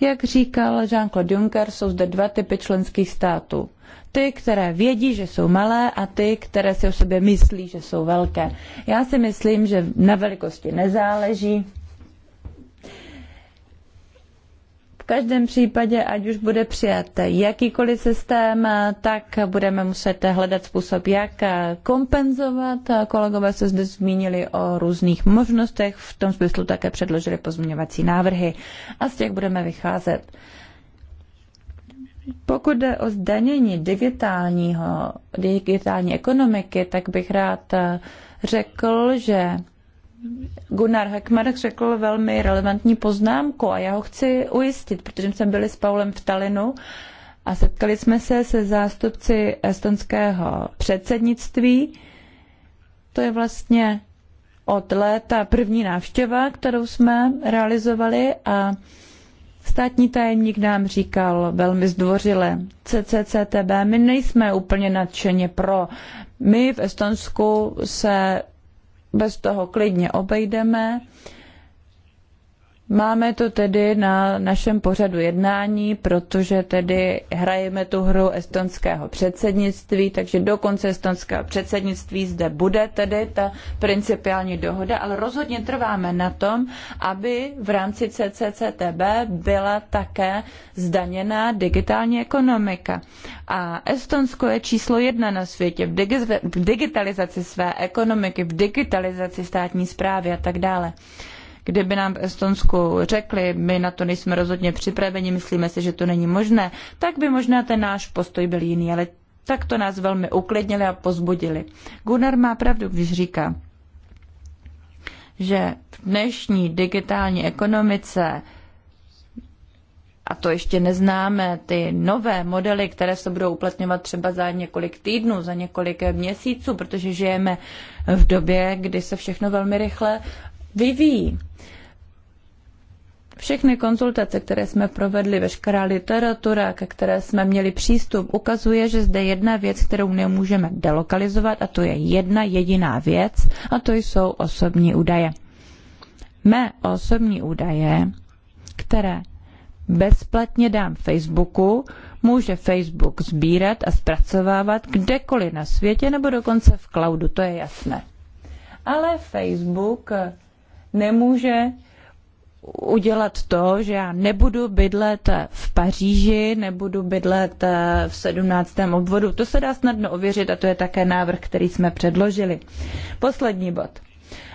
Jak říkal Jean-Claude Juncker, jsou zde dva typy členských států. Ty, které vědí, že jsou malé a ty, které si o sobě myslí, že jsou velké. Já si myslím, že na velikosti nezáleží. každém případě, ať už bude přijat jakýkoliv systém, tak budeme muset hledat způsob, jak kompenzovat. Kolegové se zde zmínili o různých možnostech, v tom smyslu také předložili pozměňovací návrhy a z těch budeme vycházet. Pokud jde o zdanění digitálního, digitální ekonomiky, tak bych rád řekl, že Gunnar Hekmar řekl velmi relevantní poznámku a já ho chci ujistit, protože jsme byli s Paulem v Talinu a setkali jsme se se zástupci estonského předsednictví. To je vlastně od léta první návštěva, kterou jsme realizovali a státní tajemník nám říkal velmi zdvořile, CCCTB, my nejsme úplně nadšeně pro. My v Estonsku se bez toho klidně obejdeme. Máme to tedy na našem pořadu jednání, protože tedy hrajeme tu hru estonského předsednictví, takže do konce estonského předsednictví zde bude tedy ta principiální dohoda, ale rozhodně trváme na tom, aby v rámci CCCTB byla také zdaněná digitální ekonomika. A Estonsko je číslo jedna na světě v, digi- v digitalizaci své ekonomiky, v digitalizaci státní správy a tak dále. Kdyby nám v Estonsku řekli, my na to nejsme rozhodně připraveni, myslíme si, že to není možné, tak by možná ten náš postoj byl jiný, ale tak to nás velmi uklidnili a pozbudili. Gunnar má pravdu, když říká, že v dnešní digitální ekonomice a to ještě neznáme, ty nové modely, které se budou uplatňovat třeba za několik týdnů, za několik měsíců, protože žijeme v době, kdy se všechno velmi rychle vyvíjí. Všechny konzultace, které jsme provedli, veškerá literatura, ke které jsme měli přístup, ukazuje, že zde jedna věc, kterou nemůžeme delokalizovat, a to je jedna jediná věc, a to jsou osobní údaje. Mé osobní údaje, které bezplatně dám Facebooku, může Facebook sbírat a zpracovávat kdekoliv na světě nebo dokonce v cloudu, to je jasné. Ale Facebook nemůže udělat to, že já nebudu bydlet v Paříži, nebudu bydlet eh, v 17. obvodu. To se dá snadno ověřit a to je také návrh, který jsme předložili. Poslední bod.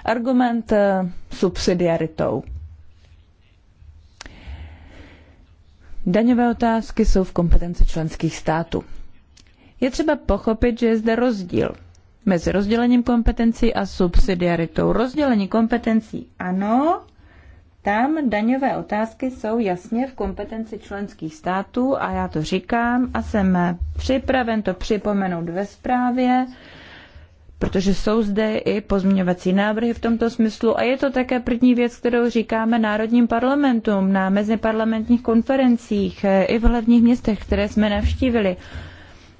Argument eh, subsidiaritou. Daňové otázky jsou v kompetenci členských států. Je třeba pochopit, že je zde rozdíl mezi rozdělením kompetencí a subsidiaritou. Rozdělení kompetencí ano, tam daňové otázky jsou jasně v kompetenci členských států a já to říkám a jsem připraven to připomenout ve zprávě, protože jsou zde i pozměňovací návrhy v tomto smyslu a je to také první věc, kterou říkáme národním parlamentům na meziparlamentních konferencích eh, i v hlavních městech, které jsme navštívili.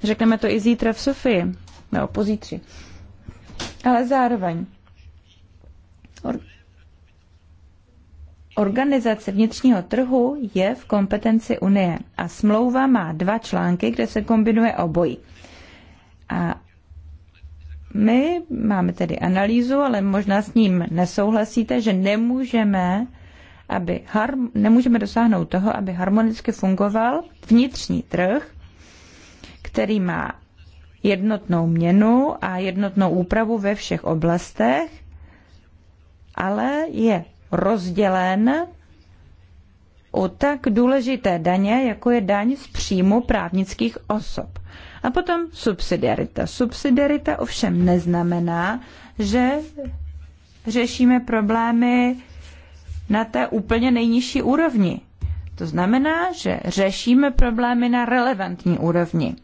Řekneme to i zítra v Sofii nebo pozítří. Ale zároveň or, organizace vnitřního trhu je v kompetenci Unie a smlouva má dva články, kde se kombinuje obojí. A my máme tedy analýzu, ale možná s ním nesouhlasíte, že nemůžeme, aby nemůžeme dosáhnout toho, aby harmonicky fungoval vnitřní trh, který má jednotnou měnu a jednotnou úpravu ve všech oblastech, ale je rozdělen u tak důležité daně, jako je daň z příjmu právnických osob. A potom subsidiarita. Subsidiarita ovšem neznamená, že řešíme problémy na té úplně nejnižší úrovni. To znamená, že řešíme problémy na relevantní úrovni.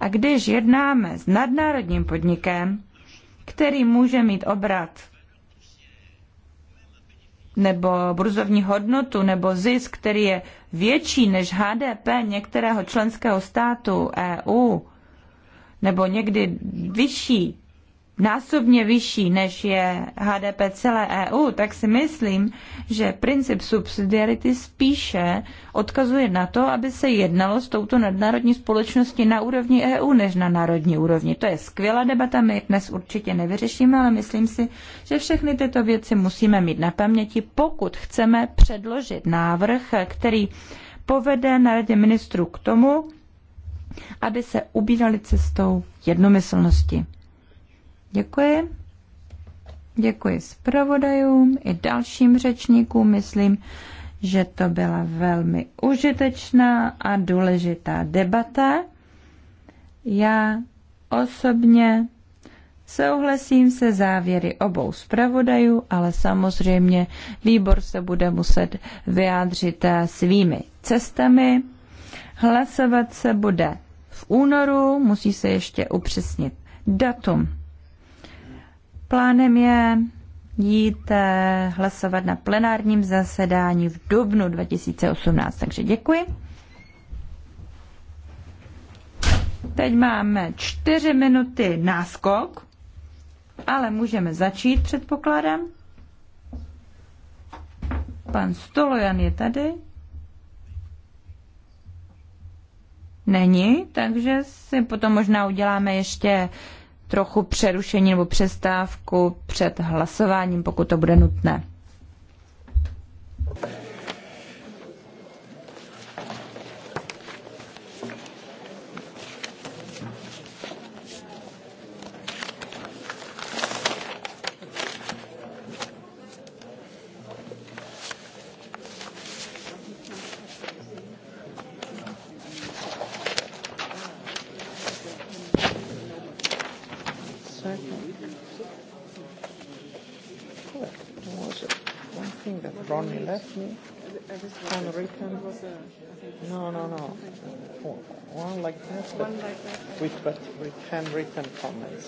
A když jednáme s nadnárodním podnikem, který může mít obrat nebo burzovní hodnotu nebo zisk, který je větší než HDP některého členského státu EU, nebo někdy vyšší násobně vyšší, než je HDP celé EU, tak si myslím, že princip subsidiarity spíše odkazuje na to, aby se jednalo s touto nadnárodní společností na úrovni EU, než na národní úrovni. To je skvělá debata, my dnes určitě nevyřešíme, ale myslím si, že všechny tyto věci musíme mít na paměti, pokud chceme předložit návrh, který povede na radě ministru k tomu, aby se ubírali cestou jednomyslnosti. Děkuji. Děkuji zpravodajům i dalším řečníkům. Myslím, že to byla velmi užitečná a důležitá debata. Já osobně souhlasím se závěry obou zpravodajů, ale samozřejmě výbor se bude muset vyjádřit svými cestami. Hlasovat se bude v únoru, musí se ještě upřesnit datum Plánem je jít eh, hlasovat na plenárním zasedání v dubnu 2018. Takže děkuji. Teď máme čtyři minuty náskok, ale můžeme začít, pokladem. Pan Stolojan je tady. Není, takže si potom možná uděláme ještě trochu přerušení nebo přestávku před hlasováním, pokud to bude nutné. No, no, no. One like that. But One like that. With, but with handwritten comments.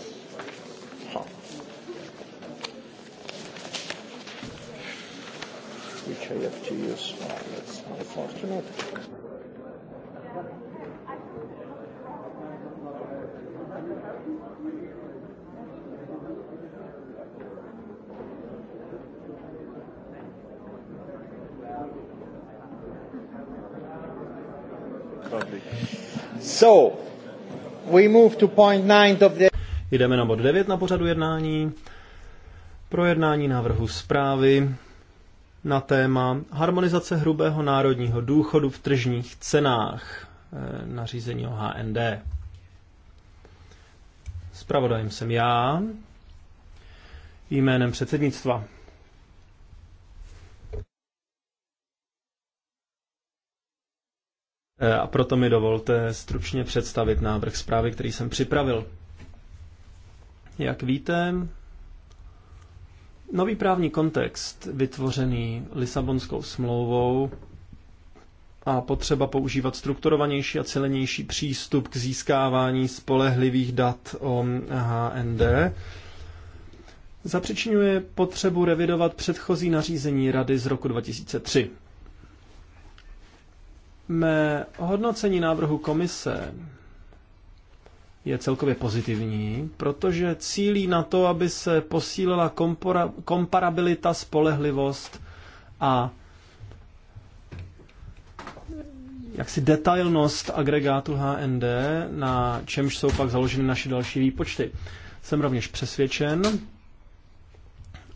Which I have to use. Well, that's unfortunate. Thank you. So, we move to point nine of the... Jdeme na bod 9 na pořadu jednání. Projednání návrhu zprávy na téma harmonizace hrubého národního důchodu v tržních cenách eh, nařízení o HND. Spravodajem jsem já jménem předsednictva. E, a proto mi dovolte stručně představit návrh zprávy, který jsem připravil. Jak víte, nový právní kontext vytvořený Lisabonskou smlouvou a potřeba používat strukturovanější a celenější přístup k získávání spolehlivých dat o HND zapřičňuje potřebu revidovat předchozí nařízení Rady z roku 2003. Mé hodnocení návrhu komise je celkově pozitivní, protože cílí na to, aby se posílila kompora, komparabilita, spolehlivost a jaksi detailnost agregátu HND, na čemž jsou pak založeny naše další výpočty. Jsem rovněž přesvědčen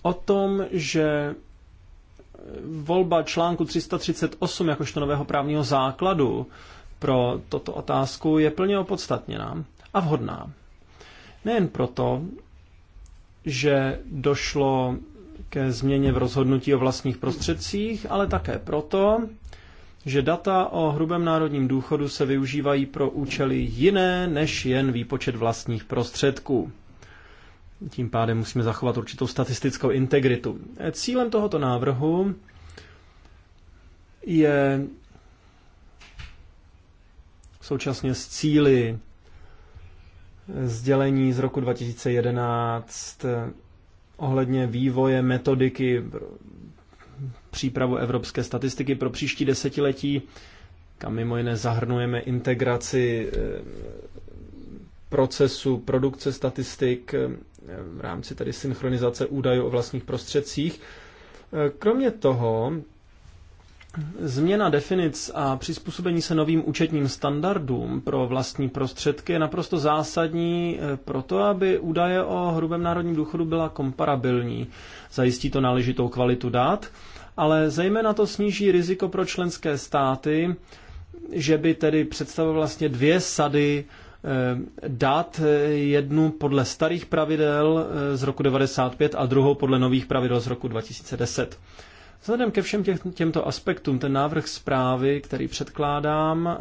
o tom, že volba článku 338 jakožto nového právního základu pro toto otázku je plně opodstatněná a vhodná. Nejen proto, že došlo ke změně v rozhodnutí o vlastních prostředcích, ale také proto, že data o hrubém národním důchodu se využívají pro účely jiné než jen výpočet vlastních prostředků. Tím pádem musíme zachovat určitou statistickou integritu. Cílem tohoto návrhu je současně s cíly sdělení z roku 2011 ohledně vývoje metodiky přípravu evropské statistiky pro příští desetiletí, kam mimo jiné zahrnujeme integraci eh, procesu produkce statistik v rámci tedy synchronizace údajů o vlastních prostředcích. Kromě toho, Změna definic a přizpůsobení se novým účetním standardům pro vlastní prostředky je naprosto zásadní eh, pro to, aby údaje o hrubém národním důchodu byla komparabilní. Zajistí to náležitou kvalitu dat, ale zejména to sníží riziko pro členské státy, že by tedy představoval vlastně dvě sady Eh, dát eh, jednu podle starých pravidel eh, z roku 95 a druhou podle nových pravidel z roku 2010. Vzhledem ke všem těch, těmto aspektům, ten návrh zprávy, který předkládám,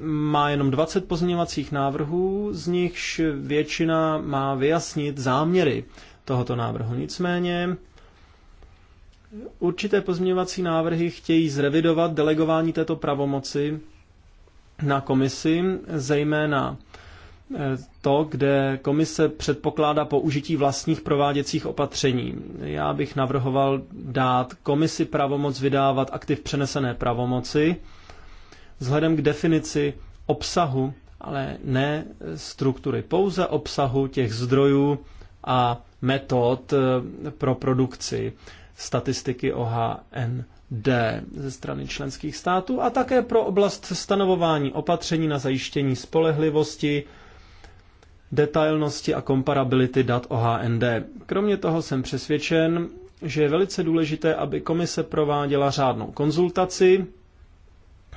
má jenom 20 pozměňovacích návrhů, z nichž většina má vyjasnit záměry tohoto návrhu. Nicméně určité pozměňovací návrhy chtějí zrevidovat delegování této pravomoci na komisi, zejména eh, to, kde komise předpokládá použití vlastních prováděcích opatření. Já bych navrhoval dát komisi pravomoc vydávat aktiv přenesené pravomoci vzhledem k definici obsahu, ale ne struktury, pouze obsahu těch zdrojů a metod eh, pro produkci statistiky OHN. D ze strany členských států a také pro oblast stanovování opatření na zajištění spolehlivosti, detailnosti a komparability dat o HND. Kromě toho jsem přesvědčen, že je velice důležité, aby komise prováděla řádnou konzultaci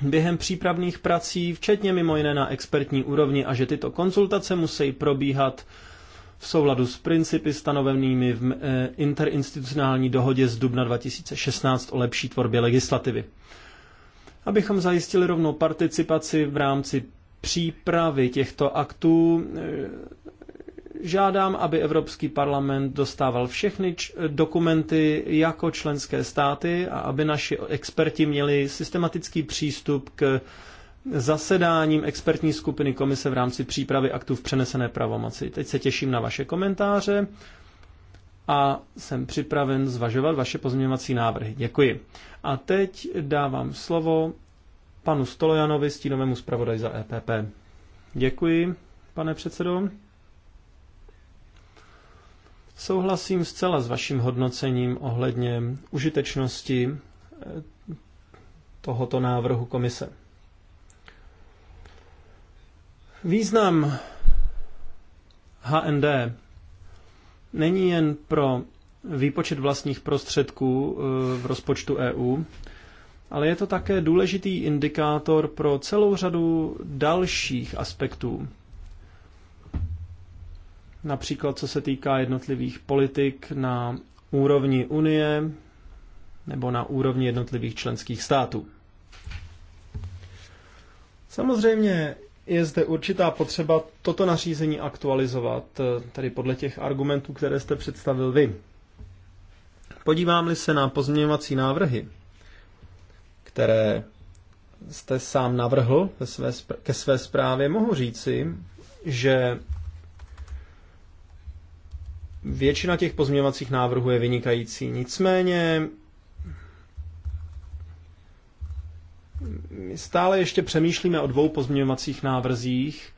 během přípravných prací, včetně mimo jiné na expertní úrovni, a že tyto konzultace musí probíhat v souladu s principy stanovenými v eh, interinstitucionální dohodě z dubna 2016 o lepší tvorbě legislativy. Abychom zajistili rovnou participaci v rámci přípravy těchto aktů, eh, žádám, aby Evropský parlament dostával všechny dokumenty jako členské státy a aby naši experti měli systematický přístup k zasedáním expertní skupiny komise v rámci přípravy aktů v přenesené pravomoci. Teď se těším na vaše komentáře a jsem připraven zvažovat vaše pozměňovací návrhy. Děkuji. A teď dávám slovo panu Stolojanovi, stínovému zpravodaj za EPP. Děkuji, pane předsedo. Souhlasím zcela s vaším hodnocením ohledně užitečnosti tohoto návrhu komise. Význam HND není jen pro výpočet vlastních prostředků eh, v rozpočtu EU, ale je to také důležitý indikátor pro celou řadu dalších aspektů. Například co se týká jednotlivých politik na úrovni Unie nebo na úrovni jednotlivých členských států. Samozřejmě je zde určitá potřeba toto nařízení aktualizovat, eh, tedy podle těch argumentů, které jste představil vy. Podívám-li se na pozměňovací návrhy, které jste sám navrhl ve své, ke své zprávě, mohu říci, že většina těch pozměňovacích návrhů je vynikající. Nicméně My stále ještě přemýšlíme o dvou pozměňovacích návrzích,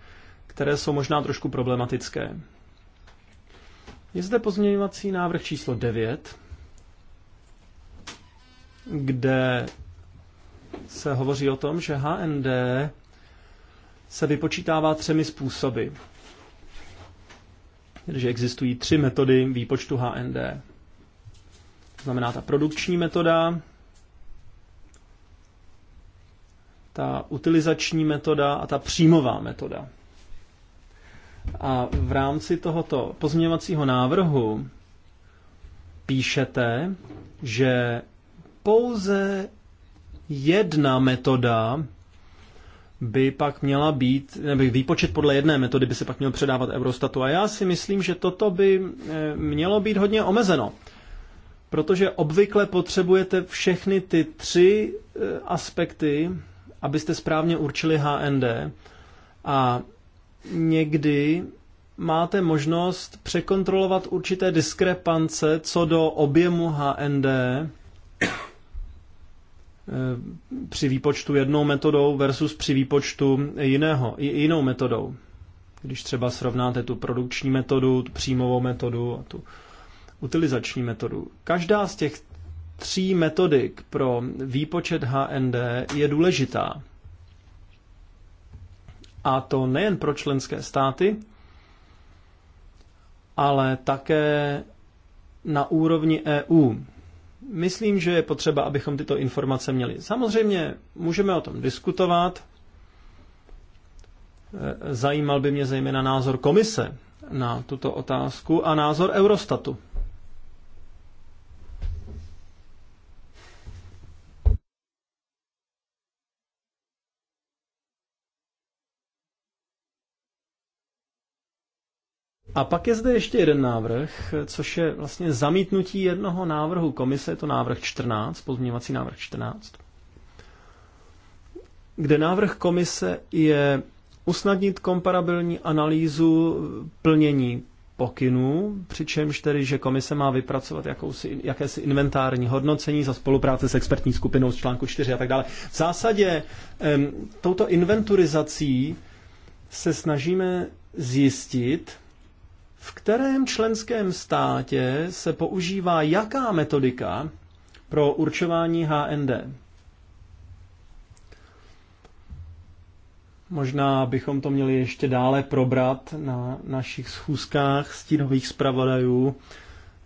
které jsou možná trošku problematické. Je zde pozměňovací návrh číslo 9, kde se hovoří o tom, že HND se vypočítává třemi způsoby. Takže existují tři metody výpočtu HND. To znamená ta produkční metoda, ta utilizační metoda a ta příjmová metoda. A v rámci tohoto pozměňovacího návrhu píšete, že pouze jedna metoda by pak měla být, nebo výpočet podle jedné metody by se pak měl předávat Eurostatu. A já si myslím, že toto by eh, mělo být hodně omezeno, protože obvykle potřebujete všechny ty tři eh, aspekty abyste správně určili HND a někdy máte možnost překontrolovat určité diskrepance co do objemu HND eh, při výpočtu jednou metodou versus při výpočtu jiného, jinou metodou. Když třeba srovnáte tu produkční metodu, tu příjmovou metodu a tu utilizační metodu. Každá z těch tří metodik pro výpočet HND je důležitá. A to nejen pro členské státy, ale také na úrovni EU. Myslím, že je potřeba, abychom tyto informace měli. Samozřejmě můžeme o tom diskutovat. Zajímal by mě zejména názor komise na tuto otázku a názor Eurostatu. A pak je zde ještě jeden návrh, což je vlastně zamítnutí jednoho návrhu komise, je to návrh 14, pozměňovací návrh 14, kde návrh komise je usnadnit komparabilní analýzu plnění pokynů, přičemž tedy, že komise má vypracovat jakousi, jakési inventární hodnocení za spolupráce s expertní skupinou z článku 4 a tak dále. V zásadě touto inventurizací se snažíme zjistit, v kterém členském státě se používá jaká metodika pro určování HND. Možná bychom to měli ještě dále probrat na našich schůzkách stínových zpravodajů,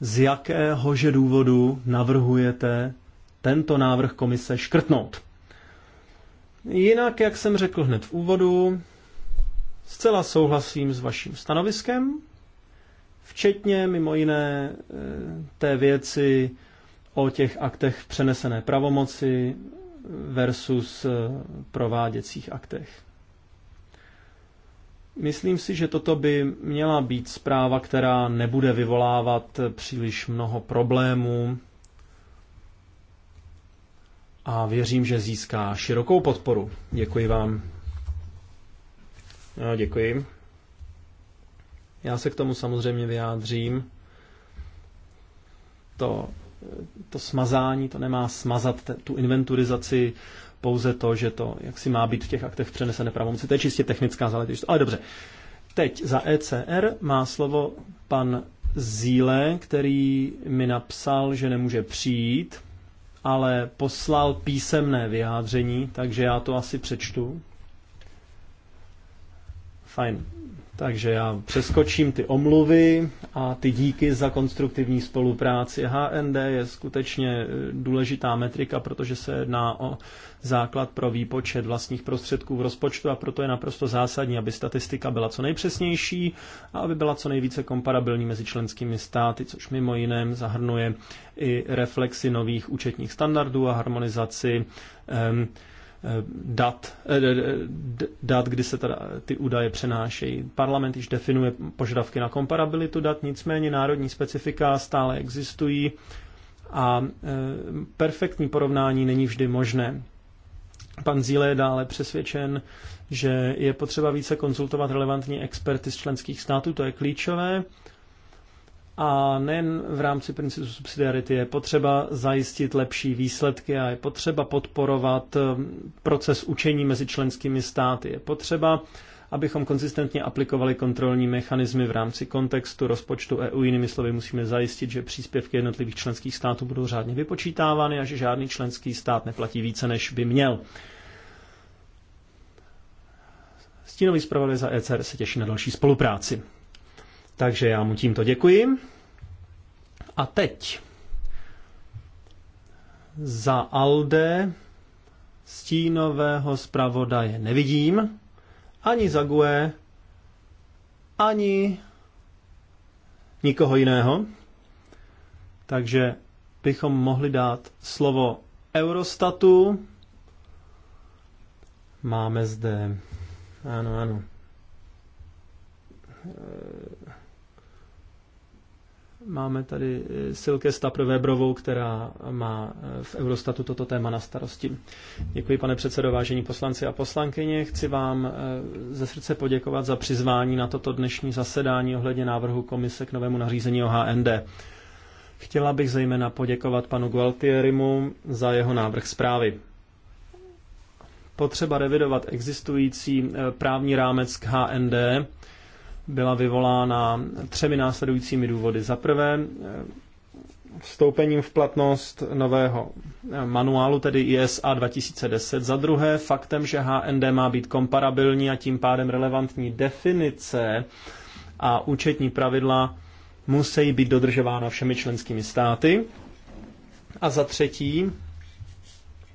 z jakéhože důvodu navrhujete tento návrh komise škrtnout. Jinak, jak jsem řekl hned v úvodu, zcela souhlasím s vaším stanoviskem včetně mimo jiné eh, té věci o těch aktech přenesené pravomoci versus eh, prováděcích aktech. Myslím si, že toto by měla být zpráva, která nebude vyvolávat eh, příliš mnoho problémů a věřím, že získá širokou podporu. Děkuji vám. No, děkuji. Já se k tomu samozřejmě vyjádřím. To, to smazání, to nemá smazat te, tu inventurizaci, pouze to, že to jak si má být v těch aktech přenesené pravomoci. To je čistě technická záležitost. Ale dobře. Teď za ECR má slovo pan Zíle, který mi napsal, že nemůže přijít, ale poslal písemné vyjádření, takže já to asi přečtu. Fajn. Takže já přeskočím ty omluvy a ty díky za konstruktivní spolupráci. HND je skutečně eh, důležitá metrika, protože se jedná o základ pro výpočet vlastních prostředků v rozpočtu a proto je naprosto zásadní, aby statistika byla co nejpřesnější a aby byla co nejvíce komparabilní mezi členskými státy, což mimo jiné zahrnuje i reflexy nových účetních standardů a harmonizaci ehm, dat, eh, dat, kdy se teda ty údaje přenášejí. Parlament již definuje požadavky na komparabilitu dat, nicméně národní specifika stále existují a eh, perfektní porovnání není vždy možné. Pan Zíle je dále přesvědčen, že je potřeba více konzultovat relevantní experty z členských států, to je klíčové a nejen v rámci principu subsidiarity je potřeba zajistit lepší výsledky a je potřeba podporovat ehm, proces učení mezi členskými státy. Je potřeba, abychom konzistentně aplikovali kontrolní mechanismy v rámci kontextu rozpočtu EU. Jinými slovy, musíme zajistit, že příspěvky jednotlivých členských států budou řádně vypočítávány a že žádný členský stát neplatí více, než by měl. Stínový zpravodaj za ECR se těší na další spolupráci. Takže já mu tímto děkuji. A teď za Alde stínového zpravodaje nevidím, ani za Gue, ani nikoho jiného. Takže bychom mohli dát slovo Eurostatu. Máme zde, ano, ano, Máme tady eh, Silke Staprvébrovou, která má eh, v Eurostatu toto téma na starosti. Děkuji, pane předsedo, vážení poslanci a poslankyně. Chci vám eh, ze srdce poděkovat za přizvání na toto dnešní zasedání ohledně návrhu komise k novému nařízení o HND. Chtěla bych zejména poděkovat panu Gualtierimu za jeho návrh zprávy. Potřeba revidovat existující právní rámec k HND byla vyvolána třemi následujícími důvody. Za prvé, vstoupením v platnost nového manuálu, tedy ISA 2010. Za druhé, faktem, že HND má být komparabilní a tím pádem relevantní definice a účetní pravidla musí být dodržována všemi členskými státy. A za třetí,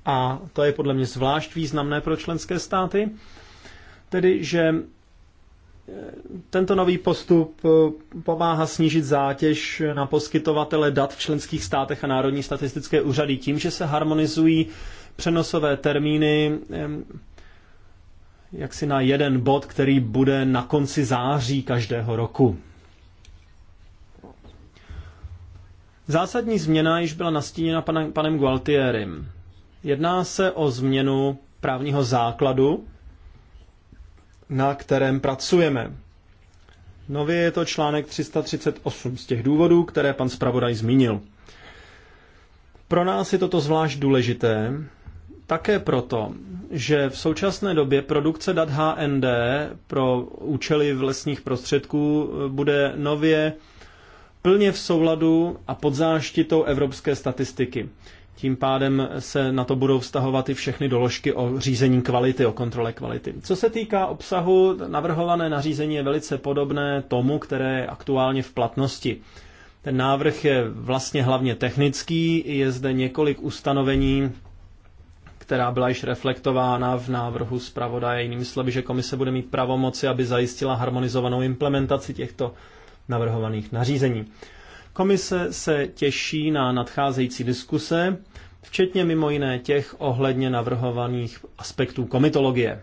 a to je podle mě zvlášť významné pro členské státy, tedy že tento nový postup eh, pomáhá snížit zátěž na poskytovatele dat v členských státech a národní statistické úřady tím, že se harmonizují přenosové termíny jaksi na jeden bod, který bude na konci září každého roku. Zásadní změna již byla nastíněna panem, Gualtierem. Jedná se o změnu právního základu na kterém pracujeme. Nově je to článek 338 z těch důvodů, které pan zpravodaj zmínil. Pro nás je toto zvlášť důležité, také proto, že v současné době produkce dat HND pro účely v lesních prostředků bude nově plně v souladu a pod záštitou evropské statistiky. Tím pádem se na to budou vztahovat i všechny doložky o řízení kvality, o kontrole kvality. Co se týká obsahu, navrhované nařízení je velice podobné tomu, které je aktuálně v platnosti. Ten návrh je vlastně hlavně technický, je zde několik ustanovení, která byla již reflektována v návrhu zpravodaje. Jinými slovy, že komise bude mít pravomoci, aby zajistila harmonizovanou implementaci těchto navrhovaných nařízení. Komise se těší na nadcházející diskuse, včetně mimo jiné těch ohledně navrhovaných aspektů komitologie.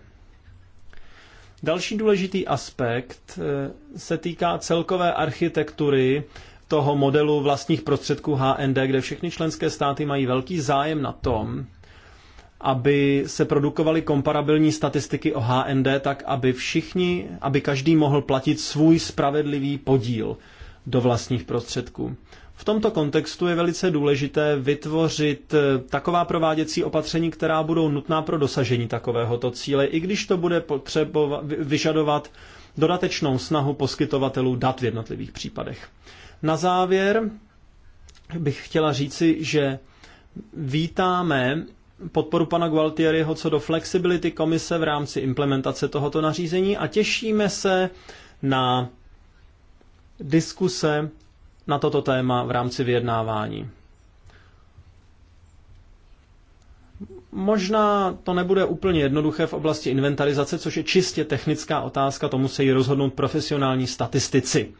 Další důležitý aspekt eh, se týká celkové architektury toho modelu vlastních prostředků HND, kde všechny členské státy mají velký zájem na tom, aby se produkovaly komparabilní statistiky o HND tak, aby všichni, aby každý mohl platit svůj spravedlivý podíl do vlastních prostředků. V tomto kontextu je velice důležité vytvořit eh, taková prováděcí opatření, která budou nutná pro dosažení takovéhoto cíle, i když to bude potřebovat, vyžadovat dodatečnou snahu poskytovatelů dat v jednotlivých případech. Na závěr bych chtěla říci, že vítáme podporu pana Gualtieriho co do flexibility komise v rámci implementace tohoto nařízení a těšíme se na diskuse na toto téma v rámci vyjednávání. Možná to nebude úplně jednoduché v oblasti inventarizace, což je čistě technická otázka, to musí rozhodnout profesionální statistici.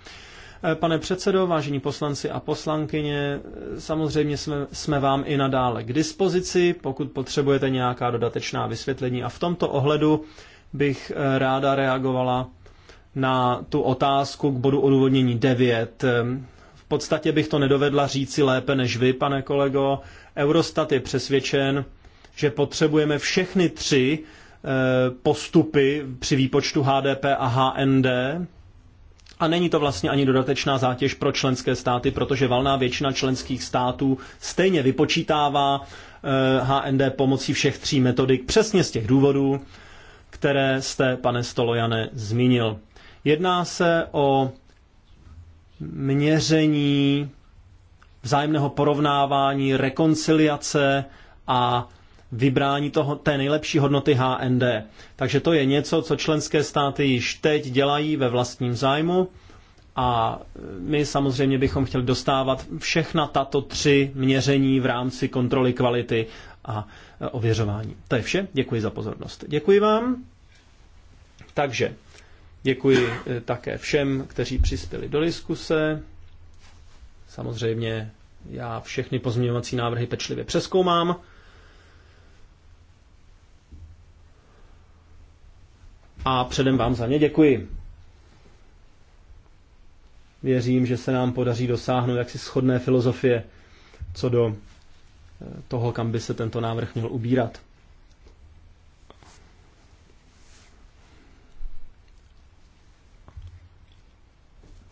Eh, pane předsedo, vážení poslanci a poslankyně, samozřejmě jsme, jsme vám i nadále k dispozici, pokud potřebujete nějaká dodatečná vysvětlení. A v tomto ohledu bych eh, ráda reagovala na tu otázku k bodu odůvodnění 9. Ehm, v podstatě bych to nedovedla říci lépe než vy, pane kolego. Eurostat je přesvědčen, že potřebujeme všechny tři eh, postupy při výpočtu HDP a HND. A není to vlastně ani dodatečná zátěž pro členské státy, protože valná většina členských států stejně vypočítává HND eh, pomocí všech tří metodik přesně z těch důvodů, které jste, pane Stolojane, zmínil. Jedná se o měření vzájemného porovnávání, rekonciliace a vybrání toho, té nejlepší hodnoty HND. Takže to je něco, co členské státy již teď dělají ve vlastním zájmu a my samozřejmě bychom chtěli dostávat všechna tato tři měření v rámci kontroly kvality a e, ověřování. To je vše, děkuji za pozornost. Děkuji vám. Takže Děkuji eh, také všem, kteří přispěli do diskuse. Samozřejmě já všechny pozměňovací návrhy pečlivě přeskoumám. A předem vám za ně děkuji. Věřím, že se nám podaří dosáhnout jaksi schodné filozofie co do eh, toho, kam by se tento návrh měl ubírat.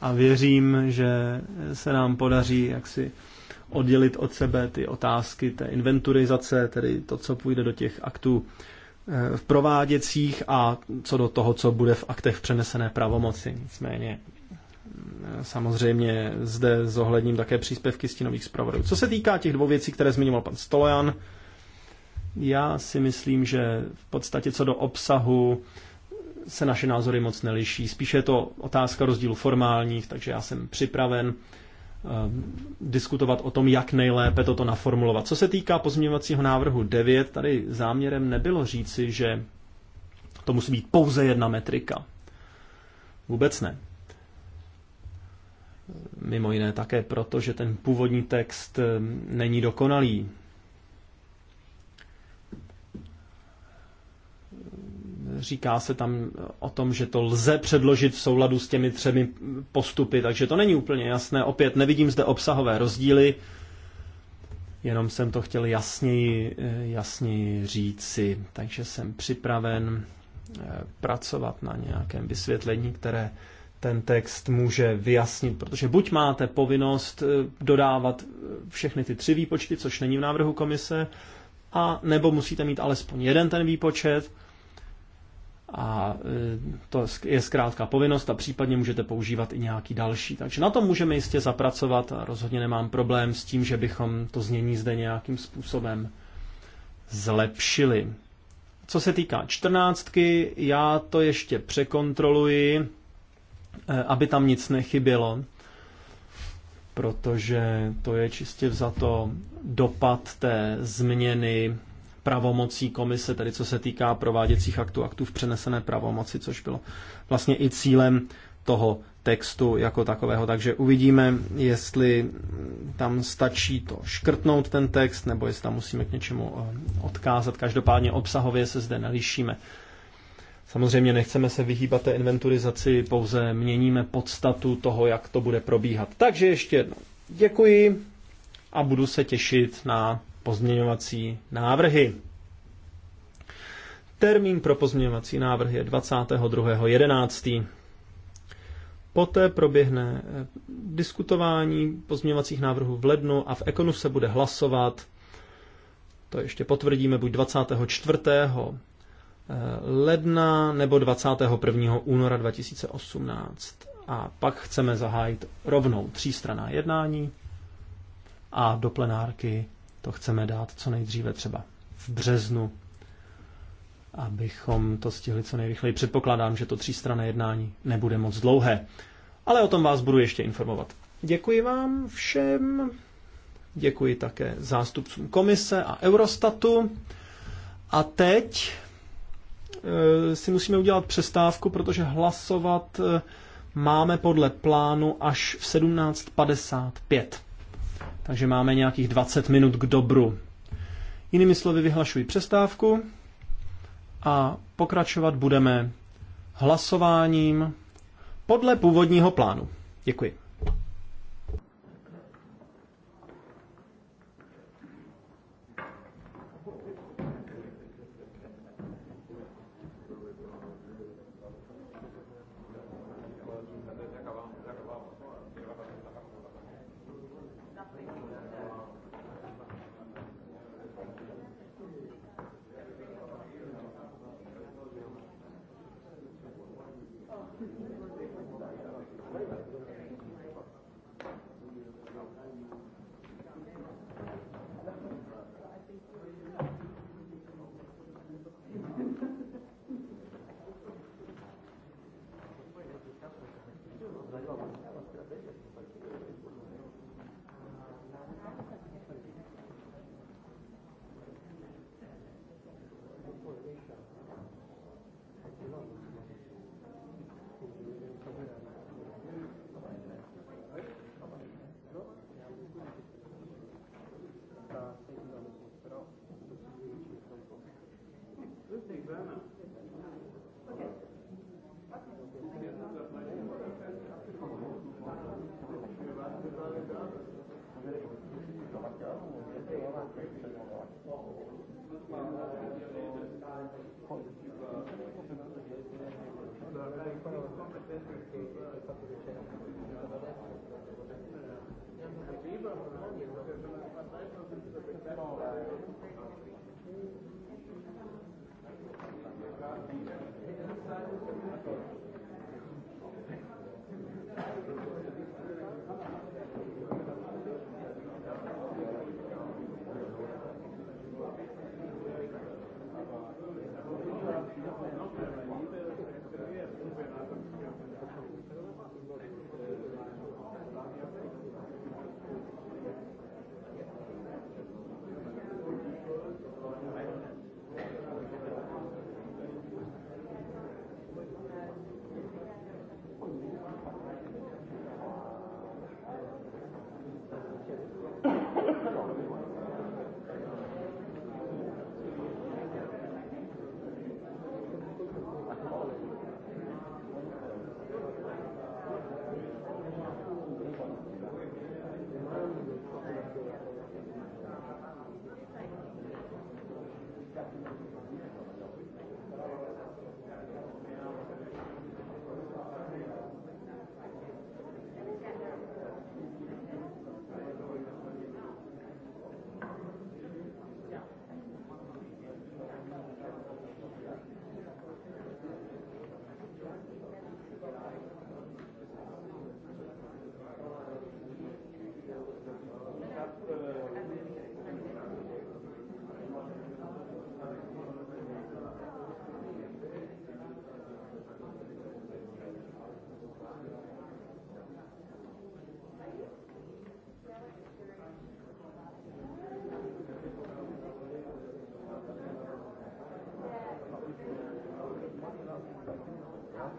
a věřím, že se nám podaří jaksi oddělit od sebe ty otázky té inventurizace, tedy to, co půjde do těch aktů eh, v prováděcích a co do toho, co bude v aktech v přenesené pravomoci. Nicméně eh, samozřejmě zde zohledním také příspěvky stinových zpravodajů. Co se týká těch dvou věcí, které zmiňoval pan Stolojan, já si myslím, že v podstatě co do obsahu se naše názory moc neliší. Spíše je to otázka rozdílu formálních, takže já jsem připraven ehm, diskutovat o tom, jak nejlépe toto naformulovat. Co se týká pozměňovacího návrhu 9, tady záměrem nebylo říci, že to musí být pouze jedna metrika. Vůbec ne. Mimo jiné také proto, že ten původní text ehm, není dokonalý. říká se tam o tom, že to lze předložit v souladu s těmi třemi postupy, takže to není úplně jasné. Opět nevidím zde obsahové rozdíly, jenom jsem to chtěl jasněji, eh, jasněji říci, takže jsem připraven eh, pracovat na nějakém vysvětlení, které ten text může vyjasnit, protože buď máte povinnost eh, dodávat všechny ty tři výpočty, což není v návrhu komise, a nebo musíte mít alespoň jeden ten výpočet, a e, to je zkrátka povinnost a případně můžete používat i nějaký další. Takže na tom můžeme jistě zapracovat a rozhodně nemám problém s tím, že bychom to znění zde nějakým způsobem zlepšili. Co se týká čtrnáctky, já to ještě překontroluji, e, aby tam nic nechybělo, protože to je čistě vzato dopad té změny pravomocí komise, tedy co se týká prováděcích aktů, aktů v přenesené pravomoci, což bylo vlastně i cílem toho textu jako takového. Takže uvidíme, jestli tam stačí to škrtnout ten text, nebo jestli tam musíme k něčemu eh, odkázat. Každopádně obsahově se zde nelišíme. Samozřejmě nechceme se vyhýbat té inventurizaci, pouze měníme podstatu toho, jak to bude probíhat. Takže ještě jednou děkuji a budu se těšit na pozměňovací návrhy. Termín pro pozměňovací návrhy je 22.11. Poté proběhne eh, diskutování pozměňovacích návrhů v lednu a v Ekonu se bude hlasovat, to ještě potvrdíme, buď 24. Eh, ledna nebo 21. února 2018. A pak chceme zahájit rovnou třístraná jednání a do plenárky to chceme dát co nejdříve, třeba v březnu, abychom to stihli co nejrychleji. Předpokládám, že to třístrané jednání nebude moc dlouhé, ale o tom vás budu ještě informovat. Děkuji vám všem, děkuji také zástupcům komise a Eurostatu. A teď eh, si musíme udělat přestávku, protože hlasovat eh, máme podle plánu až v 17.55 takže máme nějakých 20 minut k dobru. Jinými slovy vyhlašuji přestávku a pokračovat budeme hlasováním podle původního plánu. Děkuji.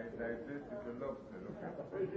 I diverted the lobster, okay?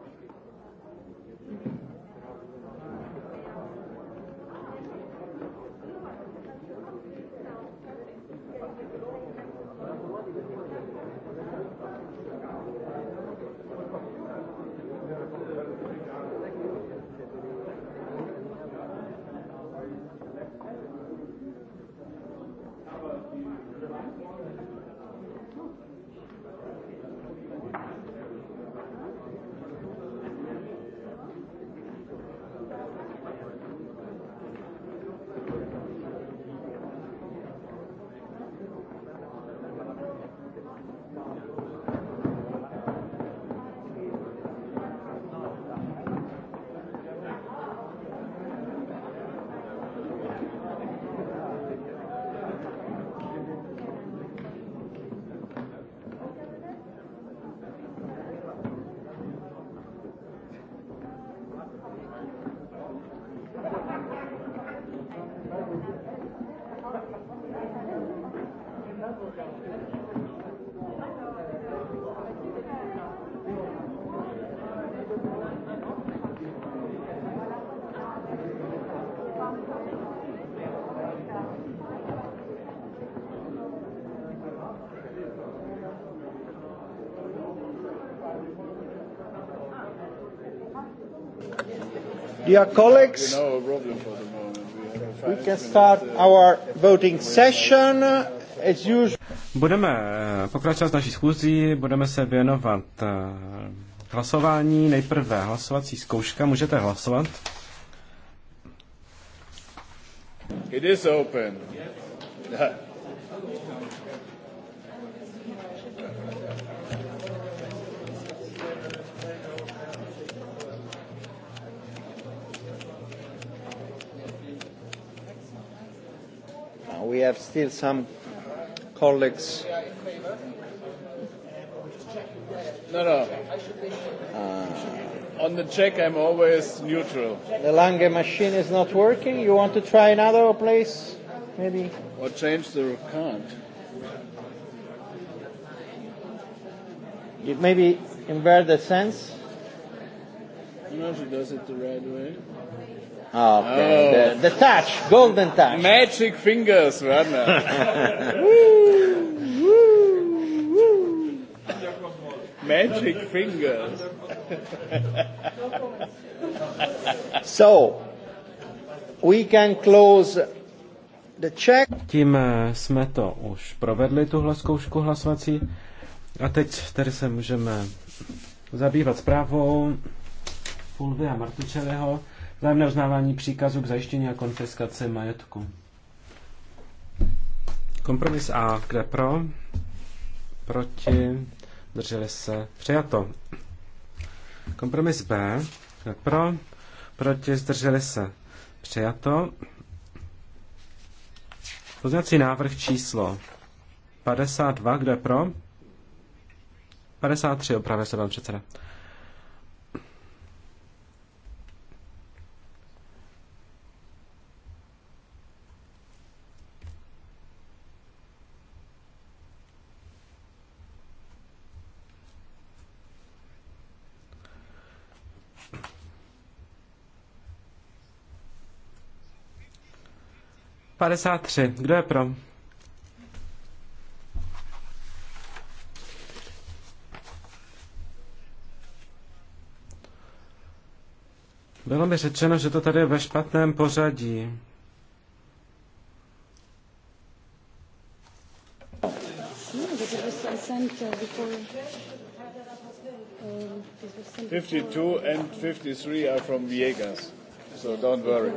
Dear colleagues, we can start uh, our voting session as usual. Budeme eh, pokračovat s naší schůzí, budeme se věnovat eh, hlasování. Nejprve hlasovací zkouška, můžete hlasovat. It is open. Yes. we have still some colleagues. No, no. Uh, On the check, I'm always neutral. The Lange machine is not working. You want to try another place? Maybe. Or change the count. It maybe invert the sense. No, she does it the right way. Okay. Oh. The, the touch, golden touch. Magic fingers, Werner. *laughs* Magic fingers. so, we can close the check. Tím eh, jsme to už provedli, tuhle zkoušku hlasovací. A teď tady se můžeme zabývat zprávou Fulvia Martučeleho vzájemné uznávání příkazu k zajištění a konfiskaci majetku. Kompromis A, kde pro? Proti, drželi se, přijato. Kompromis B, kde pro? Proti, zdrželi se, přijato. Pozměňovací návrh číslo 52, kde pro? 53, opravil se pan předseda. 53. Kdo je pro? Bylo mi řečeno, že to tady je ve špatném pořadí. Fifty-two and fifty-three are from Viegas so don't worry.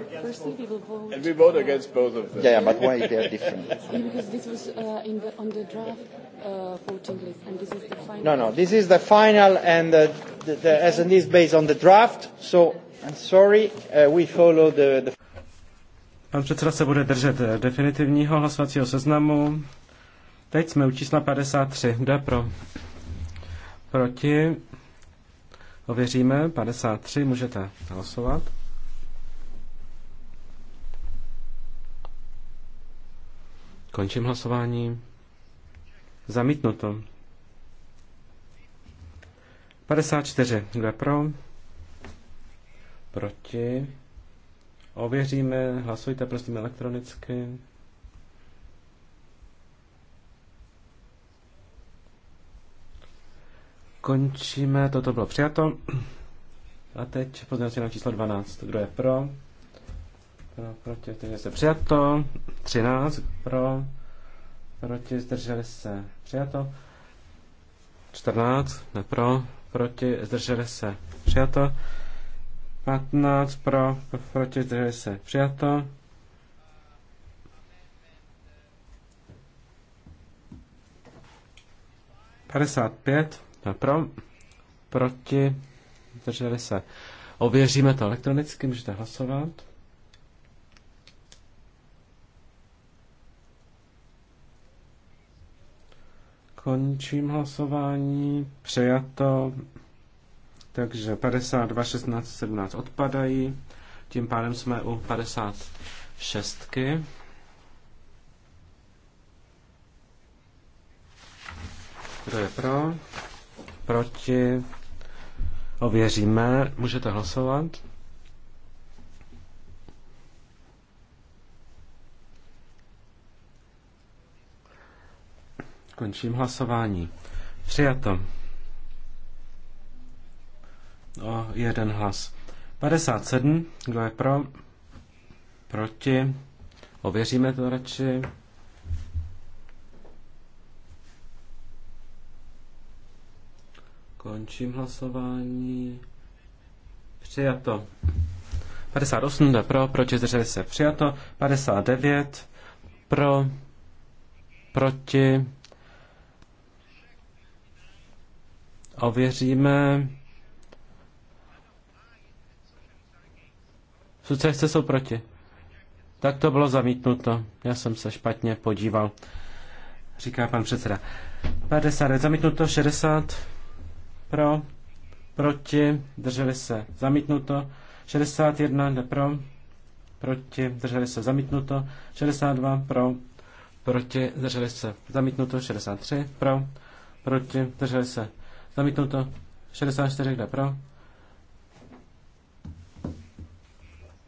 And we vote against both of them. Yeah, but why they are different? *laughs* because this was uh, in the, on the draft uh, voting list, and this is the final. No, no, this is the final, and uh, the, the, the S&D is based on the draft. So I'm sorry, uh, we follow the. the Pan předseda se bude držet uh, definitivního hlasovacího seznamu. Teď jsme u čísla 53. Kdo je pro? Proti? Ověříme. 53. Můžete hlasovat. Končím hlasování. Zamítnuto. 54. Kdo je pro? Proti. Ověříme. Hlasujte prosím elektronicky. Končíme. Toto bylo přijato. A teď poznávací na číslo 12. Kdo je pro? pro, proti, zdrželi se přijato, 13 pro, proti, zdrželi se přijato, 14 ne pro, proti, zdrželi se přijato, 15 pro, proti, zdrželi se přijato, Padesát pět pro, proti, zdrželi se. Ověříme to elektronicky, můžete hlasovat. Končím hlasování. Přijato. Takže 52, 16, 17 odpadají. Tím pádem jsme u 56. Kdo je pro? Proti? Ověříme. Můžete hlasovat. Končím hlasování. Přijato. O jeden hlas. 57. Kdo je pro? Proti? Ověříme to radši. Končím hlasování. Přijato. 58 jde pro, proti zdrželi se přijato. 59 pro, proti ověříme. Socialisté jsou proti. Tak to bylo zamítnuto. Já jsem se špatně podíval, říká pan předseda. 50 zamítnuto, 60 pro, proti, drželi se zamítnuto, 61 pro, proti, drželi se zamítnuto, 62 pro, proti, drželi se zamítnuto, 63 pro, proti, drželi se Zamítnuto. 64, kde pro?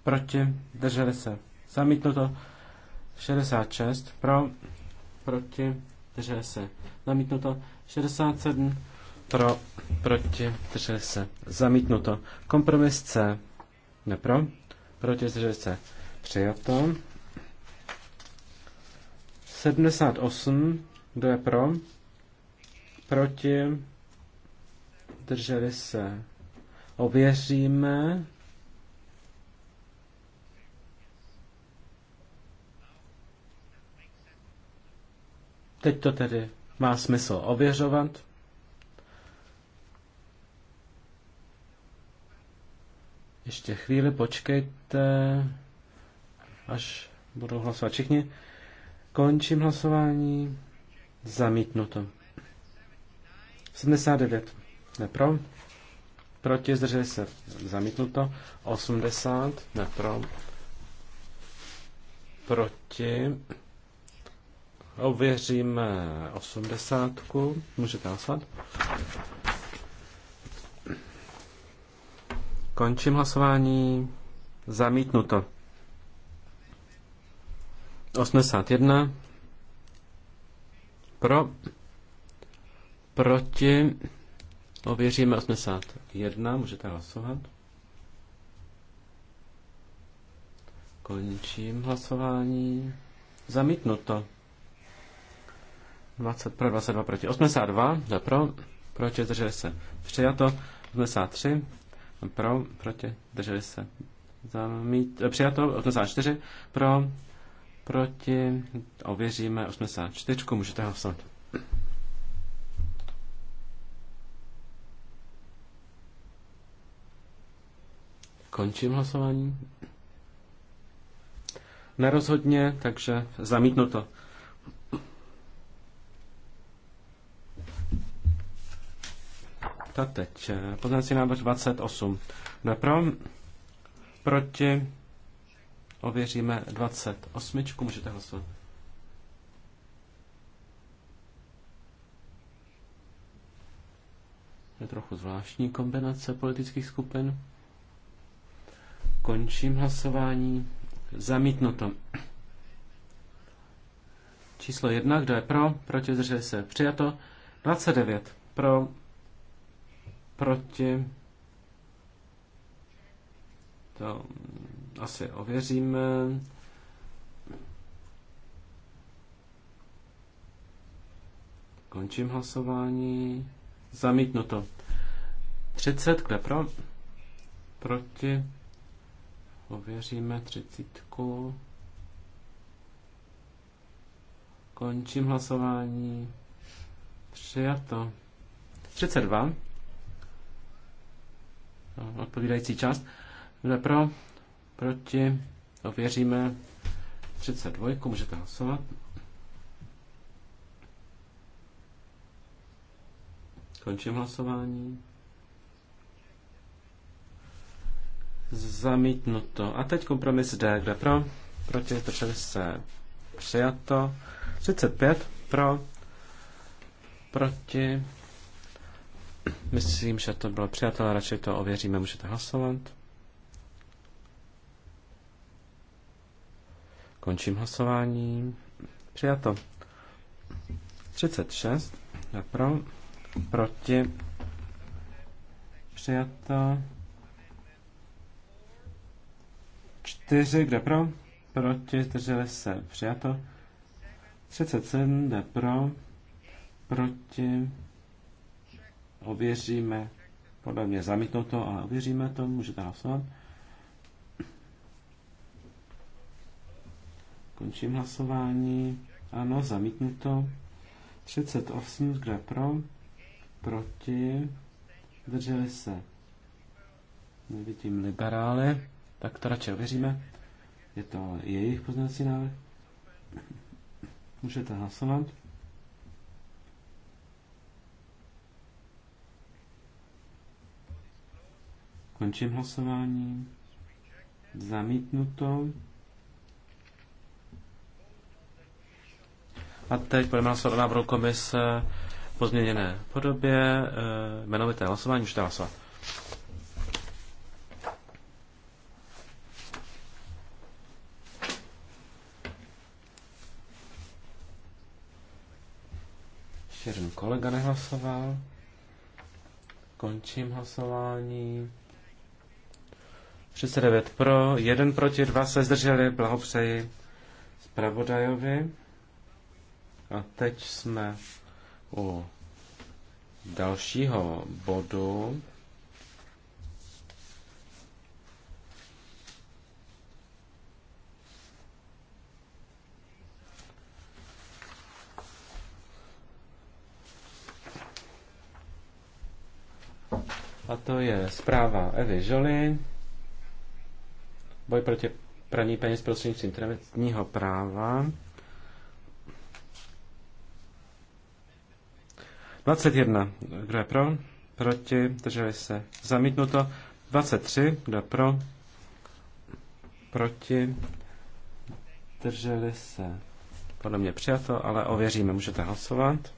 Proti. Drželi se. Zamítnuto. 66, pro? Proti. Drželi se. Zamítnuto. 67, pro? Proti. Drželi se. Zamítnuto. Kompromis C. Ne pro. Proti. Drželi se. Přijato. 78, kdo je pro? Proti drželi se. Ověříme. Teď to tedy má smysl ověřovat. Ještě chvíli počkejte, až budou hlasovat všichni. Končím hlasování. Zamítnuto. 79 ne pro, proti, zdrželi se, zamítnuto, 80, ne pro, proti, ověříme 80, můžete hlasovat. Končím hlasování, zamítnuto. 81, pro, proti, Ověříme 81, můžete hlasovat. Končím hlasování. Zamítnuto. 20 pro, 22 proti. 82, pro, proti, drželi se. Přijato. 83, pro, proti, drželi se. Zamít, eh, přijato. 84, pro, proti, ověříme. 84, můžete hlasovat. Končím hlasování. Nerozhodně, takže zamítnuto. A teď eh, poznací návrh 28. Napro, proti, ověříme 28. Můžete hlasovat. Je trochu zvláštní kombinace politických skupin. Končím hlasování. Zamítnuto. Číslo 1, kdo je pro, proti zdrželi se, přijato. 29, pro, proti, to asi ověříme. Končím hlasování. Zamítnuto. 30, kde pro? Proti. Ověříme třicítku. Končím hlasování. Přijato. 32. Odpovídající část. Kdo pro? Proti? Ověříme. 32. Můžete hlasovat. Končím hlasování. Zamítnuto. A teď kompromis D. Kde pro? Proti zdrželi se. Přijato. 35 pro. Proti. Myslím, že to bylo přijato, ale radši to ověříme. Můžete hlasovat. Končím hlasování. Přijato. 36. Pro. Proti. Přijato. 4, kde pro, proti, zdrželi se, přijato. 37, kde pro, proti, ověříme, podle mě zamítnou to, ale ověříme to, můžete hlasovat. Končím hlasování. Ano, zamítnuto. 38, kde pro, proti, drželi se. Nevidím liberály tak to radši ověříme. Je to jejich pozměňovací návrh. Můžete hlasovat. Končím hlasování. Zamítnuto. A teď budeme hlasovat o návrhu komise pozměněné podobě. E, jmenovité hlasování, můžete hlasovat. jeden kolega nehlasoval. Končím hlasování. 39 pro, 1 proti, 2 se zdrželi, blahopřeji zpravodajovi. A teď jsme u dalšího bodu. A to je zpráva Evy Žoly. Boj proti praní peněz prostřednictvím trestního práva. 21. Kdo je pro? Proti? Drželi se. Zamítnuto. 23. Kdo je pro? Proti? Drželi se. Podle mě přijato, ale ověříme. Můžete hlasovat.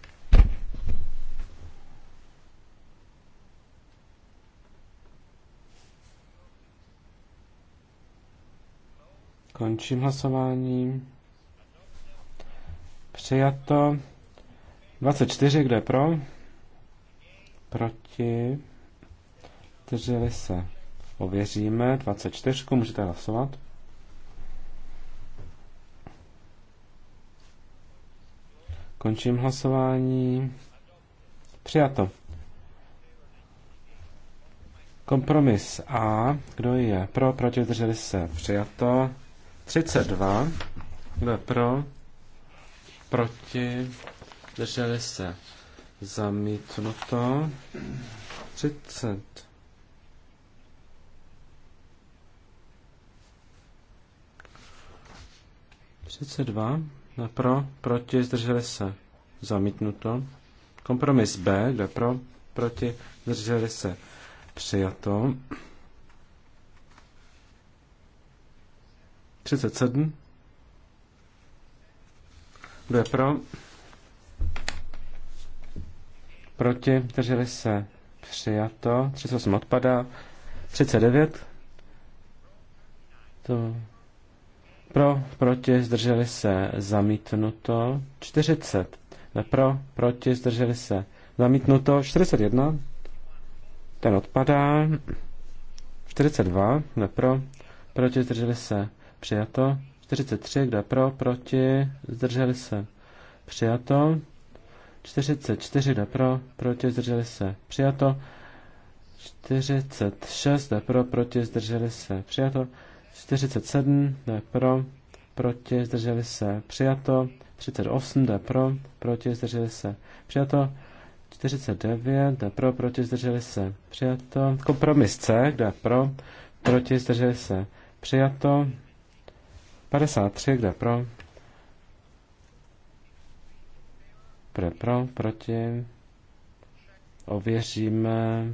Končím hlasování. Přijato. 24, kde pro? Proti. Drželi se. Ověříme. 24, můžete hlasovat. Končím hlasování. Přijato. Kompromis A. Kdo je pro? Proti drželi se. Přijato. 32. Kdo je pro? Proti? Drželi se. Zamítnuto. 30. Na pro, proti, zdrželi se. Zamítnuto. Kompromis B, kde pro, proti, zdrželi se. Přijato. 37. Kdo je pro? Proti, drželi se, přijato. 38 odpadá. 39. To pro, proti, zdrželi se, zamítnuto. 40. Ne Pro, proti, zdrželi se, zamítnuto. 41. Ten odpadá. 42. Ne Pro, proti, zdrželi se, přijato. 43, kdo je pro, proti, zdrželi se, přijato. 44, kdo je pro, proti, zdrželi se, přijato. 46, kdo je pro, proti, zdrželi se, přijato. 47, kdo je pro, proti, zdrželi se, přijato. 38, kdo je pro, proti, zdrželi se, přijato. 49, kdo je pro, proti, zdrželi se, přijato. Kompromis C, kdo je pro, proti, zdrželi se, přijato. 53, kde pro? Pro, pro, proti. Ověříme.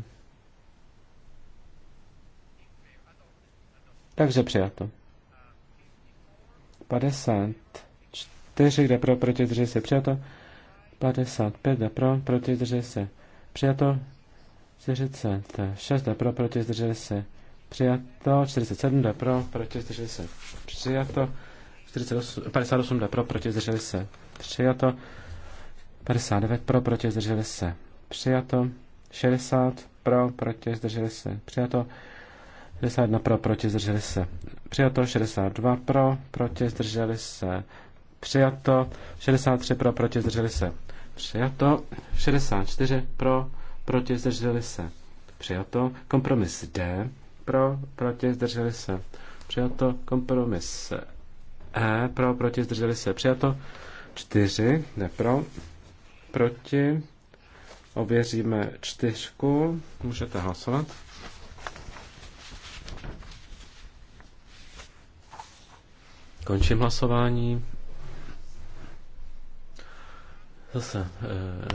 Takže přijato. 54, kde pro, proti, drží se, přijato. 55, kde pro, proti, drží se, přijato. 46, kde pro, proti, drží se, Přijato. 47 jde pro, proti zdrželi se. Přijato. 48, 58 jde pro, proti zdrželi se. Přijato. 59 pro, proti zdrželi se. Přijato. 60 pro, proti zdrželi se. Přijato. 61 pro, proti zdrželi se. Přijato 62 pro, proti zdrželi se. Přijato 63 pro, proti zdrželi se. Přijato 64 pro, proti zdrželi se. Přijato kompromis D pro, proti, zdrželi se. Přijato kompromis E, pro, proti, zdrželi se. Přijato čtyři, ne pro, proti. Ověříme čtyřku, můžete hlasovat. Končím hlasování. Zase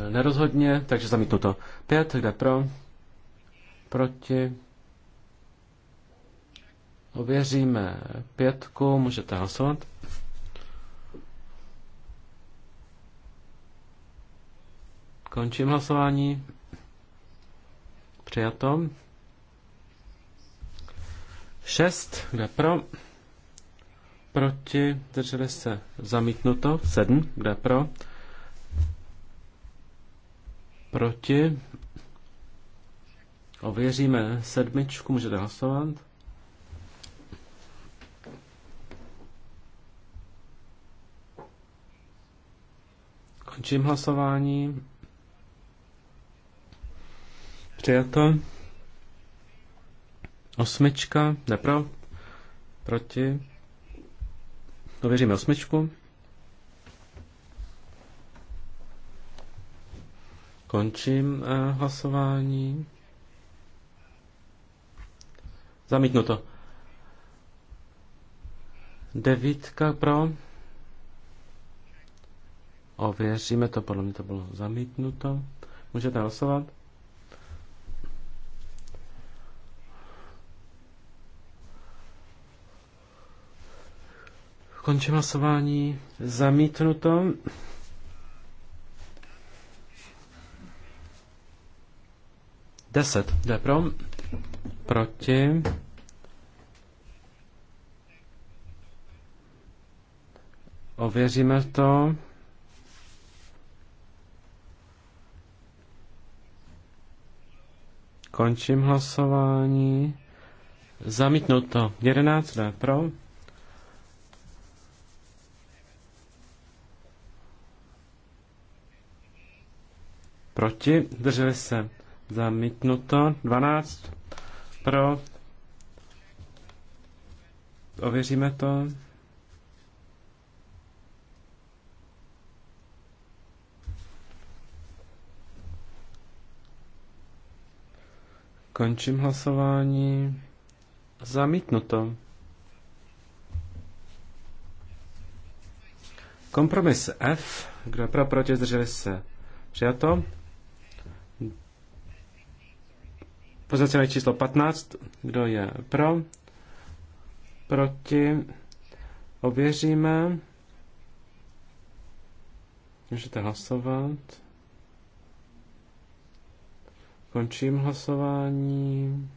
e, nerozhodně, takže zamítnu to. Pět, kde pro? Proti. Ověříme pětku, můžete hlasovat. Končím hlasování. Přijato. Šest, kde pro? Proti, drželi se zamítnuto. Sedm, kde pro? Proti. Ověříme sedmičku, můžete hlasovat. Končím hlasování. Přijato. Osmička, nepro, proti. Ověříme osmičku. Končím eh, hlasování. Zamítnuto. Devítka pro. Ověříme to, podle mě to bylo zamítnuto. Můžete hlasovat. Končím hlasování. Zamítnuto. Deset. Jde pro. Proti. Ověříme to. Končím hlasování. Zamítnuto. 11 ne, pro. Proti. Drželi se. Zamítnuto. 12 pro. Ověříme to. Končím hlasování. Zamítnuto. Kompromis F. Kdo je pro, proti, zdrželi se. Přijato. Pozice číslo 15. Kdo je pro? Proti. Ověříme. Můžete hlasovat. Končím hlasování.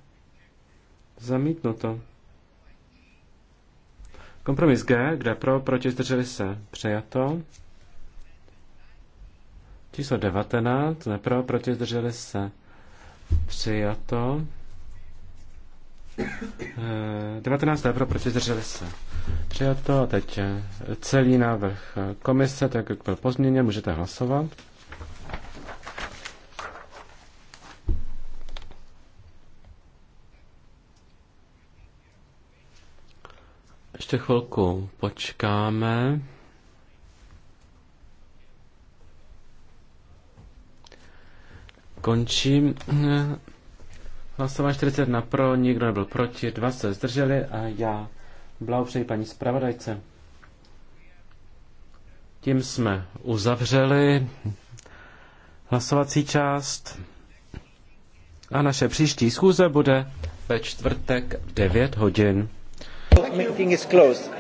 Zamítnuto. Kompromis G, kde pro, proti, zdrželi se. Přijato. Číslo 19, nepro, proti, zdrželi se. Přijato. 19. Eh, pro, proti, zdrželi se. Přijato. A teď eh, celý návrh eh, komise, tak jak byl pozměněn, můžete hlasovat. Ještě chvilku počkáme. Končím. Hlasování 40 na pro, nikdo nebyl proti, dva se zdrželi a já blahopřeji paní zpravodajce. Tím jsme uzavřeli hlasovací část a naše příští schůze bude ve čtvrtek v 9 hodin. Meeting is closed.